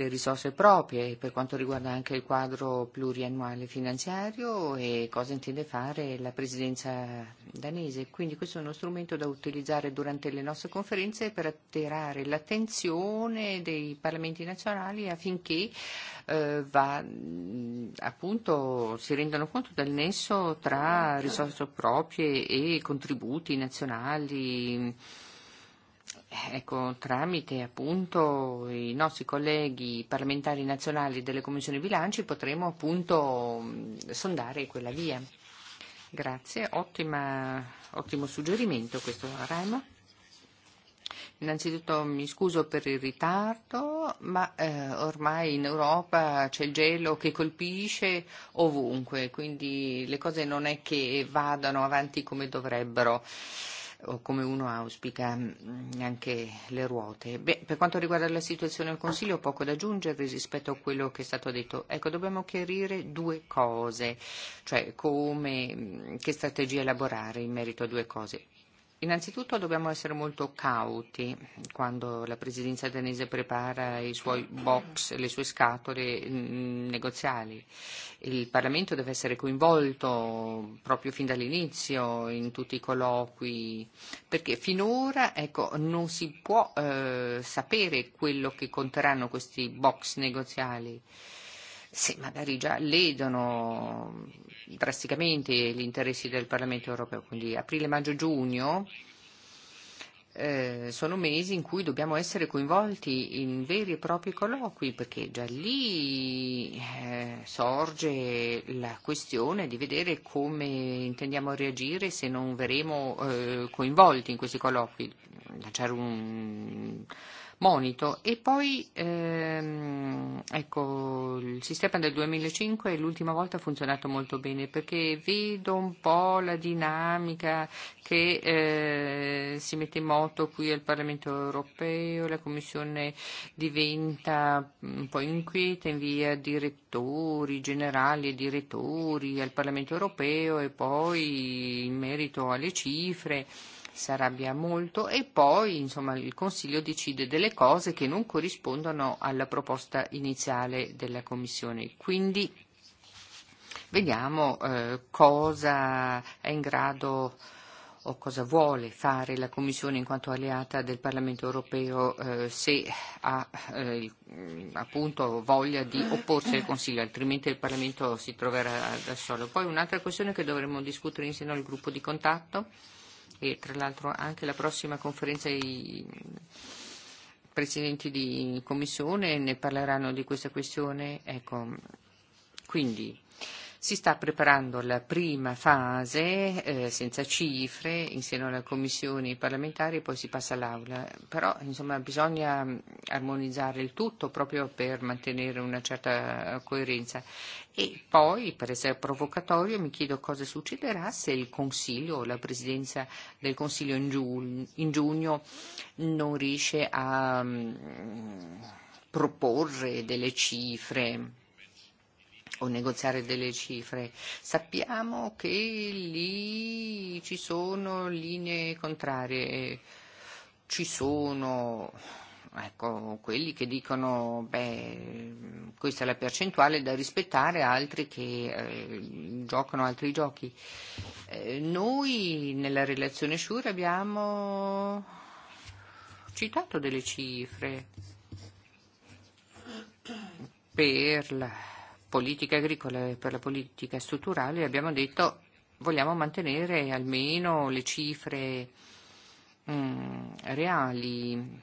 le risorse proprie per quanto riguarda anche il quadro pluriannuale finanziario e cosa intende fare la presidenza danese. Quindi questo è uno strumento da utilizzare durante le nostre conferenze per attirare l'attenzione dei parlamenti nazionali affinché eh, va, appunto, si rendano conto del nesso tra risorse proprie e contributi nazionali Eh, ecco, tramite appunto i nostri colleghi parlamentari nazionali delle commissioni bilanci potremo appunto sondare quella via. Grazie, ottima, ottimo suggerimento questo Raimo. Innanzitutto mi scuso per il ritardo, ma eh, ormai in Europa c'è il gelo che colpisce ovunque, quindi le cose non è che vadano avanti come dovrebbero. Eh, o come uno auspica mm, anche le ruote. Beh, per quanto riguarda la situazione al Consiglio, poco da aggiungere rispetto a quello che è stato detto. Ecco, dobbiamo chiarire due cose, cioè come, mm, che strategia elaborare in merito a due cose. Innanzitutto dobbiamo essere molto cauti quando la presidenza danese prepara i suoi box, le sue scatole mm, negoziali. Il Parlamento deve essere coinvolto proprio fin dall'inizio in tutti i colloqui, perché finora ecco, non si può eh, sapere quello che conteranno questi box negoziali se magari già ledono drasticamente gli interessi del Parlamento europeo, quindi aprile, maggio, giugno, eh, sono mesi in cui dobbiamo essere coinvolti in veri e propri colloqui, perché già lì eh, sorge la questione di vedere come intendiamo reagire se non verremo eh, coinvolti in questi colloqui, lanciare un monito. E poi, ehm, ecco, il sistema del 2005 l'ultima volta ha funzionato molto bene perché vedo un po' la dinamica che eh, si mette in moto qui al Parlamento europeo, la Commissione diventa un po' inquieta, invia direttori generali e direttori al Parlamento europeo e poi in merito alle cifre si arrabbia molto e poi insomma, il Consiglio decide delle cose che non corrispondono alla proposta iniziale della Commissione. Quindi vediamo eh, cosa è in grado o cosa vuole fare la Commissione in quanto alleata del Parlamento europeo eh, se ha eh, mm, appunto voglia di opporsi al Consiglio, altrimenti il Parlamento si troverà da solo. Poi un'altra questione che dovremmo discutere insieme al gruppo di contatto e tra l'altro anche la prossima conferenza i presidenti di commissione ne parleranno di questa questione. Ecco, quindi Si sta preparando la prima fase eh, senza cifre in seno alle commissioni parlamentari e poi si passa all'Aula. Però insomma, bisogna mm, armonizzare il tutto proprio per mantenere una certa eh, coerenza. E poi, per essere provocatorio, mi chiedo cosa succederà se il Consiglio o la Presidenza del Consiglio in, giugno, in giugno non riesce a mm, proporre delle cifre o negoziare delle cifre. Sappiamo che lì ci sono linee contrarie, ci sono ecco, quelli che dicono beh, questa è la percentuale da rispettare, altri che eh, giocano altri giochi. Eh, noi nella relazione Sure abbiamo citato delle cifre per la politica agricola e per la politica strutturale abbiamo detto vogliamo mantenere almeno le cifre mm, reali.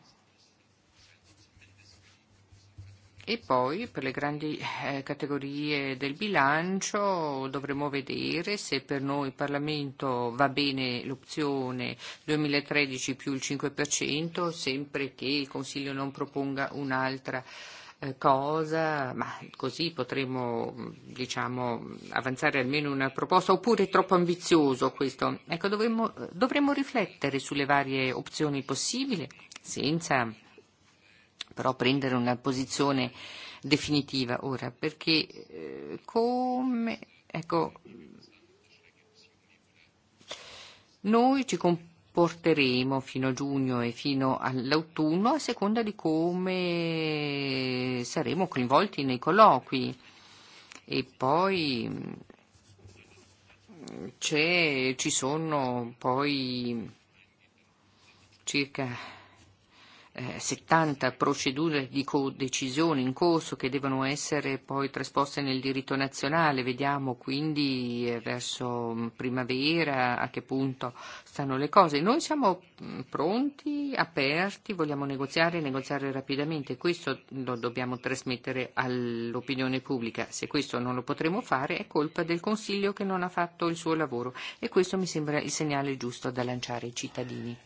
E poi per le grandi eh, categorie del bilancio dovremo vedere se per noi il Parlamento va bene l'opzione 2013 più il 5%, sempre che il Consiglio non proponga un'altra eh, cosa, ma così potremmo diciamo, avanzare almeno una proposta, oppure è troppo ambizioso questo. Ecco, dovremmo, dovremmo riflettere sulle varie opzioni possibili senza però prendere una posizione definitiva ora, perché eh, come, ecco, noi ci comportiamo porteremo fino a giugno e fino all'autunno a seconda di come saremo coinvolti nei colloqui. E poi mm, c'è, ci sono poi circa 70 eh, procedure di codecisione in corso che devono essere poi trasposte nel diritto nazionale. Vediamo quindi eh, verso mm, primavera a che punto stanno le cose. Noi siamo mm, pronti, aperti, vogliamo negoziare negoziare rapidamente. Questo lo dobbiamo trasmettere all'opinione pubblica. Se questo non lo potremo fare è colpa del Consiglio che non ha fatto il suo lavoro e questo mi sembra il segnale giusto da lanciare ai cittadini.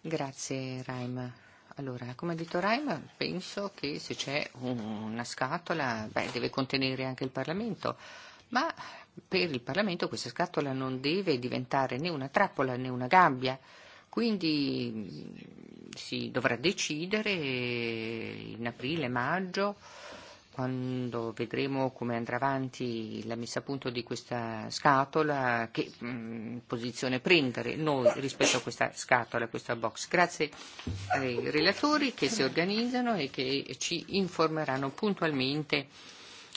Grazie Raima. Allora, come ha detto Raima, penso che se c'è una scatola, beh, deve contenere anche il Parlamento, ma per il Parlamento questa scatola non deve diventare né una trappola né una gabbia. Quindi mm, si dovrà decidere in aprile, maggio, eh, quando vedremo come andrà avanti la messa a punto di questa scatola, che mh, mm, posizione prendere noi rispetto a questa scatola, a questa box. Grazie ai relatori che si organizzano e che ci informeranno puntualmente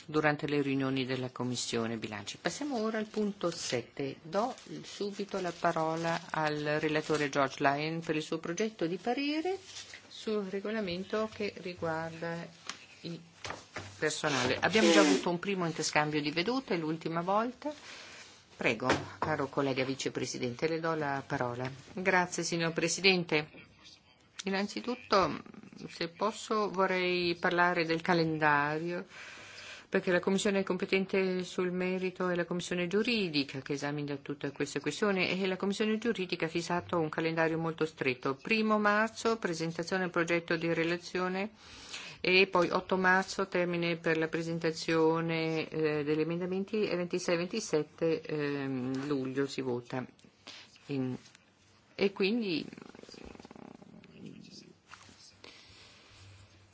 durante le riunioni della Commissione Bilanci. Passiamo ora al punto 7. Do subito la parola al relatore George Lyon per il suo progetto di parere sul regolamento che riguarda i personale. Abbiamo già avuto un primo interscambio di vedute l'ultima volta. Prego, caro collega vicepresidente, le do la parola. Grazie, signor Presidente. Innanzitutto, se posso, vorrei parlare del calendario, perché la Commissione è competente sul merito è e la Commissione giuridica che esamina tutte queste questioni e la Commissione giuridica ha fissato un calendario molto stretto. Primo marzo, presentazione del progetto di relazione e poi 8 marzo termine per la presentazione eh, degli emendamenti e 26-27 e eh, luglio si vota. In, e quindi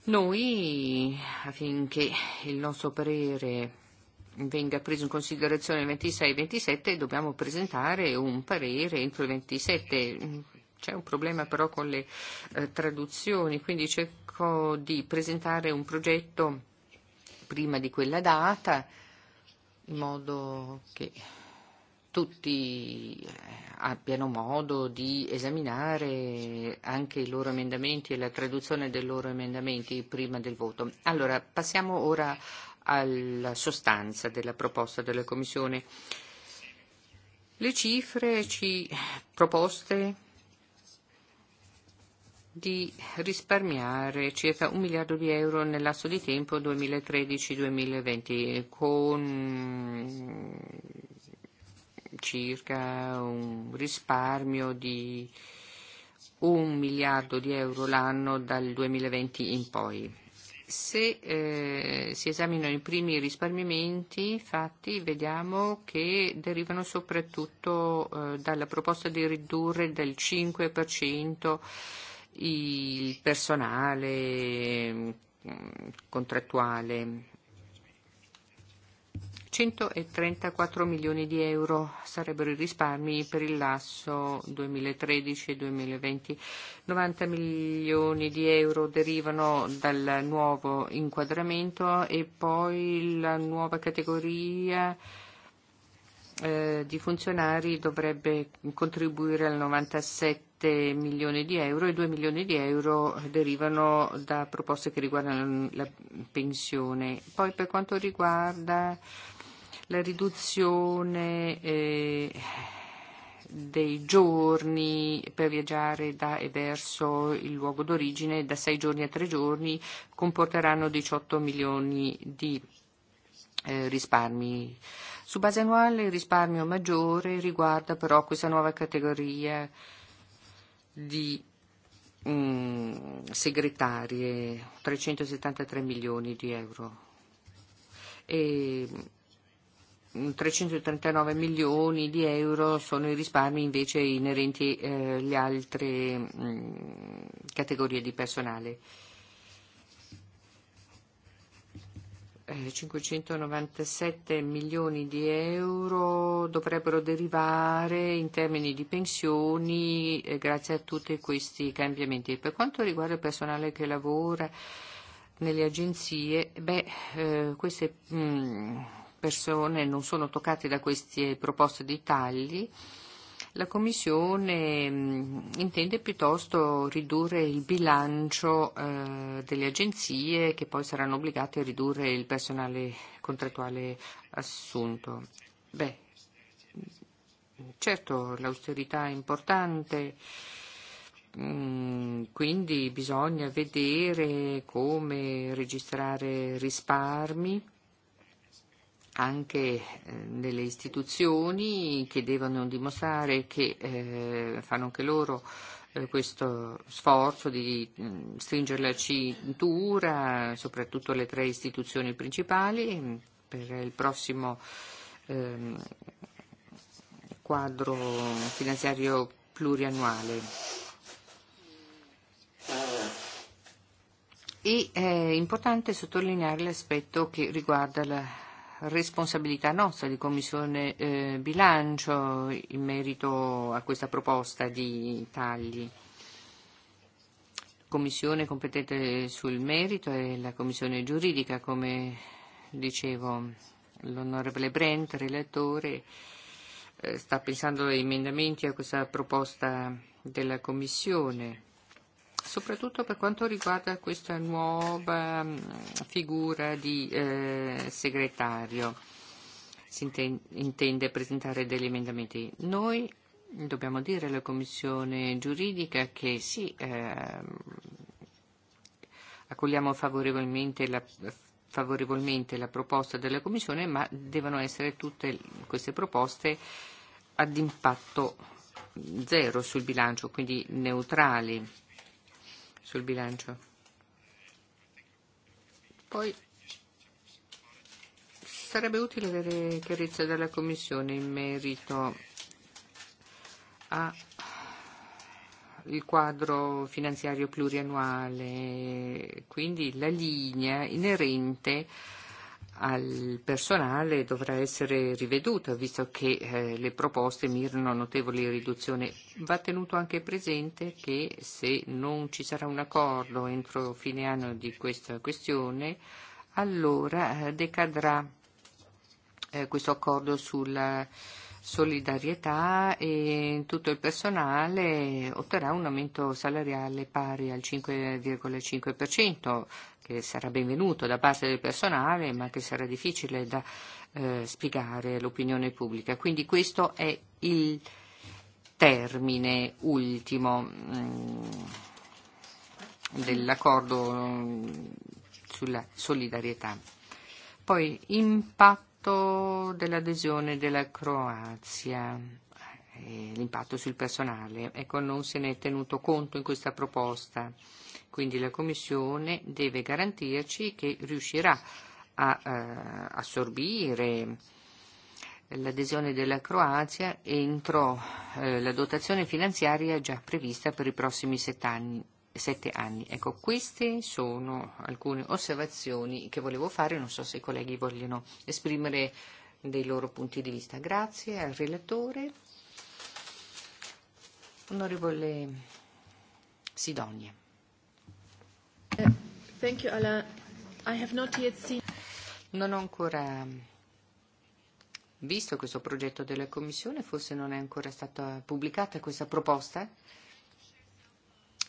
noi affinché il nostro parere venga preso in considerazione il 26-27 e dobbiamo presentare un parere entro il 27 c'è un problema però con le eh, traduzioni, quindi cerco di presentare un progetto prima di quella data in modo che tutti eh, abbiano modo di esaminare anche i loro emendamenti e la traduzione dei loro emendamenti prima del voto. Allora, passiamo ora alla sostanza della proposta della Commissione. Le cifre ci eh, proposte di risparmiare circa un miliardo di euro nel lasso di tempo 2013-2020 con mm, circa un risparmio di un miliardo di euro l'anno dal 2020 in poi. Se eh, si esaminano i primi risparmiamenti fatti, vediamo che derivano soprattutto eh, dalla proposta di ridurre del 5% il personale mm, contrattuale. 134 milioni di euro sarebbero i risparmi per il lasso 2013 2020. 90 milioni di euro derivano dal nuovo inquadramento e poi la nuova categoria eh, di funzionari dovrebbe contribuire al 97 7 milioni di euro e 2 milioni di euro derivano da proposte che riguardano la pensione. Poi per quanto riguarda la riduzione eh, dei giorni per viaggiare da e verso il luogo d'origine da 6 giorni a 3 giorni comporteranno 18 milioni di eh, risparmi. Su base annuale il risparmio maggiore riguarda però questa nuova categoria di mh, mm, segretarie, 373 milioni di euro e 339 mm, milioni di euro sono i risparmi invece inerenti eh, le altre mh, mm, categorie di personale. Eh, 597 milioni di euro dovrebbero derivare in termini di pensioni eh, grazie a tutti questi cambiamenti. Per quanto riguarda il personale che lavora nelle agenzie, beh, eh, queste mh, mm, persone non sono toccate da queste proposte di tagli. Eh, La Commissione mm, intende piuttosto ridurre il bilancio eh, delle agenzie che poi saranno obbligate a ridurre il personale contrattuale assunto. Beh, certo l'austerità è importante, mm, quindi bisogna vedere come registrare risparmi anche eh, nelle istituzioni che devono dimostrare che eh, fanno anche loro eh, questo sforzo di mh, mm, stringere la cintura, soprattutto le tre istituzioni principali, mm, per il prossimo ehm, quadro finanziario pluriannuale. E eh, è importante sottolineare l'aspetto che riguarda la responsabilità nostra di Commissione eh, Bilancio in merito a questa proposta di tagli. Commissione competente sul merito è la Commissione giuridica, come dicevo l'onorevole Brent, relatore, eh, sta pensando agli emendamenti a questa proposta della Commissione soprattutto per quanto riguarda questa nuova mm, figura di eh, segretario. Si intende intende presentare degli emendamenti. Noi dobbiamo dire alla Commissione giuridica che sì, eh, accogliamo favorevolmente la, favorevolmente la proposta della Commissione, ma devono essere tutte queste proposte ad impatto zero sul bilancio, quindi neutrali sul bilancio. Poi sarebbe utile avere chiarezza dalla Commissione in merito il quadro finanziario pluriannuale, quindi la linea inerente al personale dovrà essere riveduta, visto che eh, le proposte mirano a notevoli riduzioni. Va tenuto anche presente che se non ci sarà un accordo entro fine anno di questa questione, allora eh, decadrà eh, questo accordo sulla eh, solidarietà e tutto il personale otterrà un aumento salariale pari al 5,5%, che sarà benvenuto da parte del personale, ma che sarà difficile da eh, spiegare all'opinione pubblica. Quindi questo è il termine ultimo mm, dell'accordo mm, sulla solidarietà. Poi impatto l'impatto dell'adesione della Croazia e l'impatto sul personale. Ecco, non se ne è tenuto conto in questa proposta. Quindi la Commissione deve garantirci che riuscirà a eh, assorbire l'adesione della Croazia entro eh, la dotazione finanziaria già prevista per i prossimi sette anni sette anni. Ecco, queste sono alcune osservazioni che volevo fare, non so se i colleghi vogliono esprimere dei loro punti di vista. Grazie al relatore. Onorevole Sidonia. Uh, eh, thank you, Alain. I have not yet seen... Non ho ancora visto questo progetto della Commissione, forse non è ancora stata pubblicata questa proposta.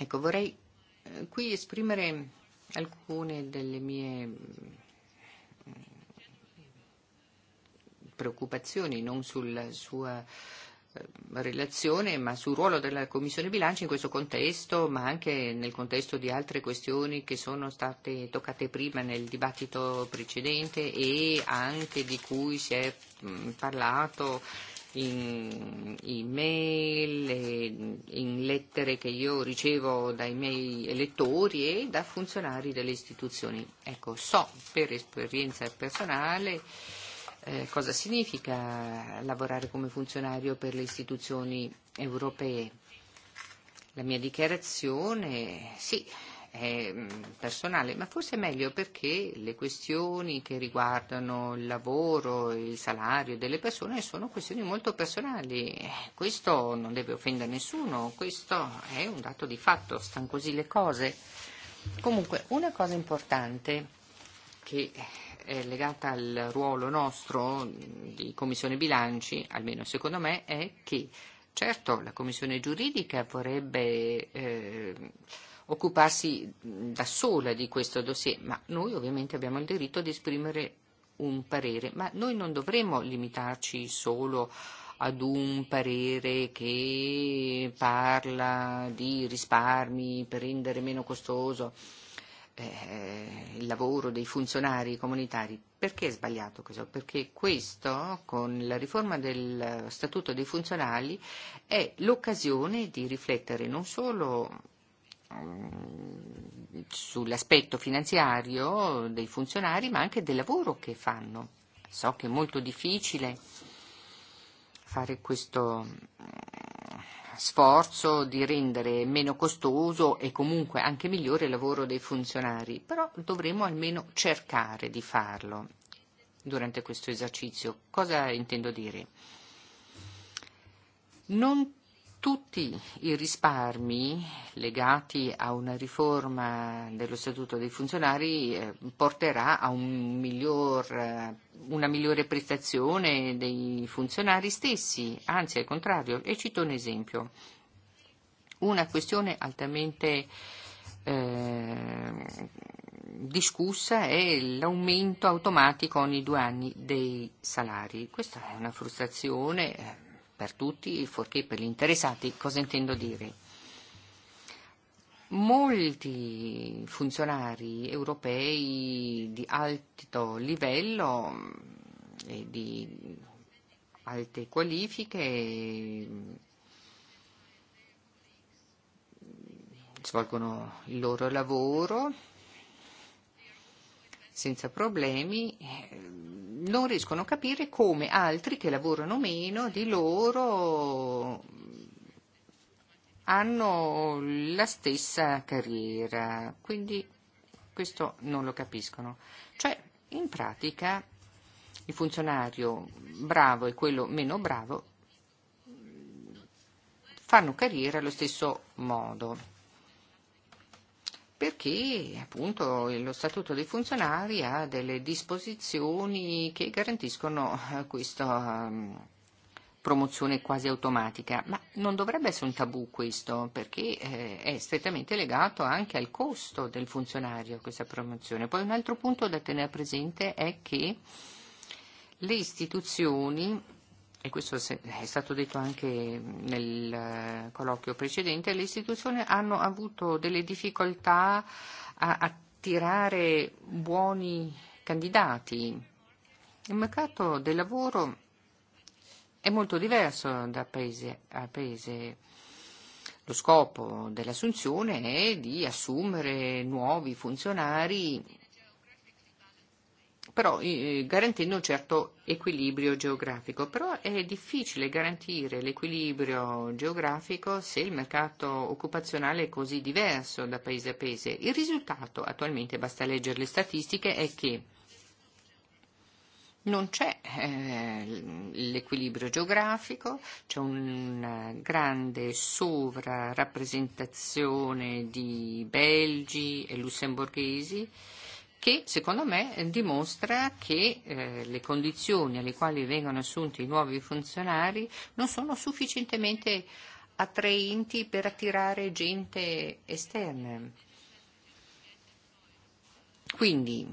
Ecco, vorrei eh, qui esprimere alcune delle mie mm, preoccupazioni, non sulla sua eh, relazione, ma sul ruolo della Commissione bilancio in questo contesto, ma anche nel contesto di altre questioni che sono state toccate prima nel dibattito precedente e anche di cui si è mm, parlato in email, eh, in, lettere che io ricevo dai miei elettori e da funzionari delle istituzioni. Ecco, so per esperienza personale eh, cosa significa lavorare come funzionario per le istituzioni europee. La mia dichiarazione, sì, è mm, personale, ma forse è meglio perché le questioni che riguardano il lavoro, il salario delle persone sono questioni molto personali. Eh, questo non deve offendere nessuno, questo è un dato di fatto, stanno così le cose. Comunque, una cosa importante che è legata al ruolo nostro mm, di Commissione Bilanci, almeno secondo me, è che certo la Commissione giuridica vorrebbe eh, occuparsi da sola di questo dossier, ma noi ovviamente abbiamo il diritto di esprimere un parere, ma noi non dovremmo limitarci solo ad un parere che parla di risparmi per rendere meno costoso eh, il lavoro dei funzionari comunitari. Perché è sbagliato questo? Perché questo, con la riforma del Statuto dei funzionali, è l'occasione di riflettere non solo Ehm, sull'aspetto finanziario dei funzionari, ma anche del lavoro che fanno. So che è molto difficile fare questo mm, sforzo di rendere meno costoso e comunque anche migliore il lavoro dei funzionari, però dovremo almeno cercare di farlo durante questo esercizio. Cosa intendo dire? Non tutti i risparmi legati a una riforma dello Statuto dei funzionari eh, porterà a un miglior, eh, una migliore prestazione dei funzionari stessi, anzi al contrario. E cito un esempio. Una questione altamente eh, discussa è l'aumento automatico ogni due anni dei salari. Questa è una frustrazione Eh, per tutti, fuorché per gli interessati, cosa intendo dire? Molti funzionari europei di alto livello mm, e di alte qualifiche mm, svolgono il loro lavoro senza problemi eh, non riescono a capire come altri che lavorano meno di loro hanno la stessa carriera. Quindi questo non lo capiscono. Cioè, in pratica, il funzionario bravo e quello meno bravo fanno carriera allo stesso modo perché appunto lo statuto dei funzionari ha delle disposizioni che garantiscono eh, questa mm, promozione quasi automatica, ma non dovrebbe essere un tabù questo, perché eh, è strettamente legato anche al costo del funzionario questa promozione. Poi un altro punto da tenere presente è che le istituzioni e questo è stato detto anche nel eh, colloquio precedente, le istituzioni hanno avuto delle difficoltà a attirare buoni candidati. Il mercato del lavoro è molto diverso da paese a paese. Lo scopo dell'assunzione è di assumere nuovi funzionari però eh, garantendo un certo equilibrio geografico. Però è difficile garantire l'equilibrio geografico se il mercato occupazionale è così diverso da paese a paese. Il risultato attualmente, basta leggere le statistiche, è che non c'è eh, l'equilibrio geografico, c'è una grande sovrarappresentazione di belgi e lussemburghesi Eh, che secondo me dimostra che eh, le condizioni alle quali vengono assunti i nuovi funzionari non sono sufficientemente attraenti per attirare gente esterna. Quindi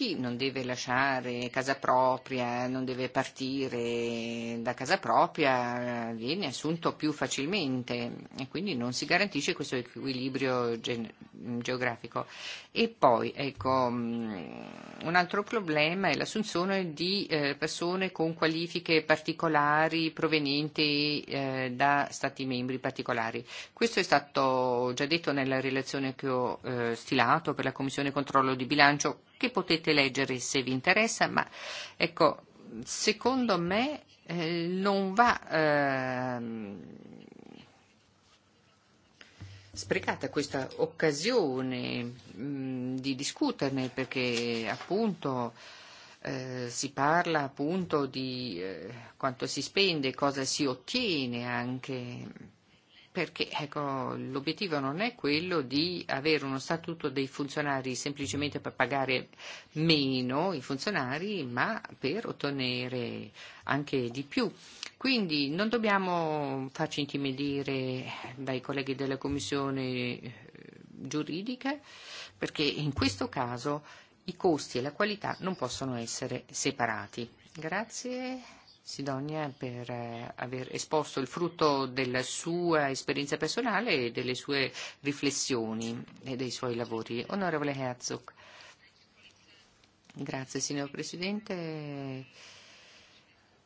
chi non deve lasciare casa propria, non deve partire da casa propria, viene assunto più facilmente e quindi non si garantisce questo equilibrio ge- geografico. E poi, ecco, mm, un altro problema è l'assunzione di eh, persone con qualifiche particolari provenienti eh, da Stati membri particolari. Questo è stato già detto nella relazione che ho eh, stilato per la Commissione Controllo di Bilancio che potete leggere se vi interessa, ma ecco, secondo me eh, non va eh, sprecata questa occasione mh, mm, di discuterne perché appunto eh, si parla appunto di eh, quanto si spende, cosa si ottiene anche perché ecco, l'obiettivo non è quello di avere uno statuto dei funzionari semplicemente per pagare meno i funzionari, ma per ottenere anche di più. Quindi non dobbiamo farci intimidire dai colleghi della Commissione eh, giuridica, perché in questo caso i costi e la qualità non possono essere separati. Grazie. Sidonia per eh, aver esposto il frutto della sua esperienza personale e delle sue riflessioni e dei suoi lavori. Onorevole Herzog. Grazie signor Presidente.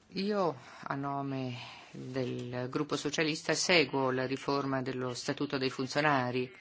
Io a nome del gruppo socialista seguo la riforma dello Statuto dei funzionari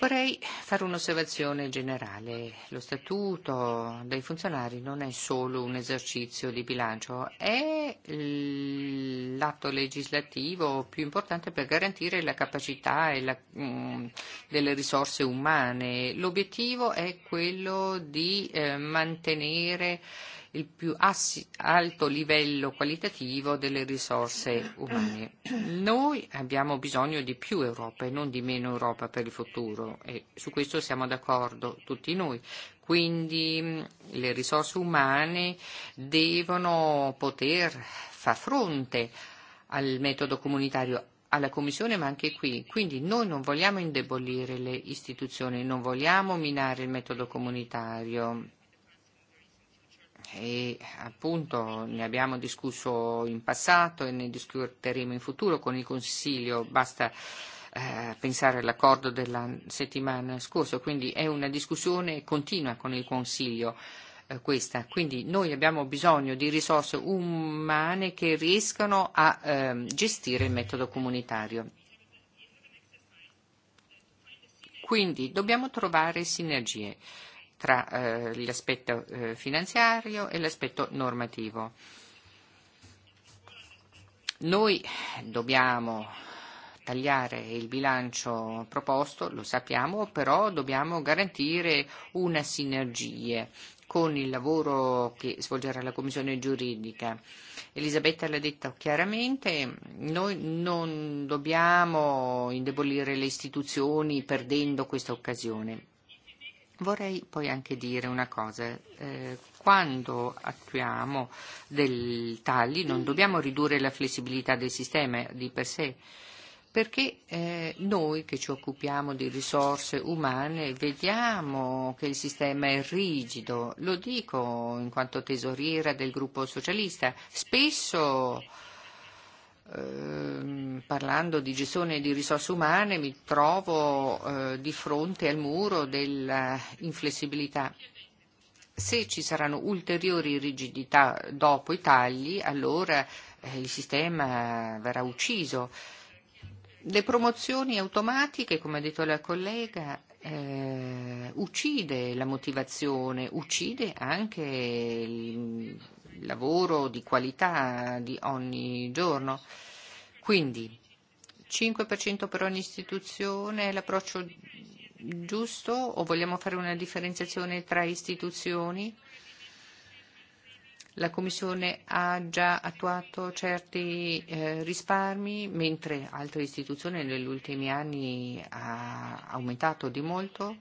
Vorrei fare un'osservazione generale. Lo statuto dei funzionari non è solo un esercizio di bilancio, è l'atto legislativo più importante per garantire la capacità e la, mh, mm, delle risorse umane. L'obiettivo è quello di eh, mantenere eh, il più assi, alto livello qualitativo delle risorse umane. Noi abbiamo bisogno di più Europa e non di meno Europa per il futuro e su questo siamo d'accordo tutti noi. Quindi le risorse umane devono poter far fronte al metodo comunitario alla Commissione ma anche qui. Quindi noi non vogliamo indebolire le istituzioni, non vogliamo minare il metodo comunitario e appunto ne abbiamo discusso in passato e ne discuteremo in futuro con il Consiglio, basta eh, pensare all'accordo della settimana scorsa, quindi è una discussione continua con il Consiglio eh, questa. Quindi noi abbiamo bisogno di risorse umane che riescano a eh, gestire il metodo comunitario. Quindi dobbiamo trovare sinergie. Eh, tra eh, l'aspetto eh, finanziario e l'aspetto normativo. Noi dobbiamo tagliare il bilancio proposto, lo sappiamo, però dobbiamo garantire una sinergia con il lavoro che svolgerà la Commissione giuridica. Elisabetta l'ha detto chiaramente, noi non dobbiamo indebolire le istituzioni perdendo questa occasione. Vorrei poi anche dire una cosa, eh, quando attuiamo dei tagli non dobbiamo ridurre la flessibilità del sistema di per sé, perché eh, noi che ci occupiamo di risorse umane vediamo che il sistema è rigido, lo dico in quanto tesoriera del gruppo socialista, spesso eh, Ehm, parlando di gestione di risorse umane, mi trovo eh, di fronte al muro dell'inflessibilità. Se ci saranno ulteriori rigidità dopo i tagli, allora eh, il sistema verrà ucciso. Le promozioni automatiche, come ha detto la collega, eh, uccide la motivazione, uccide anche il il lavoro di qualità di ogni giorno. Quindi 5% per ogni istituzione è l'approccio giusto o vogliamo fare una differenziazione tra istituzioni? La Commissione ha già attuato certi eh, risparmi, mentre altre istituzioni negli ultimi anni ha aumentato di molto.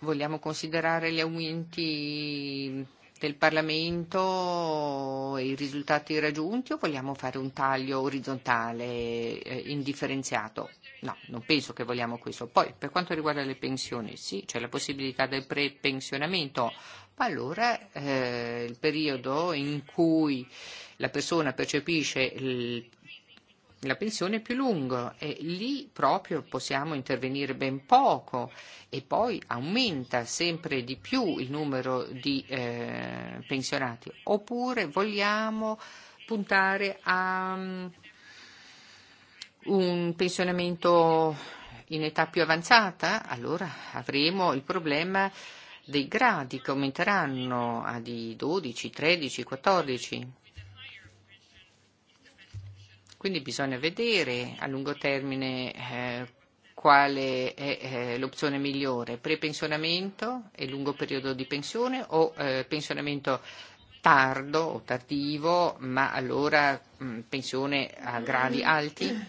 Vogliamo considerare gli aumenti del Parlamento e i risultati raggiunti o vogliamo fare un taglio orizzontale eh, indifferenziato? No, non penso che vogliamo questo. Poi, per quanto riguarda le pensioni, sì, c'è la possibilità del prepensionamento, ma allora eh, il periodo in cui la persona percepisce il la pensione più lungo e lì proprio possiamo intervenire ben poco e poi aumenta sempre di più il numero di eh, pensionati. Oppure vogliamo puntare a um, un pensionamento in età più avanzata? Allora avremo il problema dei gradi che aumenteranno a ah, di 12, 13, 14 Quindi bisogna vedere a lungo termine eh, quale è eh, l'opzione migliore, prepensionamento e lungo periodo di pensione o eh, pensionamento tardo o tardivo, ma allora mh, mm, pensione a gradi alti?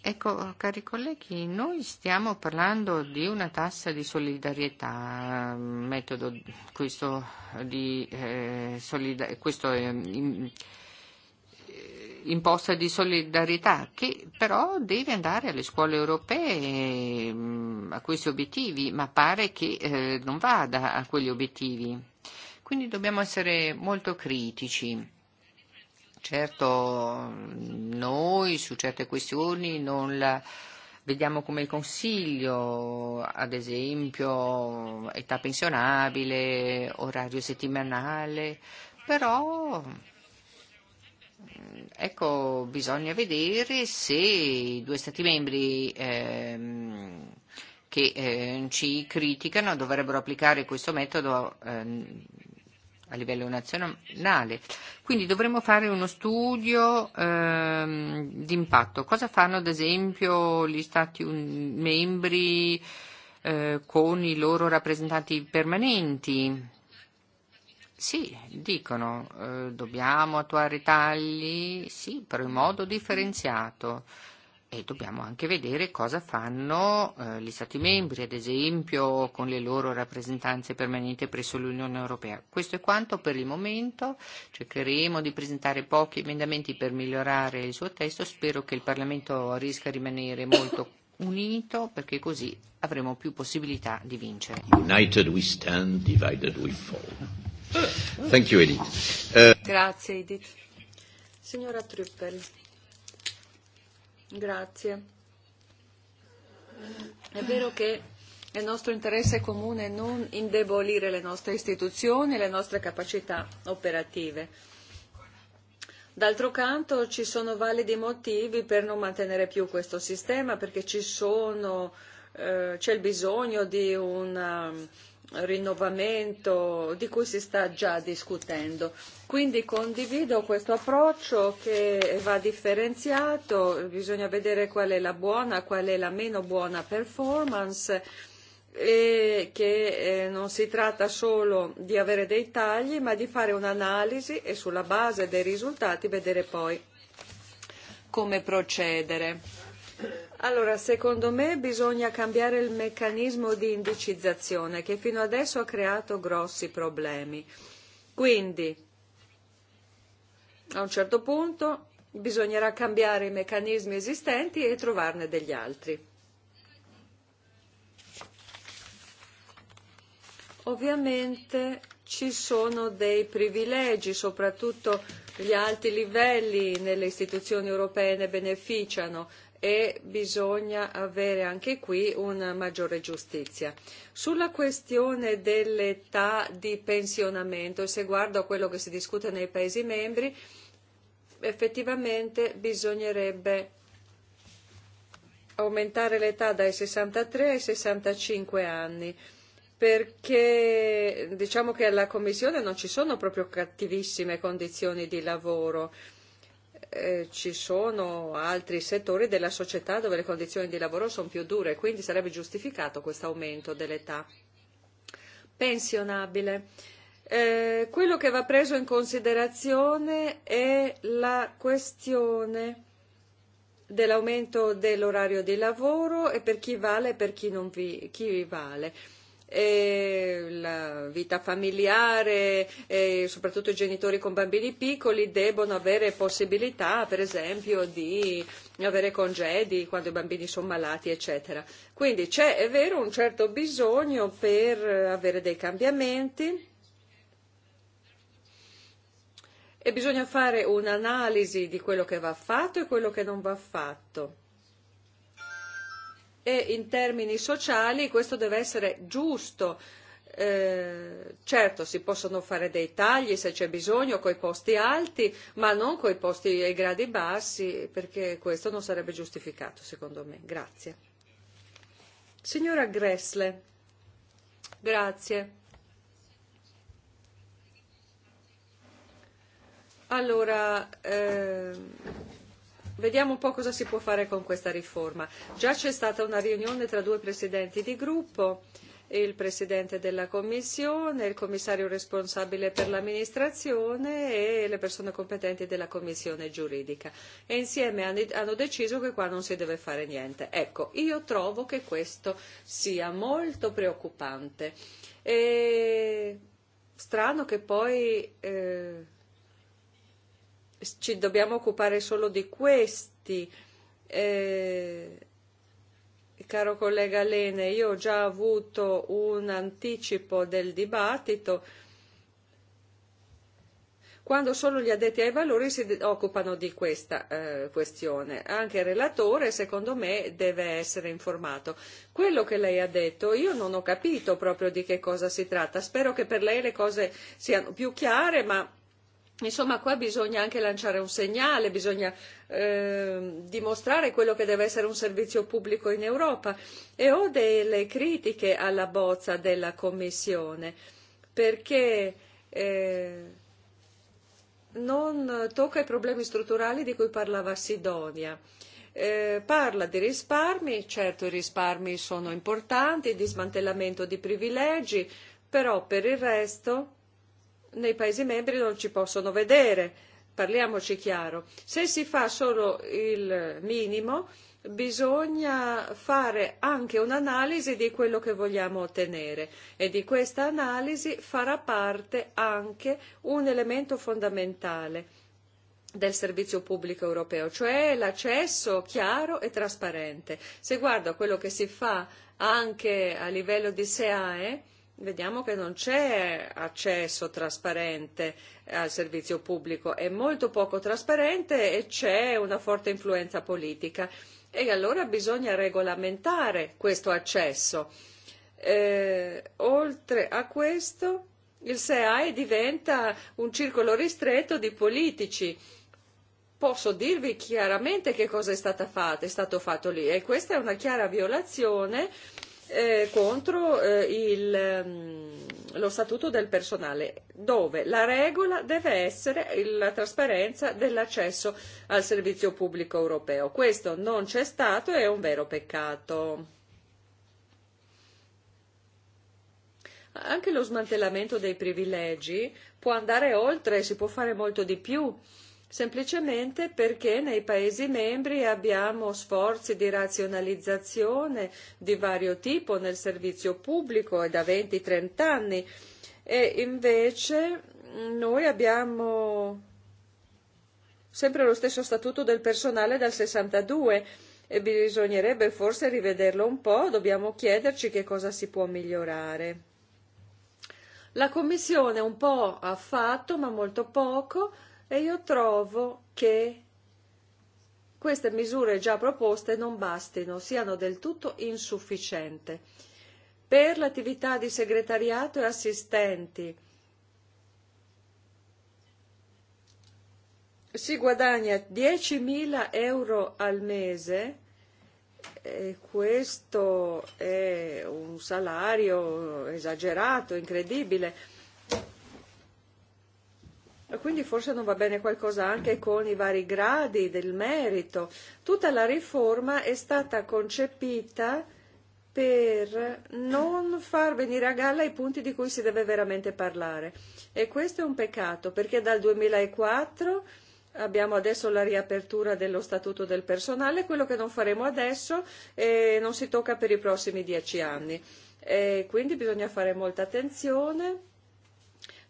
Ecco, cari colleghi, noi stiamo parlando di una tassa di solidarietà, metodo questo di eh, solidarietà, imposta di solidarietà che però deve andare alle scuole europee mm, a questi obiettivi, ma pare che eh, non vada a quegli obiettivi. Quindi dobbiamo essere molto critici. Certo, noi su certe questioni non la, Vediamo come il Consiglio, ad esempio, età pensionabile, orario settimanale, però ecco, bisogna vedere se i due Stati membri ehm, che eh, ci criticano dovrebbero applicare questo metodo ehm, a livello nazionale. Quindi dovremmo fare uno studio ehm, d'impatto. Cosa fanno, ad esempio, gli Stati un- membri eh, con i loro rappresentanti permanenti? Sì, dicono, eh, dobbiamo attuare tagli, sì, però in modo differenziato. E dobbiamo anche vedere cosa fanno eh, gli Stati membri, ad esempio con le loro rappresentanze permanenti presso l'Unione Europea. Questo è quanto per il momento. Cercheremo di presentare pochi emendamenti per migliorare il suo testo. Spero che il Parlamento riesca a rimanere molto unito perché così avremo più possibilità di vincere. United we stand, divided we fall. Thank you, Edith. Uh... Grazie, Edith. Signora Truppel, grazie. È vero che è nostro interesse comune non indebolire le nostre istituzioni e le nostre capacità operative. D'altro canto ci sono validi motivi per non mantenere più questo sistema perché ci sono, eh, c'è il bisogno di una rinnovamento di cui si sta già discutendo. Quindi condivido questo approccio che va differenziato, bisogna vedere qual è la buona, qual è la meno buona performance e che eh, non si tratta solo di avere dei tagli, ma di fare un'analisi e sulla base dei risultati vedere poi come procedere. Allora, secondo me bisogna cambiare il meccanismo di indicizzazione che fino adesso ha creato grossi problemi. Quindi, a un certo punto bisognerà cambiare i meccanismi esistenti e trovarne degli altri. Ovviamente ci sono dei privilegi, soprattutto gli alti livelli nelle istituzioni europee ne beneficiano, e bisogna avere anche qui una maggiore giustizia. Sulla questione dell'età di pensionamento, se guardo a quello che si discute nei Paesi membri, effettivamente bisognerebbe aumentare l'età dai 63 ai 65 anni perché diciamo che alla Commissione non ci sono proprio cattivissime condizioni di lavoro Eh, ci sono altri settori della società dove le condizioni di lavoro sono più dure, quindi sarebbe giustificato questo aumento dell'età pensionabile. Eh, quello che va preso in considerazione è la questione dell'aumento dell'orario di lavoro e per chi vale e per chi non vi, chi vale eh, la vita familiare, eh, soprattutto i genitori con bambini piccoli debbono avere possibilità, per esempio, di avere congedi quando i bambini sono malati, eccetera. Quindi c'è, è vero, un certo bisogno per avere dei cambiamenti. E bisogna fare un'analisi di quello che va fatto e quello che non va fatto e in termini sociali questo deve essere giusto. Eh, certo si possono fare dei tagli se c'è bisogno i posti alti, ma non e i posti ai gradi bassi, perché questo non sarebbe giustificato secondo me. Grazie. Signora Gressle, grazie. Allora, eh, Vediamo un po' cosa si può fare con questa riforma. Già c'è stata una riunione tra due presidenti di gruppo il Presidente della Commissione, il Commissario responsabile per l'amministrazione e le persone competenti della Commissione giuridica. E insieme hanno deciso che qua non si deve fare niente. Ecco, io trovo che questo sia molto preoccupante. E strano che poi eh, ci dobbiamo occupare solo di questi. Eh, caro collega Lene, io ho già avuto un anticipo del dibattito. Quando solo gli addetti ai valori si occupano di questa eh, questione, anche il relatore secondo me deve essere informato. Quello che lei ha detto io non ho capito proprio di che cosa si tratta. Spero che per lei le cose siano più chiare, ma Insomma, qua bisogna anche lanciare un segnale, bisogna eh, dimostrare quello che deve essere un servizio pubblico in Europa e ho delle critiche alla bozza della Commissione perché eh, non tocca i problemi strutturali di cui parlava Sidonia. Eh, parla di risparmi, certo i risparmi sono importanti, di smantellamento di privilegi, però per il resto nei Paesi membri non ci possono vedere, parliamoci chiaro. Se si fa solo il minimo, bisogna fare anche un'analisi di quello che vogliamo ottenere e di questa analisi farà parte anche un elemento fondamentale del servizio pubblico europeo, cioè l'accesso chiaro e trasparente. Se guardo a quello che si fa anche a livello di SEAE, vediamo che non c'è accesso trasparente al servizio pubblico, è molto poco trasparente e c'è una forte influenza politica. E allora bisogna regolamentare questo accesso. Eh, oltre a questo, il SEAE diventa un circolo ristretto di politici. Posso dirvi chiaramente che cosa è, stata fatta, è stato fatto lì e questa è una chiara violazione eh, contro eh, il, ehm, lo statuto del personale, dove la regola deve essere la trasparenza dell'accesso al servizio pubblico europeo. Questo non c'è stato e è un vero peccato. Anche lo smantellamento dei privilegi può andare oltre, si può fare molto di più semplicemente perché nei Paesi membri abbiamo sforzi di razionalizzazione di vario tipo nel servizio pubblico e da 20-30 anni e invece mm, noi abbiamo sempre lo stesso statuto del personale dal 62 e bisognerebbe forse rivederlo un po', dobbiamo chiederci che cosa si può migliorare. La Commissione un po' ha fatto, ma molto poco, e io trovo che queste misure già proposte non bastino, siano del tutto insufficienti. Per l'attività di segretariato e assistenti si guadagna 10.000 euro al mese e questo è un salario esagerato, incredibile E quindi forse non va bene qualcosa anche con i vari gradi del merito. Tutta la riforma è stata concepita per non far venire a galla i punti di cui si deve veramente parlare. E questo è un peccato, perché dal 2004 e abbiamo adesso la riapertura dello statuto del personale, quello che non faremo adesso eh, non si tocca per i prossimi dieci anni. E quindi bisogna fare molta attenzione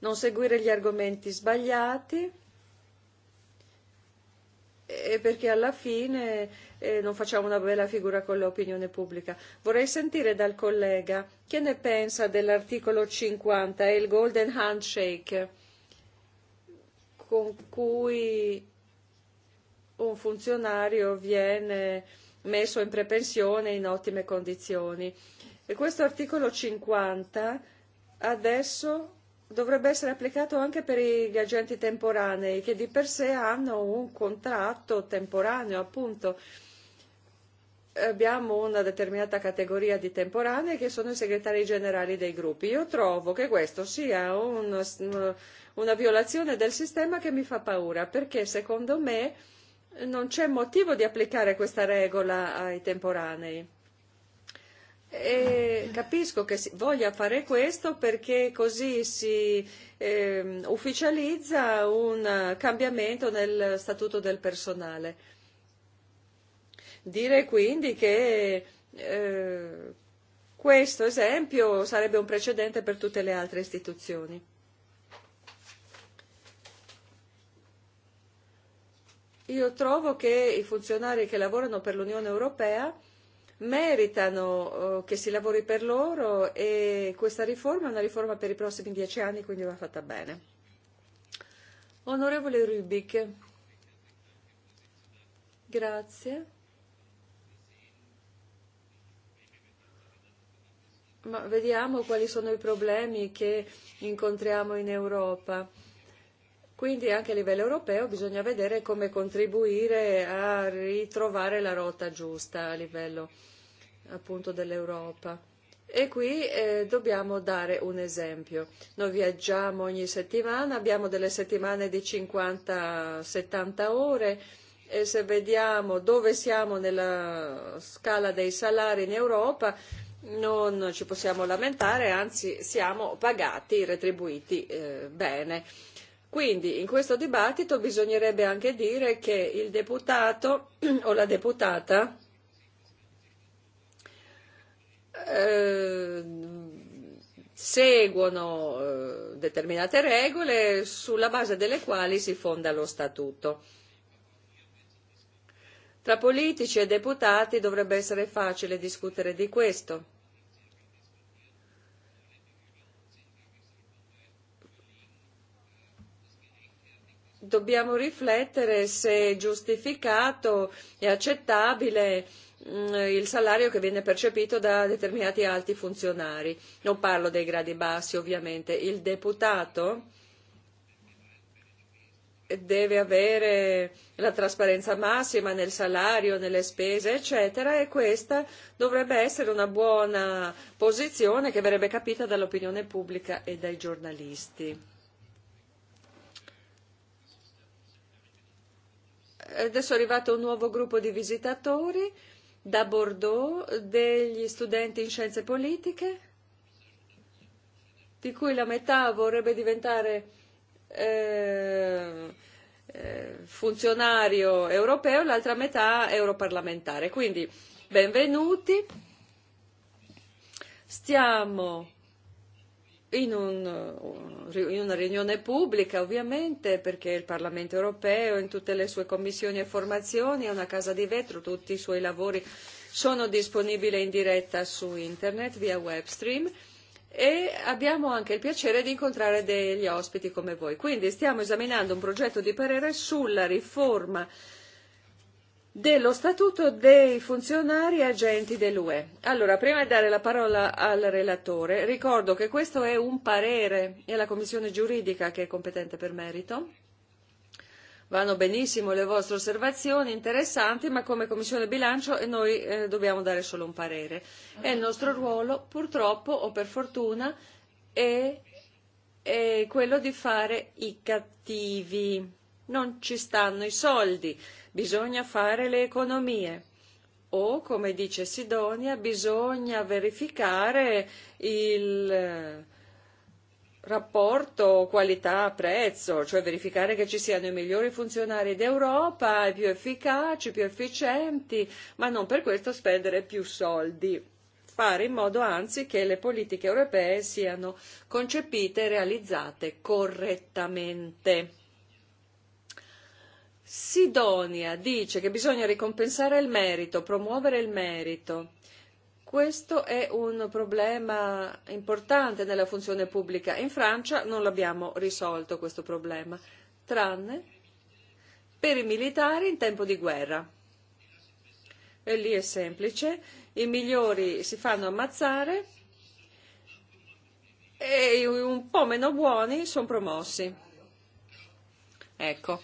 non seguire gli argomenti sbagliati e perché alla fine eh, non facciamo una bella figura con l'opinione pubblica. Vorrei sentire dal collega che ne pensa dell'articolo 50 e il golden handshake con cui un funzionario viene messo in prepensione in ottime condizioni. E questo articolo 50 adesso dovrebbe essere applicato anche per gli agenti temporanei che di per sé hanno un contratto temporaneo, appunto. Abbiamo una determinata categoria di temporanei che sono i segretari generali dei gruppi. Io trovo che questo sia un, una violazione del sistema che mi fa paura, perché secondo me non c'è motivo di applicare questa regola ai temporanei E capisco che si voglia fare questo perché così si eh, ufficializza un cambiamento nel statuto del personale. Dire quindi che eh, questo esempio sarebbe un precedente per tutte le altre istituzioni. Io trovo che i funzionari che lavorano per l'Unione Europea meritano eh, che si lavori per loro e questa riforma è una riforma per i prossimi dieci anni, quindi va fatta bene. Onorevole Rubik, grazie. Ma vediamo quali sono i problemi che incontriamo in Europa. Quindi anche a livello europeo bisogna vedere come contribuire a ritrovare la rotta giusta a livello europeo appunto dell'Europa. E qui eh, dobbiamo dare un esempio. Noi viaggiamo ogni settimana, abbiamo delle settimane di 50-70 ore e se vediamo dove siamo nella scala dei salari in Europa non ci possiamo lamentare, anzi siamo pagati, retribuiti eh, bene. Quindi in questo dibattito bisognerebbe anche dire che il deputato o la deputata seguono determinate regole sulla base delle quali si fonda lo statuto. Tra politici e deputati dovrebbe essere facile discutere di questo. Dobbiamo riflettere se è giustificato e accettabile Mm, il salario che viene percepito da determinati alti funzionari. Non parlo dei gradi bassi ovviamente. Il deputato deve avere la trasparenza massima nel salario, nelle spese, eccetera, e questa dovrebbe essere una buona posizione che verrebbe capita dall'opinione pubblica e dai giornalisti. Adesso è arrivato un nuovo gruppo di visitatori da Bordeaux degli studenti in scienze politiche, di cui la metà vorrebbe diventare eh, eh funzionario europeo e l'altra metà europarlamentare. Quindi benvenuti. Stiamo in, un, eh, in una riunione pubblica, ovviamente, perché il Parlamento europeo, in tutte le sue commissioni e formazioni, è una casa di vetro, tutti i suoi lavori sono disponibili in diretta su internet via web stream e abbiamo anche il piacere di incontrare degli ospiti come voi. Quindi stiamo esaminando un progetto di parere sulla riforma dello Statuto dei funzionari agenti dell'UE. Allora, prima di dare la parola al relatore, ricordo che questo è un parere, è la Commissione giuridica che è competente per merito. Vanno benissimo le vostre osservazioni, interessanti, ma come Commissione bilancio eh, noi eh, dobbiamo dare solo un parere. E il nostro ruolo, purtroppo o per fortuna, è, è quello di fare i cattivi. Non ci stanno i soldi Bisogna fare le economie o, come dice Sidonia, bisogna verificare il eh, rapporto qualità-prezzo, cioè verificare che ci siano i migliori funzionari d'Europa, i più efficaci, i più efficienti, ma non per questo spendere più soldi. Fare in modo anzi che le politiche europee siano concepite e realizzate correttamente Sidonia dice che bisogna ricompensare il merito, promuovere il merito. Questo è un problema importante nella funzione pubblica. In Francia non l'abbiamo risolto questo problema, tranne per i militari in tempo di guerra. E lì è semplice, i migliori si fanno ammazzare e i un po' meno buoni sono promossi. Ecco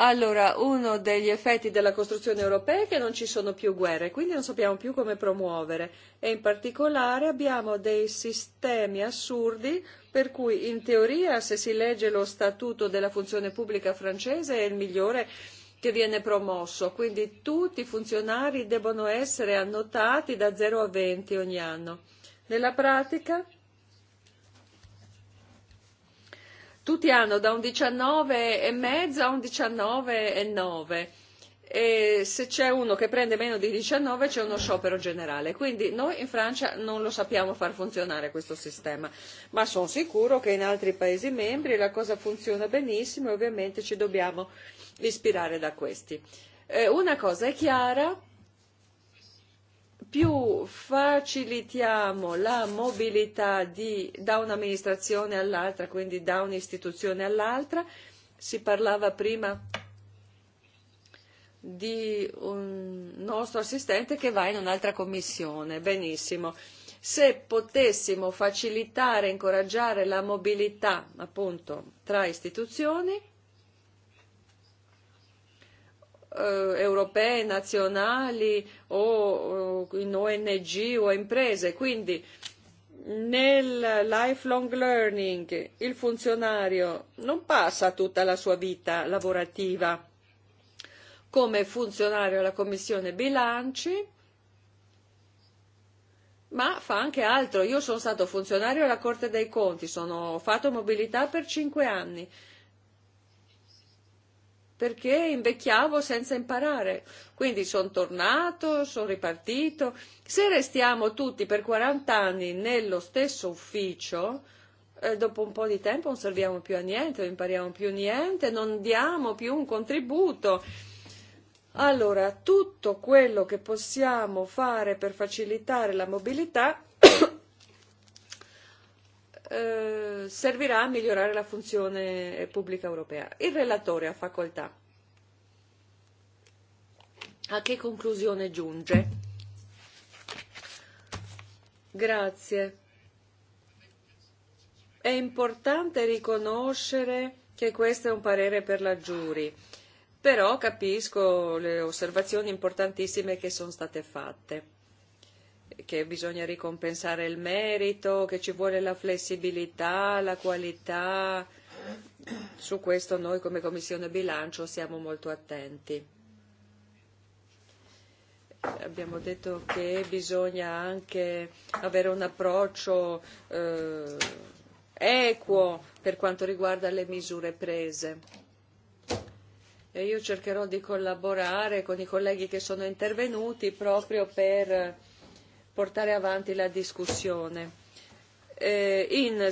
Allora, uno degli effetti della costruzione europea è che non ci sono più guerre, quindi non sappiamo più come promuovere e in particolare abbiamo dei sistemi assurdi per cui in teoria se si legge lo statuto della funzione pubblica francese è il migliore che viene promosso, quindi tutti i funzionari devono essere annotati da zero a venti ogni anno. Nella pratica tutti hanno da un 19 e mezzo a un 19 e 9 e se c'è uno che prende meno di 19 c'è uno sciopero generale. Quindi noi in Francia non lo sappiamo far funzionare questo sistema, ma sono sicuro che in altri Paesi membri la cosa funziona benissimo e ovviamente ci dobbiamo ispirare da questi. Eh, una cosa è chiara, più facilitiamo la mobilità di, da un'amministrazione all'altra, quindi da un'istituzione all'altra, si parlava prima di un nostro assistente che va in un'altra commissione. Benissimo. Se potessimo facilitare e incoraggiare la mobilità appunto tra istituzioni, Eh, europee, nazionali o in ONG o imprese. Quindi nel lifelong learning il funzionario non passa tutta la sua vita lavorativa come funzionario alla Commissione bilanci, ma fa anche altro. Io sono stato funzionario alla Corte dei Conti, sono, ho fatto mobilità per cinque anni perché invecchiavo senza imparare. Quindi sono tornato, sono ripartito. Se restiamo tutti per 40 anni nello stesso ufficio, eh, dopo un po' di tempo non serviamo più a niente, non impariamo più niente, non diamo più un contributo. Allora, tutto quello che possiamo fare per facilitare la mobilità Eh, servirà a migliorare la funzione pubblica europea. Il relatore ha facoltà. A che conclusione giunge? Grazie. È importante riconoscere che questo è un parere per la giuri, però capisco le osservazioni importantissime che sono state fatte che bisogna ricompensare il merito, che ci vuole la flessibilità, la qualità. Su questo noi come Commissione bilancio siamo molto attenti. Abbiamo detto che bisogna anche avere un approccio eh, equo per quanto riguarda le misure prese e io cercherò di collaborare con i colleghi che sono intervenuti proprio per portare avanti la discussione eh, in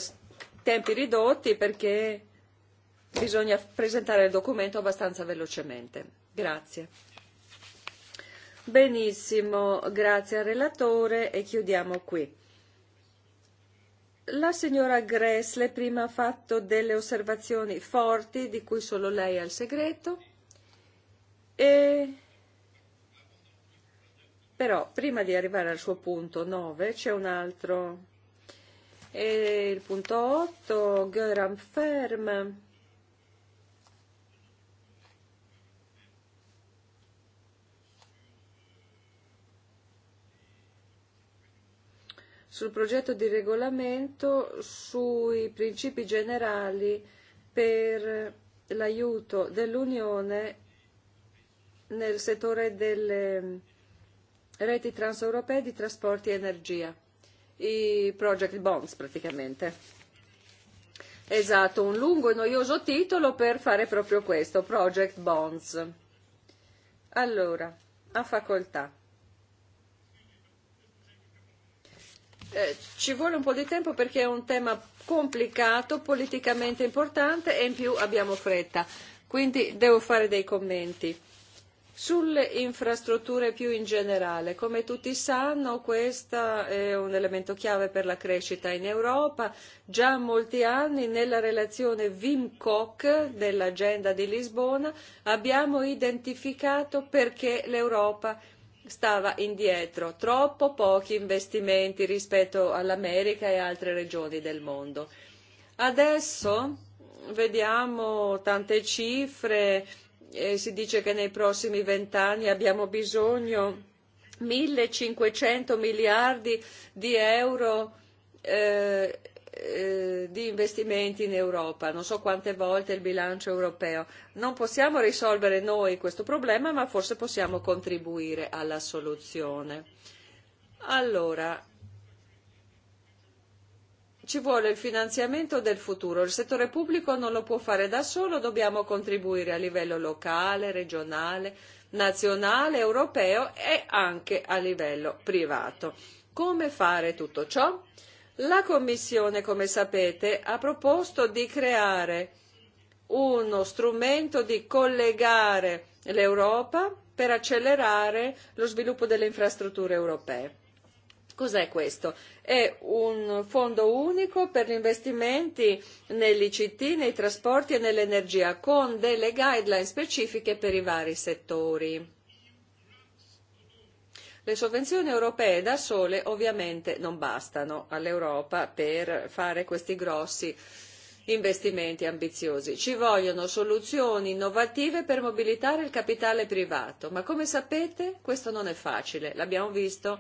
tempi ridotti perché bisogna presentare il documento abbastanza velocemente. Grazie. Benissimo, grazie al relatore e chiudiamo qui. La signora Gressle prima ha fatto delle osservazioni forti di cui solo lei ha il segreto e Però prima di arrivare al suo punto 9 c'è un altro. E il punto 8, Göran Ferm. sul progetto di regolamento sui principi generali per l'aiuto dell'Unione nel settore delle reti transeuropee di trasporti e energia, i project bonds praticamente. Esatto, un lungo e noioso titolo per fare proprio questo, project bonds. Allora, a facoltà. Eh, ci vuole un po' di tempo perché è un tema complicato, politicamente importante e in più abbiamo fretta. Quindi devo fare dei commenti. Sulle infrastrutture più in generale, come tutti sanno, questo è un elemento chiave per la crescita in Europa. Già molti anni nella relazione Wim dell'agenda di Lisbona abbiamo identificato perché l'Europa stava indietro, troppo pochi investimenti rispetto all'America e altre regioni del mondo. Adesso vediamo tante cifre Eh, si dice che nei prossimi vent'anni abbiamo bisogno cinquecento miliardi di euro eh, eh, di investimenti in Europa, non so quante volte il bilancio europeo. Non possiamo risolvere noi questo problema, ma forse possiamo contribuire alla soluzione. Allora, ci vuole il finanziamento del futuro. Il settore pubblico non lo può fare da solo, dobbiamo contribuire a livello locale, regionale, nazionale, europeo e anche a livello privato. Come fare tutto ciò? La Commissione, come sapete, ha proposto di creare uno strumento di collegare l'Europa per accelerare lo sviluppo delle infrastrutture europee Cos'è questo? È un fondo unico per gli investimenti nell'ICT, nei trasporti e nell'energia, con delle guideline specifiche per i vari settori. Le sovvenzioni europee da sole ovviamente non bastano all'Europa per fare questi grossi investimenti ambiziosi. Ci vogliono soluzioni innovative per mobilitare il capitale privato, ma come sapete questo non è facile, l'abbiamo visto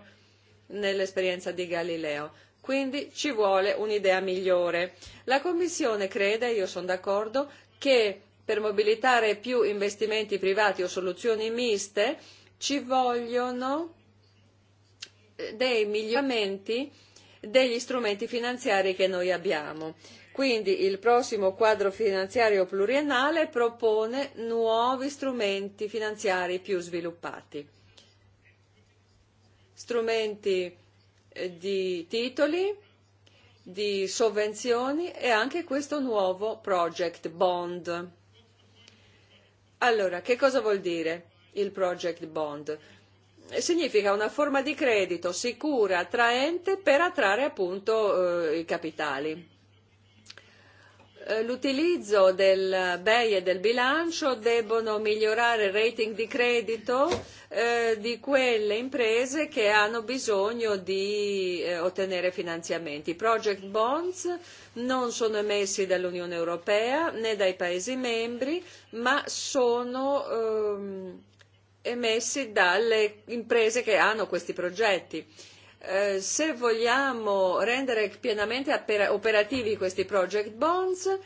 nell'esperienza di Galileo. Quindi ci vuole un'idea migliore. La Commissione crede, io sono d'accordo, che per mobilitare più investimenti privati o soluzioni miste ci vogliono eh, dei miglioramenti degli strumenti finanziari che noi abbiamo. Quindi il prossimo quadro finanziario pluriennale propone nuovi strumenti finanziari più sviluppati strumenti di titoli, di sovvenzioni e anche questo nuovo project bond. Allora, che cosa vuol dire il project bond? Significa una forma di credito sicura, attraente per attrarre appunto eh, i capitali Eh, l'utilizzo del eh, BEI e del bilancio debbono migliorare il rating di credito eh, di quelle imprese che hanno bisogno di ottenere finanziamenti. I project bonds non sono emessi dall'Unione Europea né dai Paesi membri, ma sono ehm, emessi dalle imprese che hanno questi progetti Eh, se vogliamo rendere pienamente operativi questi project bonds,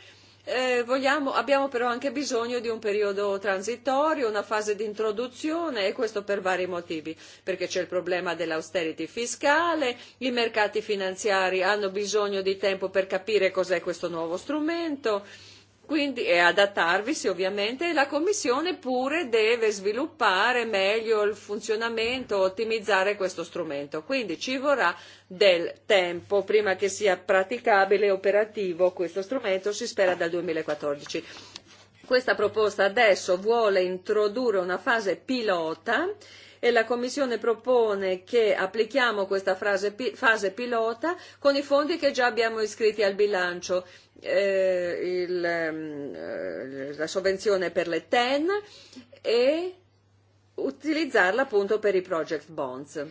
eh, vogliamo, abbiamo però anche bisogno di un periodo transitorio, una fase di introduzione e questo per vari motivi, perché c'è il problema dell'austerity fiscale, i mercati finanziari hanno bisogno di tempo per capire cos'è questo nuovo strumento, eh, Quindi e adattarvisi ovviamente, e la Commissione pure deve sviluppare meglio il funzionamento, ottimizzare questo strumento. Quindi ci vorrà del tempo prima che sia praticabile e operativo questo strumento, si spera dal 2014. Questa proposta adesso vuole introdurre una fase pilota e la Commissione propone che applichiamo questa fase pilota con i fondi che già abbiamo iscritti al bilancio eh, il, ehm, eh, la sovvenzione per le TEN e utilizzarla appunto per i project bonds.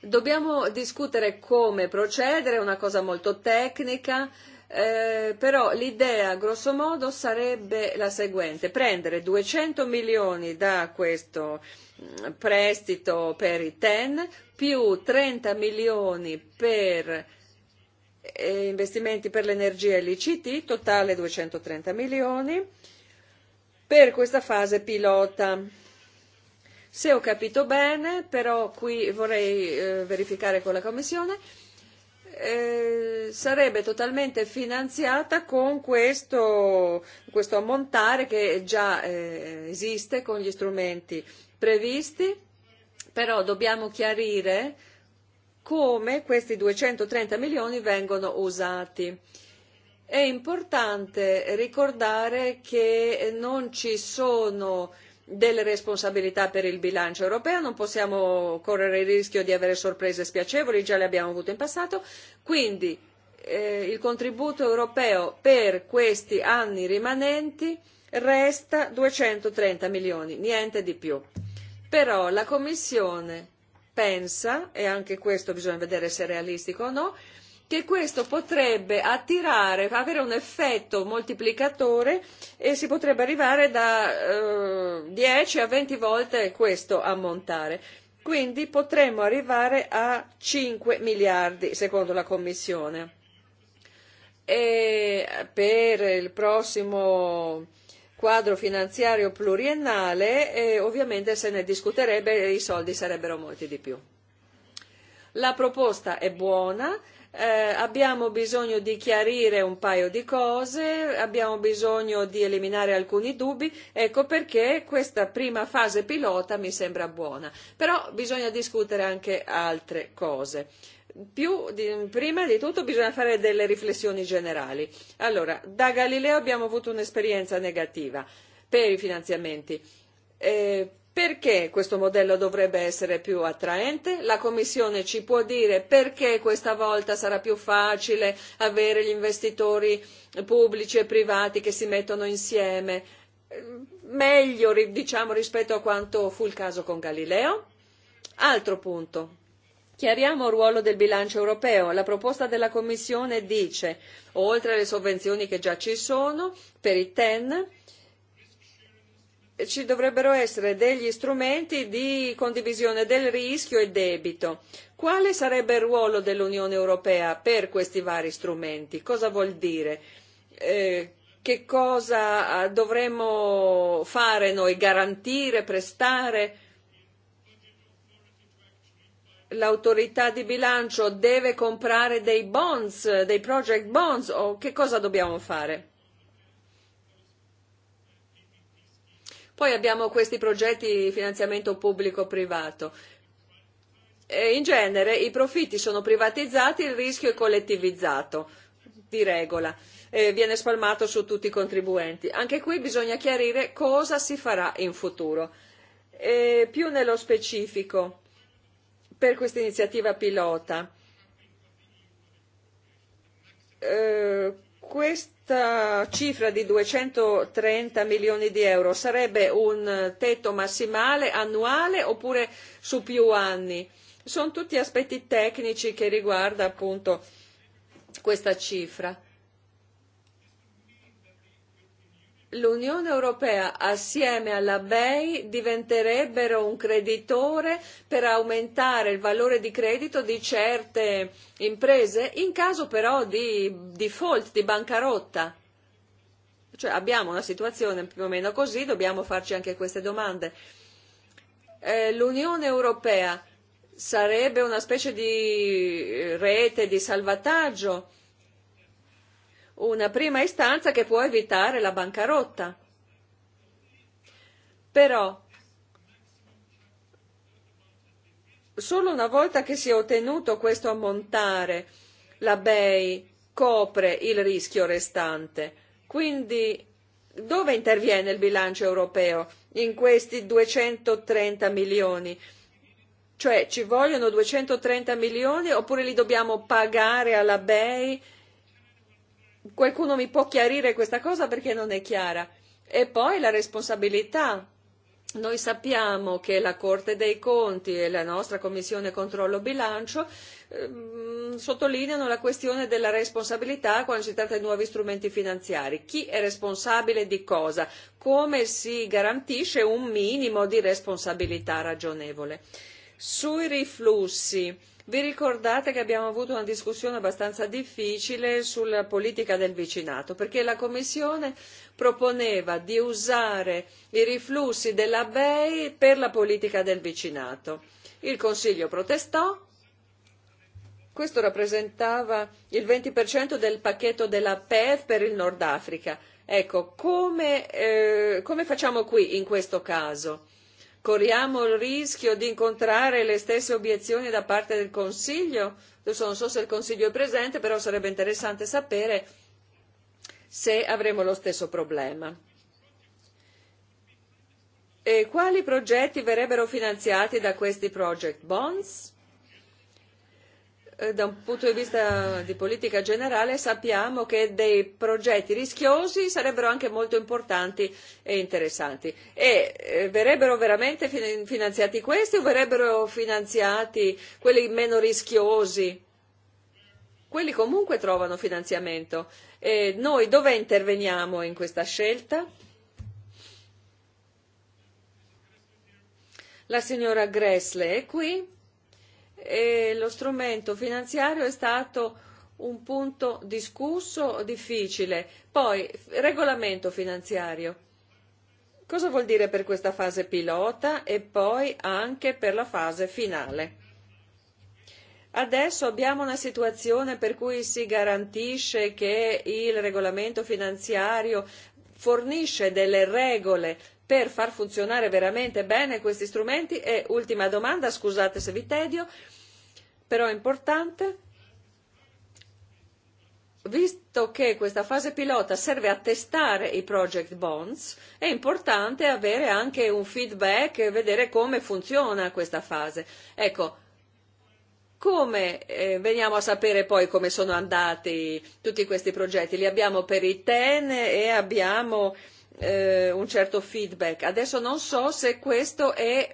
Dobbiamo discutere come procedere, è una cosa molto tecnica, eh, però l'idea grosso modo sarebbe la seguente, prendere 200 milioni da questo mm, prestito per i TEN più 30 milioni per Eh, investimenti per l'energia e l'ICT, totale 230 milioni, per questa fase pilota. Se ho capito bene, però qui vorrei eh, verificare con la Commissione, eh, sarebbe totalmente finanziata con questo, questo ammontare che già eh, esiste con gli strumenti previsti, però dobbiamo chiarire come questi 230 milioni vengono usati. È importante ricordare che non ci sono delle responsabilità per il bilancio europeo, non possiamo correre il rischio di avere sorprese spiacevoli, già le abbiamo avute in passato, quindi eh, il contributo europeo per questi anni rimanenti resta 230 milioni, niente di più. Però la Commissione pensa, e anche questo bisogna vedere se è realistico o no, che questo potrebbe attirare, avere un effetto moltiplicatore e si potrebbe arrivare da eh, 10 a 20 volte questo ammontare. Quindi potremmo arrivare a 5 miliardi, secondo la Commissione. E per il prossimo quadro finanziario pluriennale e ovviamente se ne discuterebbe e i soldi sarebbero molti di più. La proposta è buona, eh, abbiamo bisogno di chiarire un paio di cose, abbiamo bisogno di eliminare alcuni dubbi, ecco perché questa prima fase pilota mi sembra buona, però bisogna discutere anche altre cose più, di, prima di tutto bisogna fare delle riflessioni generali. Allora, da Galileo abbiamo avuto un'esperienza negativa per i finanziamenti. Eh, perché questo modello dovrebbe essere più attraente? La Commissione ci può dire perché questa volta sarà più facile avere gli investitori pubblici e privati che si mettono insieme meglio diciamo, rispetto a quanto fu il caso con Galileo? Altro punto Chiariamo il ruolo del bilancio europeo. La proposta della Commissione dice, oltre alle sovvenzioni che già ci sono per i TEN, ci dovrebbero essere degli strumenti di condivisione del rischio e debito. Quale sarebbe il ruolo dell'Unione Europea per questi vari strumenti? Cosa vuol dire? Eh, che cosa dovremmo fare noi? Garantire, prestare? l'autorità di bilancio deve comprare dei bonds, dei project bonds o che cosa dobbiamo fare? Poi abbiamo questi progetti di finanziamento pubblico-privato. E in genere i profitti sono privatizzati, il rischio è collettivizzato, di regola, e viene spalmato su tutti i contribuenti. Anche qui bisogna chiarire cosa si farà in futuro. E più nello specifico, per questa iniziativa pilota. Eh, questa cifra di 230 milioni di euro sarebbe un tetto massimale annuale oppure su più anni? Sono tutti aspetti tecnici che riguarda appunto questa cifra l'Unione Europea assieme alla BEI diventerebbero un creditore per aumentare il valore di credito di certe imprese in caso però di default, di bancarotta. Cioè abbiamo una situazione più o meno così, dobbiamo farci anche queste domande. Eh, L'Unione Europea sarebbe una specie di eh, rete di salvataggio una prima istanza che può evitare la bancarotta. Però solo una volta che si è ottenuto questo ammontare, la BEI copre il rischio restante. Quindi dove interviene il bilancio europeo in questi 230 milioni? Cioè ci vogliono 230 milioni oppure li dobbiamo pagare alla BEI? qualcuno mi può chiarire questa cosa perché non è chiara. E poi la responsabilità. Noi sappiamo che la Corte dei Conti e la nostra Commissione Controllo Bilancio ehm, sottolineano la questione della responsabilità quando si tratta di nuovi strumenti finanziari. Chi è responsabile di cosa? Come si garantisce un minimo di responsabilità ragionevole? Sui riflussi, vi ricordate che abbiamo avuto una discussione abbastanza difficile sulla politica del vicinato, perché la Commissione proponeva di usare i riflussi della BEI per la politica del vicinato. Il Consiglio protestò, questo rappresentava il 20% del pacchetto della PEF per il Nord Africa. Ecco, come, eh, come facciamo qui in questo caso? corriamo il rischio di incontrare le stesse obiezioni da parte del Consiglio? Adesso non so se il Consiglio è presente, però sarebbe interessante sapere se avremo lo stesso problema. E quali progetti verrebbero finanziati da questi project bonds? da un punto di vista di politica generale sappiamo che dei progetti rischiosi sarebbero anche molto importanti e interessanti e eh, verrebbero veramente finanziati questi o verrebbero finanziati quelli meno rischiosi? Quelli comunque trovano finanziamento. E noi dove interveniamo in questa scelta? La signora Gressle è qui e lo strumento finanziario è stato un punto discusso, difficile. Poi, regolamento finanziario. Cosa vuol dire per questa fase pilota e poi anche per la fase finale? Adesso abbiamo una situazione per cui si garantisce che il regolamento finanziario fornisce delle regole per far funzionare veramente bene questi strumenti? E ultima domanda, scusate se vi tedio, però è importante. Visto che questa fase pilota serve a testare i project bonds, è importante avere anche un feedback e vedere come funziona questa fase. Ecco, come eh, veniamo a sapere poi come sono andati tutti questi progetti? Li abbiamo per i TEN e abbiamo eh, eh, un certo feedback. Adesso non so se, questo è,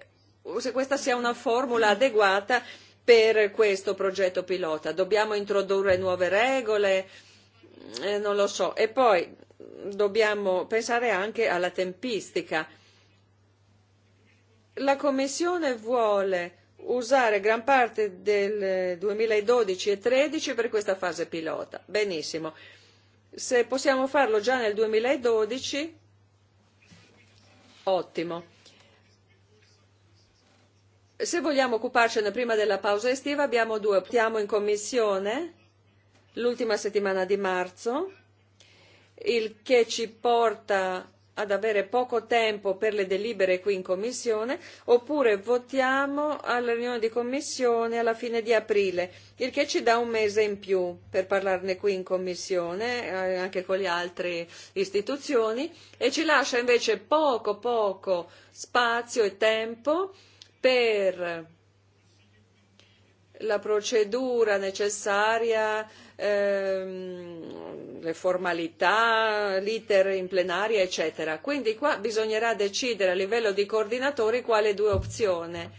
se questa sia una formula adeguata per questo progetto pilota. Dobbiamo introdurre nuove regole, eh, non lo so. E poi dobbiamo pensare anche alla tempistica. La Commissione vuole usare gran parte del 2012 e 2013 per questa fase pilota. Benissimo. Se possiamo farlo già nel 2012 Ottimo. Se vogliamo occuparcene prima della pausa estiva abbiamo due. Siamo in commissione l'ultima settimana di marzo, il che ci porta ad avere poco tempo per le delibere qui in commissione oppure votiamo alla riunione di commissione alla fine di aprile, il che ci dà un mese in più per parlarne qui in commissione, eh, anche con le altre istituzioni, e ci lascia invece poco poco spazio e tempo per la procedura necessaria Ehm, le formalità, l'iter in plenaria, eccetera. Quindi qua bisognerà decidere a livello di coordinatori quale, due opzione,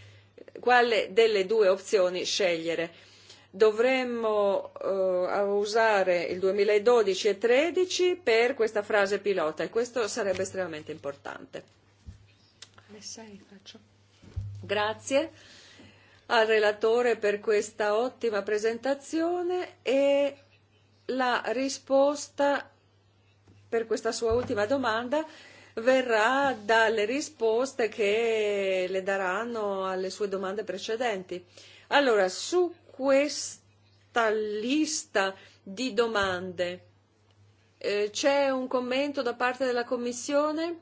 quale delle due opzioni scegliere. Dovremmo eh, usare il 2012 e 2013 per questa frase pilota e questo sarebbe estremamente importante. Grazie al relatore per questa ottima presentazione e la risposta per questa sua ultima domanda verrà dalle risposte che le daranno alle sue domande precedenti. Allora, su questa lista di domande eh, c'è un commento da parte della Commissione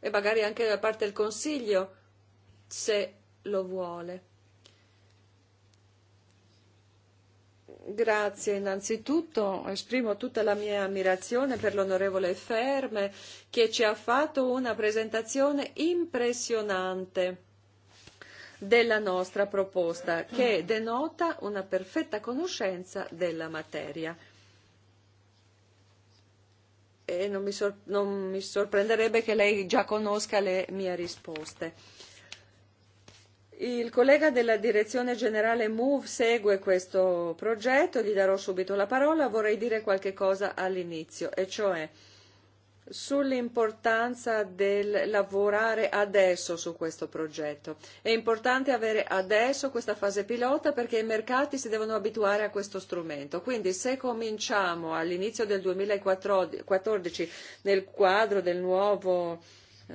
e magari anche da parte del Consiglio, se lo vuole. Grazie, innanzitutto esprimo tutta la mia ammirazione per l'onorevole Ferme che ci ha fatto una presentazione impressionante della nostra proposta che denota una perfetta conoscenza della materia. E non mi, sor- non mi sorprenderebbe che lei già conosca le mie risposte. Il collega della direzione generale MOVE segue questo progetto, gli darò subito la parola, vorrei dire qualche cosa all'inizio, e cioè sull'importanza del lavorare adesso su questo progetto. È importante avere adesso questa fase pilota perché i mercati si devono abituare a questo strumento. Quindi se cominciamo all'inizio del 2014 nel quadro del nuovo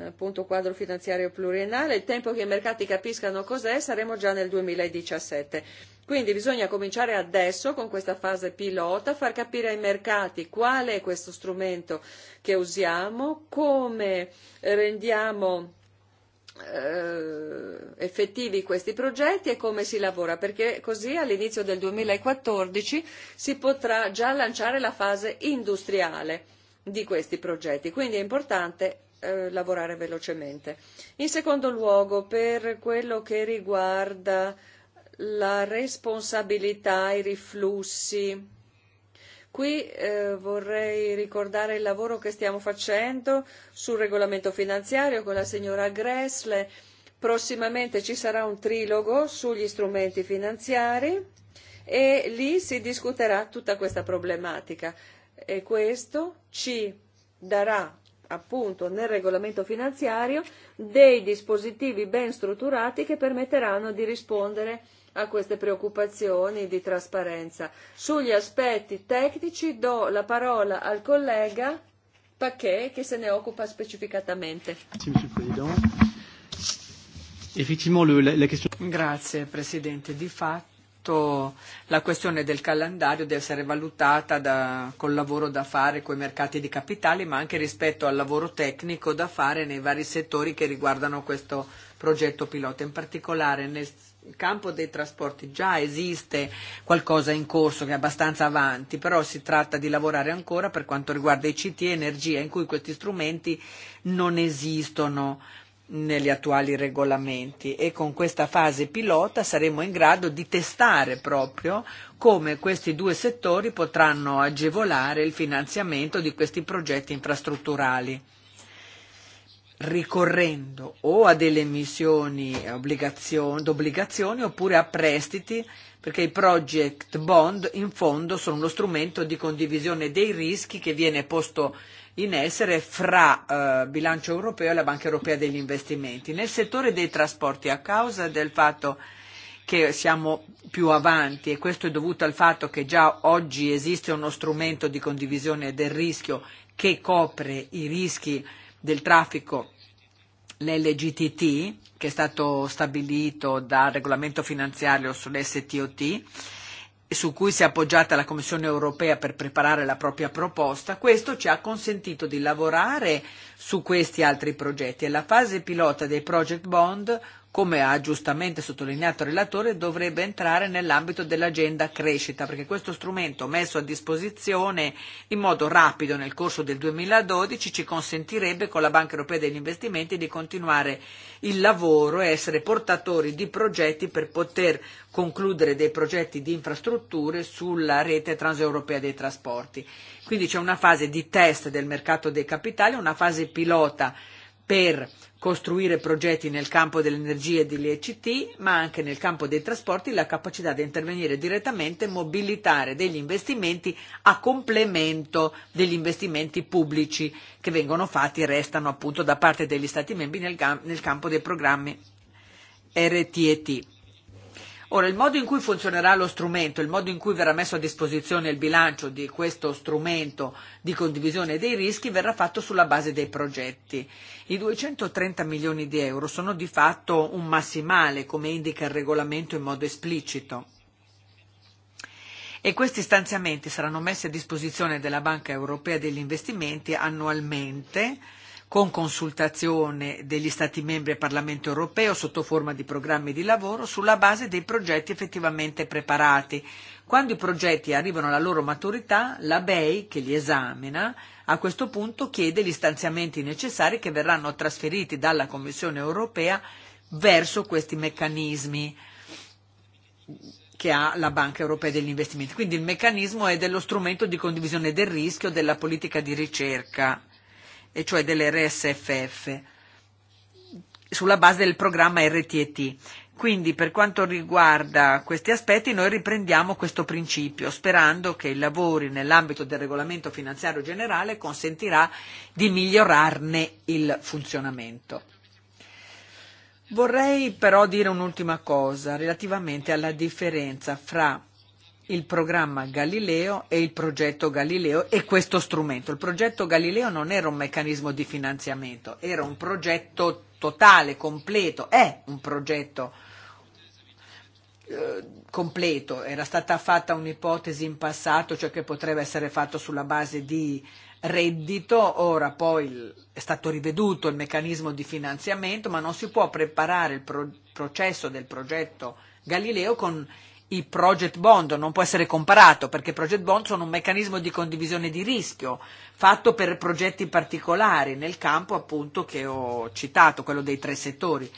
appunto quadro finanziario pluriennale, il tempo che i mercati capiscano cos'è saremo già nel 2017. Quindi bisogna cominciare adesso con questa fase pilota, far capire ai mercati qual è questo strumento che usiamo, come rendiamo eh, effettivi questi progetti e come si lavora, perché così all'inizio del 2014 si potrà già lanciare la fase industriale di questi progetti. Quindi è importante Eh, lavorare velocemente. In secondo luogo, per quello che riguarda la responsabilità, i riflussi, Qui eh, vorrei ricordare il lavoro che stiamo facendo sul regolamento finanziario con la signora Gressle. Prossimamente ci sarà un trilogo sugli strumenti finanziari e lì si discuterà tutta questa problematica e questo ci darà appunto nel regolamento finanziario dei dispositivi ben strutturati che permetteranno di rispondere a queste preoccupazioni di trasparenza. Sugli aspetti tecnici do la parola al collega Paquet che se ne occupa specificatamente. Grazie Presidente. Di fatto quanto la questione del calendario deve essere valutata da, col lavoro da fare con i mercati di capitali, ma anche rispetto al lavoro tecnico da fare nei vari settori che riguardano questo progetto pilota. In particolare nel campo dei trasporti già esiste qualcosa in corso che è abbastanza avanti, però si tratta di lavorare ancora per quanto riguarda i CT e energia, in cui questi strumenti non esistono negli attuali regolamenti e con questa fase pilota saremo in grado di testare proprio come questi due settori potranno agevolare il finanziamento di questi progetti infrastrutturali ricorrendo o a delle emissioni d'obbligazioni oppure a prestiti perché i project bond in fondo sono uno strumento di condivisione dei rischi che viene posto in essere fra eh, bilancio europeo e la Banca europea degli investimenti. Nel settore dei trasporti, a causa del fatto che siamo più avanti e questo è dovuto al fatto che già oggi esiste uno strumento di condivisione del rischio che copre i rischi del traffico l'LGTT, che è stato stabilito dal regolamento finanziario sull'STOT, E su cui si è appoggiata la Commissione europea per preparare la propria proposta, questo ci ha consentito di lavorare su questi altri progetti e la fase pilota dei project bond come ha giustamente sottolineato il relatore, dovrebbe entrare nell'ambito dell'agenda crescita, perché questo strumento messo a disposizione in modo rapido nel corso del 2012 ci consentirebbe con la Banca Europea degli Investimenti di continuare il lavoro e essere portatori di progetti per poter concludere dei progetti di infrastrutture sulla rete transeuropea dei trasporti. Quindi c'è una fase di test del mercato dei capitali, una fase pilota per costruire progetti nel campo dell'energia e dell'ICT, e ma anche nel campo dei trasporti, la capacità di intervenire direttamente e mobilitare degli investimenti a complemento degli investimenti pubblici che vengono fatti e restano appunto da parte degli Stati membri nel, nel campo dei programmi RTT. E Ora, il modo in cui funzionerà lo strumento, il modo in cui verrà messo a disposizione il bilancio di questo strumento di condivisione dei rischi verrà fatto sulla base dei progetti. I 230 milioni di euro sono di fatto un massimale, come indica il regolamento in modo esplicito. E questi stanziamenti saranno messi a disposizione della Banca europea degli investimenti annualmente con consultazione degli Stati membri e Parlamento europeo sotto forma di programmi di lavoro sulla base dei progetti effettivamente preparati. Quando i progetti arrivano alla loro maturità, la BEI, che li esamina, a questo punto chiede gli stanziamenti necessari che verranno trasferiti dalla Commissione europea verso questi meccanismi che ha la Banca europea degli investimenti. Quindi il meccanismo è dello strumento di condivisione del rischio della politica di ricerca e cioè delle RSFF, sulla base del programma RTT. E Quindi per quanto riguarda questi aspetti noi riprendiamo questo principio sperando che i lavori nell'ambito del regolamento finanziario generale consentirà di migliorarne il funzionamento. Vorrei però dire un'ultima cosa relativamente alla differenza fra il programma Galileo e il progetto Galileo e questo strumento. Il progetto Galileo non era un meccanismo di finanziamento, era un progetto totale, completo, è un progetto eh, completo, era stata fatta un'ipotesi in passato, cioè che potrebbe essere fatto sulla base di reddito, ora poi è stato riveduto il meccanismo di finanziamento, ma non si può preparare il pro- processo del progetto Galileo con i project bond, non può essere comparato perché project bond sono un meccanismo di condivisione di rischio fatto per progetti particolari nel campo appunto che ho citato, quello dei tre settori.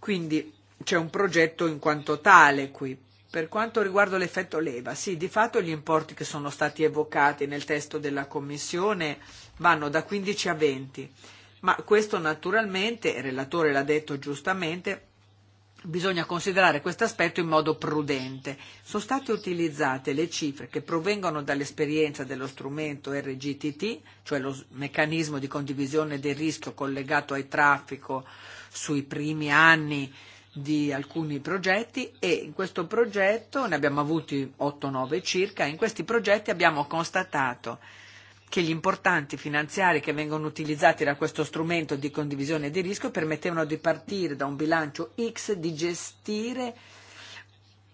Quindi c'è un progetto in quanto tale qui. Per quanto riguarda l'effetto leva, sì, di fatto gli importi che sono stati evocati nel testo della Commissione vanno da 15 a 20, ma questo naturalmente, il relatore l'ha detto giustamente, Bisogna considerare questo aspetto in modo prudente. Sono state utilizzate le cifre che provengono dall'esperienza dello strumento RGTT, cioè lo meccanismo di condivisione del rischio collegato al traffico sui primi anni di alcuni progetti e in questo progetto ne abbiamo avuti 8-9 circa, in questi progetti abbiamo constatato che gli importanti finanziari che vengono utilizzati da questo strumento di condivisione di rischio permettevano di partire da un bilancio X, di gestire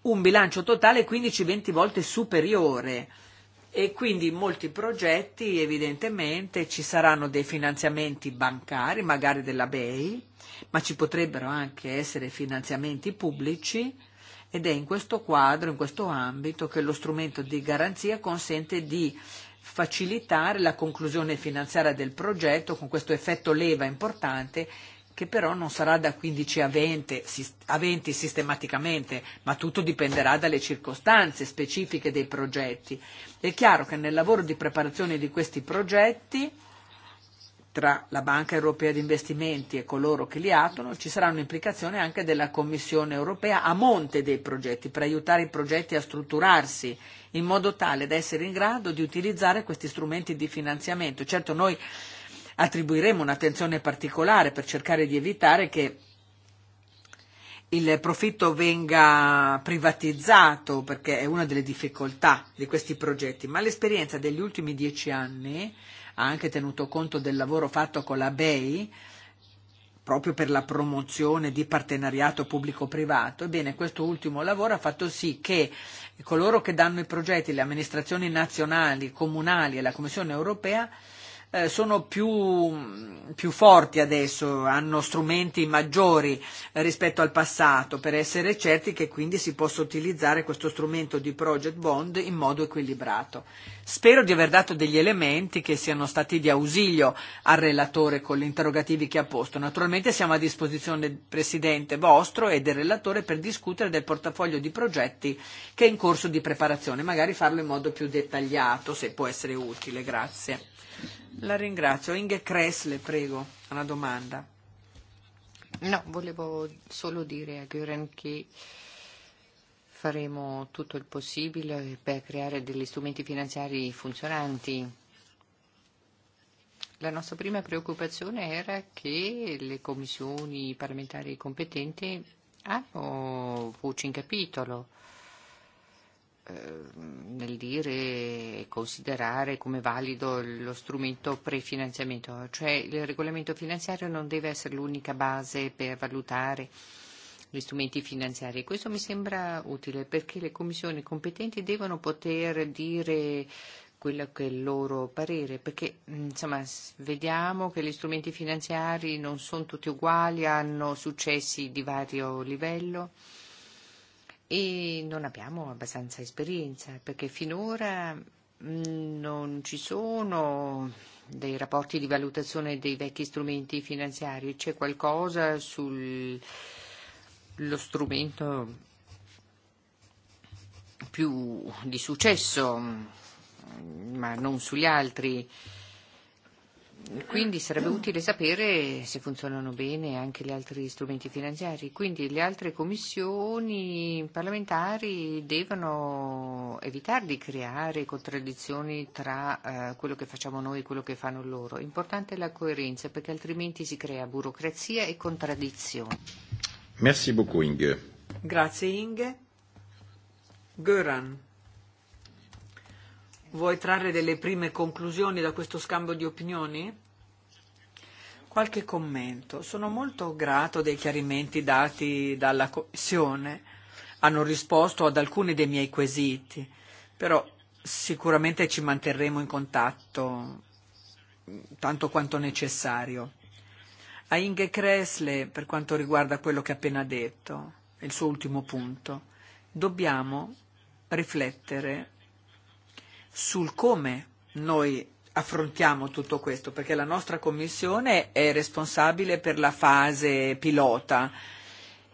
un bilancio totale 15-20 volte superiore e quindi in molti progetti evidentemente ci saranno dei finanziamenti bancari, magari della BEI, ma ci potrebbero anche essere finanziamenti pubblici ed è in questo quadro, in questo ambito che lo strumento di garanzia consente di facilitare la conclusione finanziaria del progetto con questo effetto leva importante che però non sarà da 15 a 20, a 20 sistematicamente, ma tutto dipenderà dalle circostanze specifiche dei progetti. È chiaro che nel lavoro di preparazione di questi progetti tra la Banca Europea di Investimenti e coloro che li attuano, ci sarà un'implicazione anche della Commissione Europea a monte dei progetti, per aiutare i progetti a strutturarsi in modo tale da essere in grado di utilizzare questi strumenti di finanziamento. Certo noi attribuiremo un'attenzione particolare per cercare di evitare che il profitto venga privatizzato perché è una delle difficoltà di questi progetti, ma l'esperienza degli ultimi dieci anni, ha anche tenuto conto del lavoro fatto con la BEI, eh, proprio per la promozione di partenariato pubblico-privato. Ebbene, questo ultimo lavoro ha fatto sì che coloro che danno i progetti, le amministrazioni nazionali, comunali e la Commissione europea Eh, sono più, più forti adesso, hanno strumenti maggiori rispetto al passato per essere certi che quindi si possa utilizzare questo strumento di project bond in modo equilibrato. Spero di aver dato degli elementi che siano stati di ausilio al relatore con gli interrogativi che ha posto. Naturalmente siamo a disposizione del Presidente vostro e del relatore per discutere del portafoglio di progetti che è in corso di preparazione, magari farlo in modo più dettagliato se può essere utile. Grazie. La ringrazio. Inge Cressle, prego, una domanda. No, volevo solo dire a Gören che faremo tutto il possibile per creare degli strumenti finanziari funzionanti. La nostra prima preoccupazione era che le commissioni parlamentari competenti hanno voce in capitolo Eh, nel dire e considerare come valido lo strumento prefinanziamento, cioè il regolamento finanziario non deve essere l'unica base per valutare gli strumenti finanziari. Questo mi sembra utile perché le commissioni competenti devono poter dire quello che è il loro parere, perché insomma, vediamo che gli strumenti finanziari non sono tutti uguali, hanno successi di vario livello e non abbiamo abbastanza esperienza perché finora mm, non ci sono dei rapporti di valutazione dei vecchi strumenti finanziari, c'è qualcosa sullo strumento più di successo, ma non sugli altri. Eh, Quindi sarebbe utile sapere se funzionano bene anche gli altri strumenti finanziari. Quindi le altre commissioni parlamentari devono evitare di creare contraddizioni tra eh, quello che facciamo noi e quello che fanno loro. È importante la coerenza perché altrimenti si crea burocrazia e contraddizioni. Merci beaucoup Inge. Grazie Inge. Göran. Vuoi trarre delle prime conclusioni da questo scambio di opinioni? Qualche commento. Sono molto grato dei chiarimenti dati dalla Commissione. Hanno risposto ad alcuni dei miei quesiti, però sicuramente ci manterremo in contatto tanto quanto necessario. A Inge Kressle, per quanto riguarda quello che ha appena detto, il suo ultimo punto, dobbiamo riflettere sul come noi affrontiamo tutto questo, perché la nostra commissione è responsabile per la fase pilota,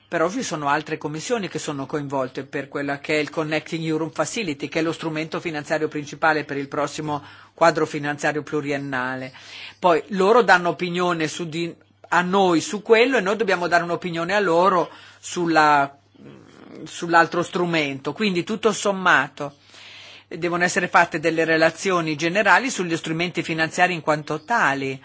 però ci sono altre commissioni che sono coinvolte per quella che è il Connecting Europe Facility, che è lo strumento finanziario principale per il prossimo quadro finanziario pluriennale. Poi loro danno opinione su di, a noi su quello e noi dobbiamo dare un'opinione a loro sulla, sull'altro strumento. Quindi tutto sommato devono essere fatte delle relazioni generali sugli strumenti finanziari in quanto tali.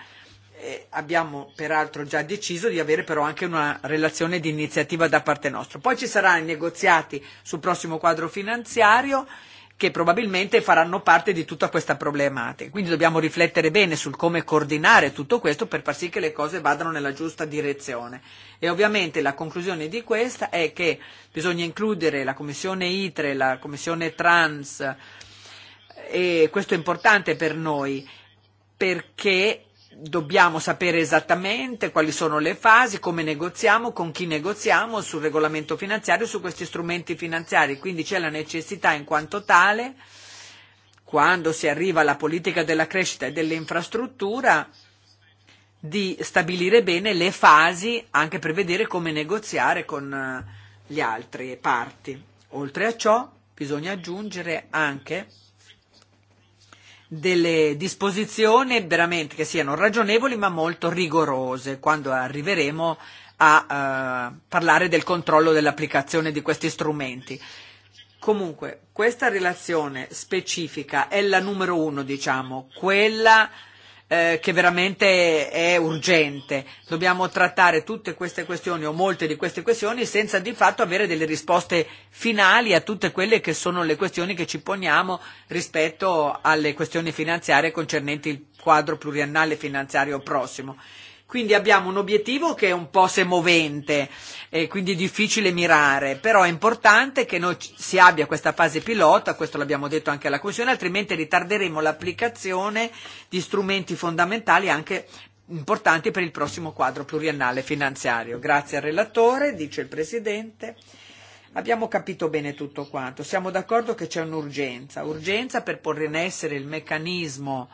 E abbiamo peraltro già deciso di avere però anche una relazione di iniziativa da parte nostra. Poi ci saranno i negoziati sul prossimo quadro finanziario che probabilmente faranno parte di tutta questa problematica. Quindi dobbiamo riflettere bene sul come coordinare tutto questo per far sì che le cose vadano nella giusta direzione. E ovviamente la conclusione di questa è che bisogna includere la Commissione ITRE, la Commissione TRANS, e questo è importante per noi perché dobbiamo sapere esattamente quali sono le fasi, come negoziamo, con chi negoziamo sul regolamento finanziario, su questi strumenti finanziari. Quindi c'è la necessità in quanto tale, quando si arriva alla politica della crescita e dell'infrastruttura, di stabilire bene le fasi anche per vedere come negoziare con eh, gli altri parti. Oltre a ciò bisogna aggiungere anche delle disposizioni veramente che siano ragionevoli ma molto rigorose quando arriveremo a eh, parlare del controllo dell'applicazione di questi strumenti. Comunque, questa relazione specifica è la numero uno, diciamo, quella eh, che veramente è urgente. Dobbiamo trattare tutte queste questioni o molte di queste questioni senza di fatto avere delle risposte finali a tutte quelle che sono le questioni che ci poniamo rispetto alle questioni finanziarie concernenti il quadro pluriannale finanziario prossimo. Quindi abbiamo un obiettivo che è un po' semovente, e quindi difficile mirare, però è importante che noi si abbia questa fase pilota, questo l'abbiamo detto anche alla Commissione, altrimenti ritarderemo l'applicazione di strumenti fondamentali anche importanti per il prossimo quadro pluriannale finanziario. Grazie al relatore, dice il Presidente. Abbiamo capito bene tutto quanto. Siamo d'accordo che c'è un'urgenza, urgenza per porre in essere il meccanismo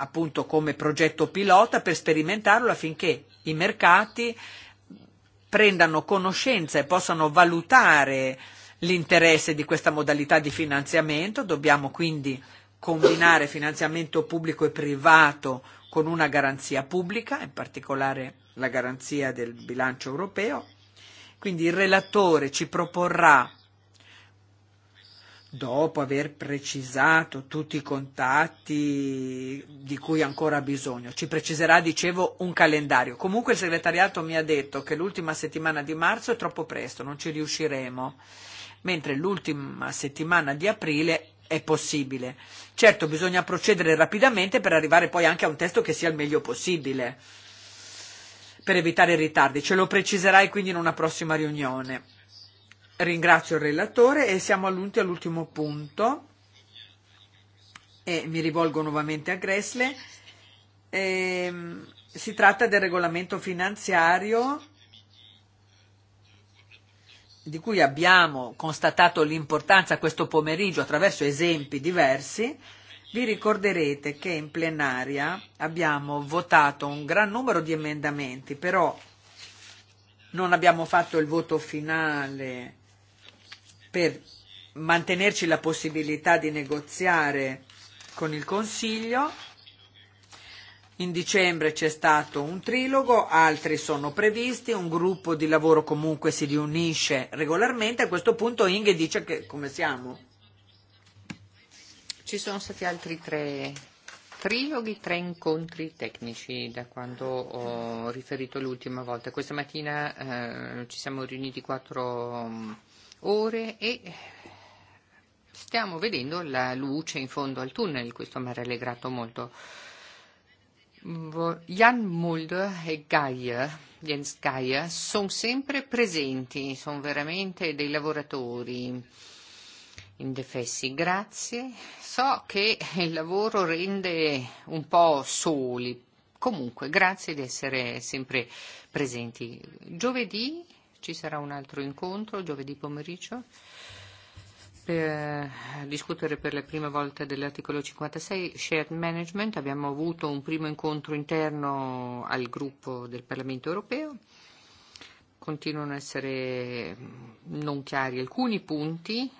appunto come progetto pilota per sperimentarlo affinché i mercati prendano conoscenza e possano valutare l'interesse di questa modalità di finanziamento. Dobbiamo quindi combinare finanziamento pubblico e privato con una garanzia pubblica, in particolare la garanzia del bilancio europeo. Quindi il relatore ci proporrà dopo aver precisato tutti i contatti di cui ancora ha bisogno. Ci preciserà, dicevo, un calendario. Comunque il segretariato mi ha detto che l'ultima settimana di marzo è troppo presto, non ci riusciremo, mentre l'ultima settimana di aprile è possibile. Certo, bisogna procedere rapidamente per arrivare poi anche a un testo che sia il meglio possibile, per evitare ritardi. Ce lo preciserai quindi in una prossima riunione. Ringrazio il relatore e siamo all'unti all'ultimo punto e mi rivolgo nuovamente a Gressle. E, ehm, si tratta del regolamento finanziario di cui abbiamo constatato l'importanza questo pomeriggio attraverso esempi diversi, vi ricorderete che in plenaria abbiamo votato un gran numero di emendamenti, però non abbiamo fatto il voto finale per mantenerci la possibilità di negoziare con il Consiglio. In dicembre c'è stato un trilogo, altri sono previsti, un gruppo di lavoro comunque si riunisce regolarmente. A questo punto Inge dice che come siamo? Ci sono stati altri tre triloghi, tre incontri tecnici da quando ho riferito l'ultima volta. Questa mattina eh, ci siamo riuniti quattro mm, ore e stiamo vedendo la luce in fondo al tunnel, questo mi ha rallegrato molto. Jan Mulder e Gaia, Jens Gaia, sono sempre presenti, sono veramente dei lavoratori indefessi. Grazie. So che il lavoro rende un po' soli. Comunque, grazie di essere sempre presenti. Giovedì ci sarà un altro incontro giovedì pomeriggio per discutere per la prima volta dell'articolo 56 shared management. Abbiamo avuto un primo incontro interno al gruppo del Parlamento europeo. Continuano a essere non chiari alcuni punti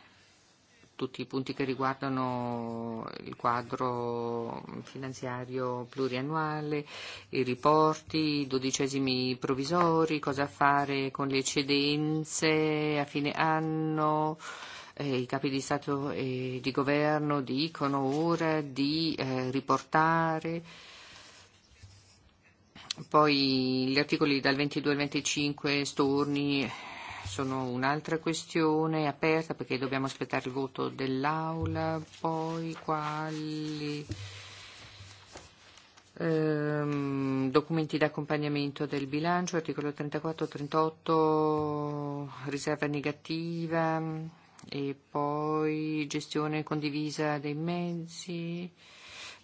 tutti i punti che riguardano il quadro finanziario pluriannuale, i riporti, i dodicesimi provvisori, cosa fare con le eccedenze a fine anno. Eh, I capi di Stato e di governo dicono ora di eh, riportare poi gli articoli dal 22 al 25 storni sono un'altra questione aperta perché dobbiamo aspettare il voto dell'Aula, poi quali ehm, documenti d'accompagnamento del bilancio, articolo 34-38, riserva negativa e poi gestione condivisa dei mezzi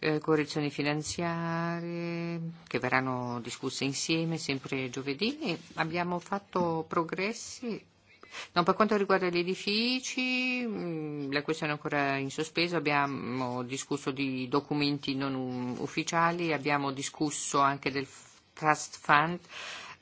eh, correzioni finanziarie che verranno discusse insieme sempre giovedì e abbiamo fatto progressi. No, per quanto riguarda gli edifici, mm, la questione è ancora in sospeso, abbiamo discusso di documenti non ufficiali, abbiamo discusso anche del Trust Fund,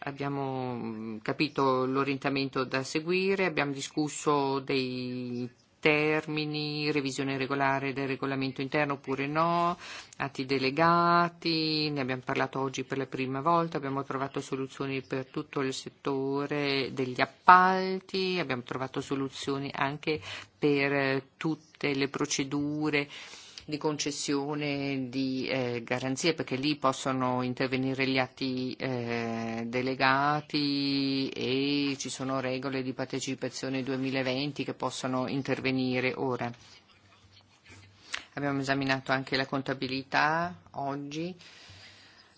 abbiamo mm, capito l'orientamento da seguire, abbiamo discusso dei termini, revisione regolare del regolamento interno oppure no, atti delegati, ne abbiamo parlato oggi per la prima volta, abbiamo trovato soluzioni per tutto il settore degli appalti, abbiamo trovato soluzioni anche per eh, tutte le procedure eh, di concessione di eh, garanzie, perché lì possono intervenire gli atti eh, delegati e ci sono regole di partecipazione 2020 che possono intervenire ora. Abbiamo esaminato anche la contabilità oggi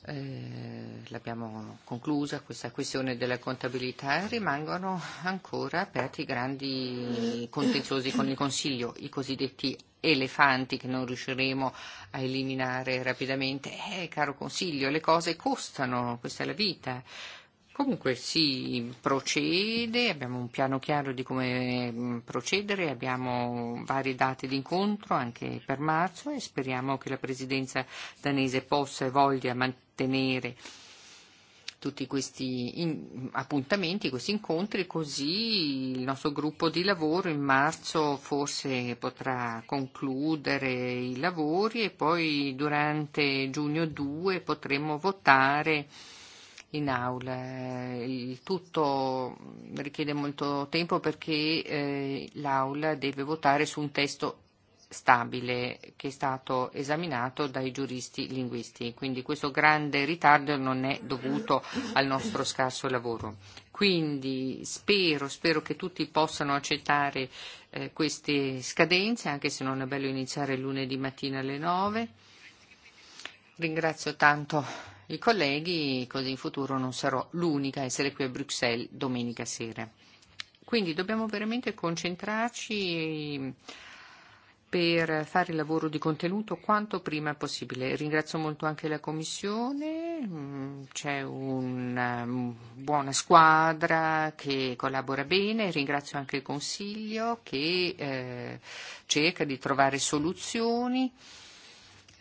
eh, l'abbiamo conclusa questa questione della contabilità, rimangono ancora aperti i grandi contenziosi con il Consiglio, i cosiddetti elefanti che non riusciremo a eliminare rapidamente. Eh, caro Consiglio, le cose costano, questa è la vita. Comunque si procede, abbiamo un piano chiaro di come mm, procedere, abbiamo varie date di incontro anche per marzo e speriamo che la presidenza danese possa e voglia mantenere tutti questi in, appuntamenti, questi incontri, così il nostro gruppo di lavoro in marzo forse potrà concludere i lavori e poi durante giugno 2 potremo votare in aula. Il tutto richiede molto tempo perché eh, l'aula deve votare su un testo stabile che è stato esaminato dai giuristi linguisti. Quindi questo grande ritardo non è dovuto al nostro scarso lavoro. Quindi spero, spero che tutti possano accettare eh, queste scadenze, anche se non è bello iniziare lunedì mattina alle 9. Ringrazio tanto i colleghi, così in futuro non sarò l'unica a essere qui a Bruxelles domenica sera. Quindi dobbiamo veramente concentrarci ehm, per fare il lavoro di contenuto quanto prima possibile. Ringrazio molto anche la Commissione, mm, c'è una mm, buona squadra che collabora bene, ringrazio anche il Consiglio che eh, cerca di trovare soluzioni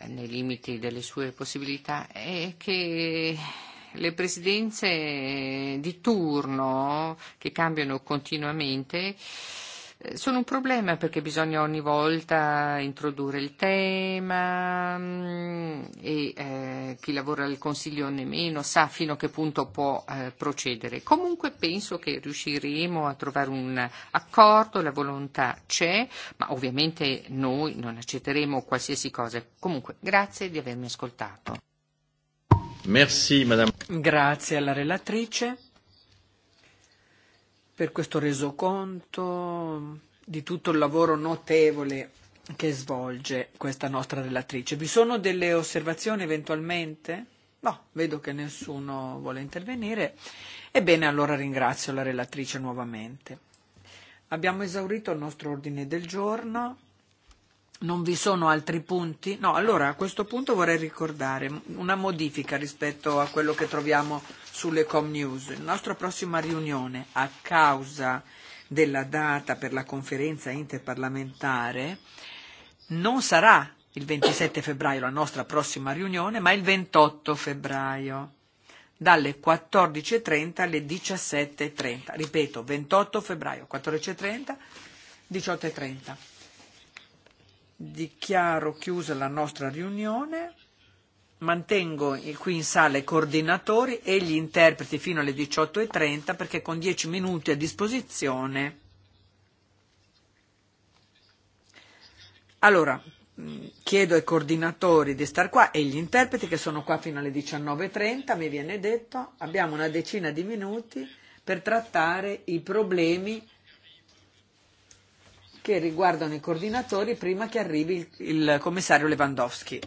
nei limiti delle sue possibilità, è che le presidenze di turno che cambiano continuamente eh, sono un problema perché bisogna ogni volta introdurre il tema mm, e eh, chi lavora al Consiglio nemmeno sa fino a che punto può eh, procedere. Comunque penso che riusciremo a trovare un accordo, la volontà c'è, ma ovviamente noi non accetteremo qualsiasi cosa. Comunque grazie di avermi ascoltato. Merci, madame. Grazie alla relatrice per questo resoconto di tutto il lavoro notevole che svolge questa nostra relatrice. Vi sono delle osservazioni eventualmente? No, vedo che nessuno vuole intervenire. Ebbene, allora ringrazio la relatrice nuovamente. Abbiamo esaurito il nostro ordine del giorno. Non vi sono altri punti? No, allora a questo punto vorrei ricordare una modifica rispetto a quello che troviamo sulle com News. La nostra prossima riunione, a causa della data per la conferenza interparlamentare, non sarà il 27 febbraio la nostra prossima riunione, ma il 28 febbraio dalle 14.30 e alle 17.30. E Ripeto, 28 febbraio, 14.30, 18.30. E Dichiaro chiusa la nostra riunione mantengo qui in sala i coordinatori e gli interpreti fino alle 18.30 e perché con 10 minuti a disposizione. Allora, chiedo ai coordinatori di star qua e gli interpreti che sono qua fino alle 19.30, e mi viene detto, abbiamo una decina di minuti per trattare i problemi che riguardano i coordinatori prima che arrivi il, il commissario Lewandowski.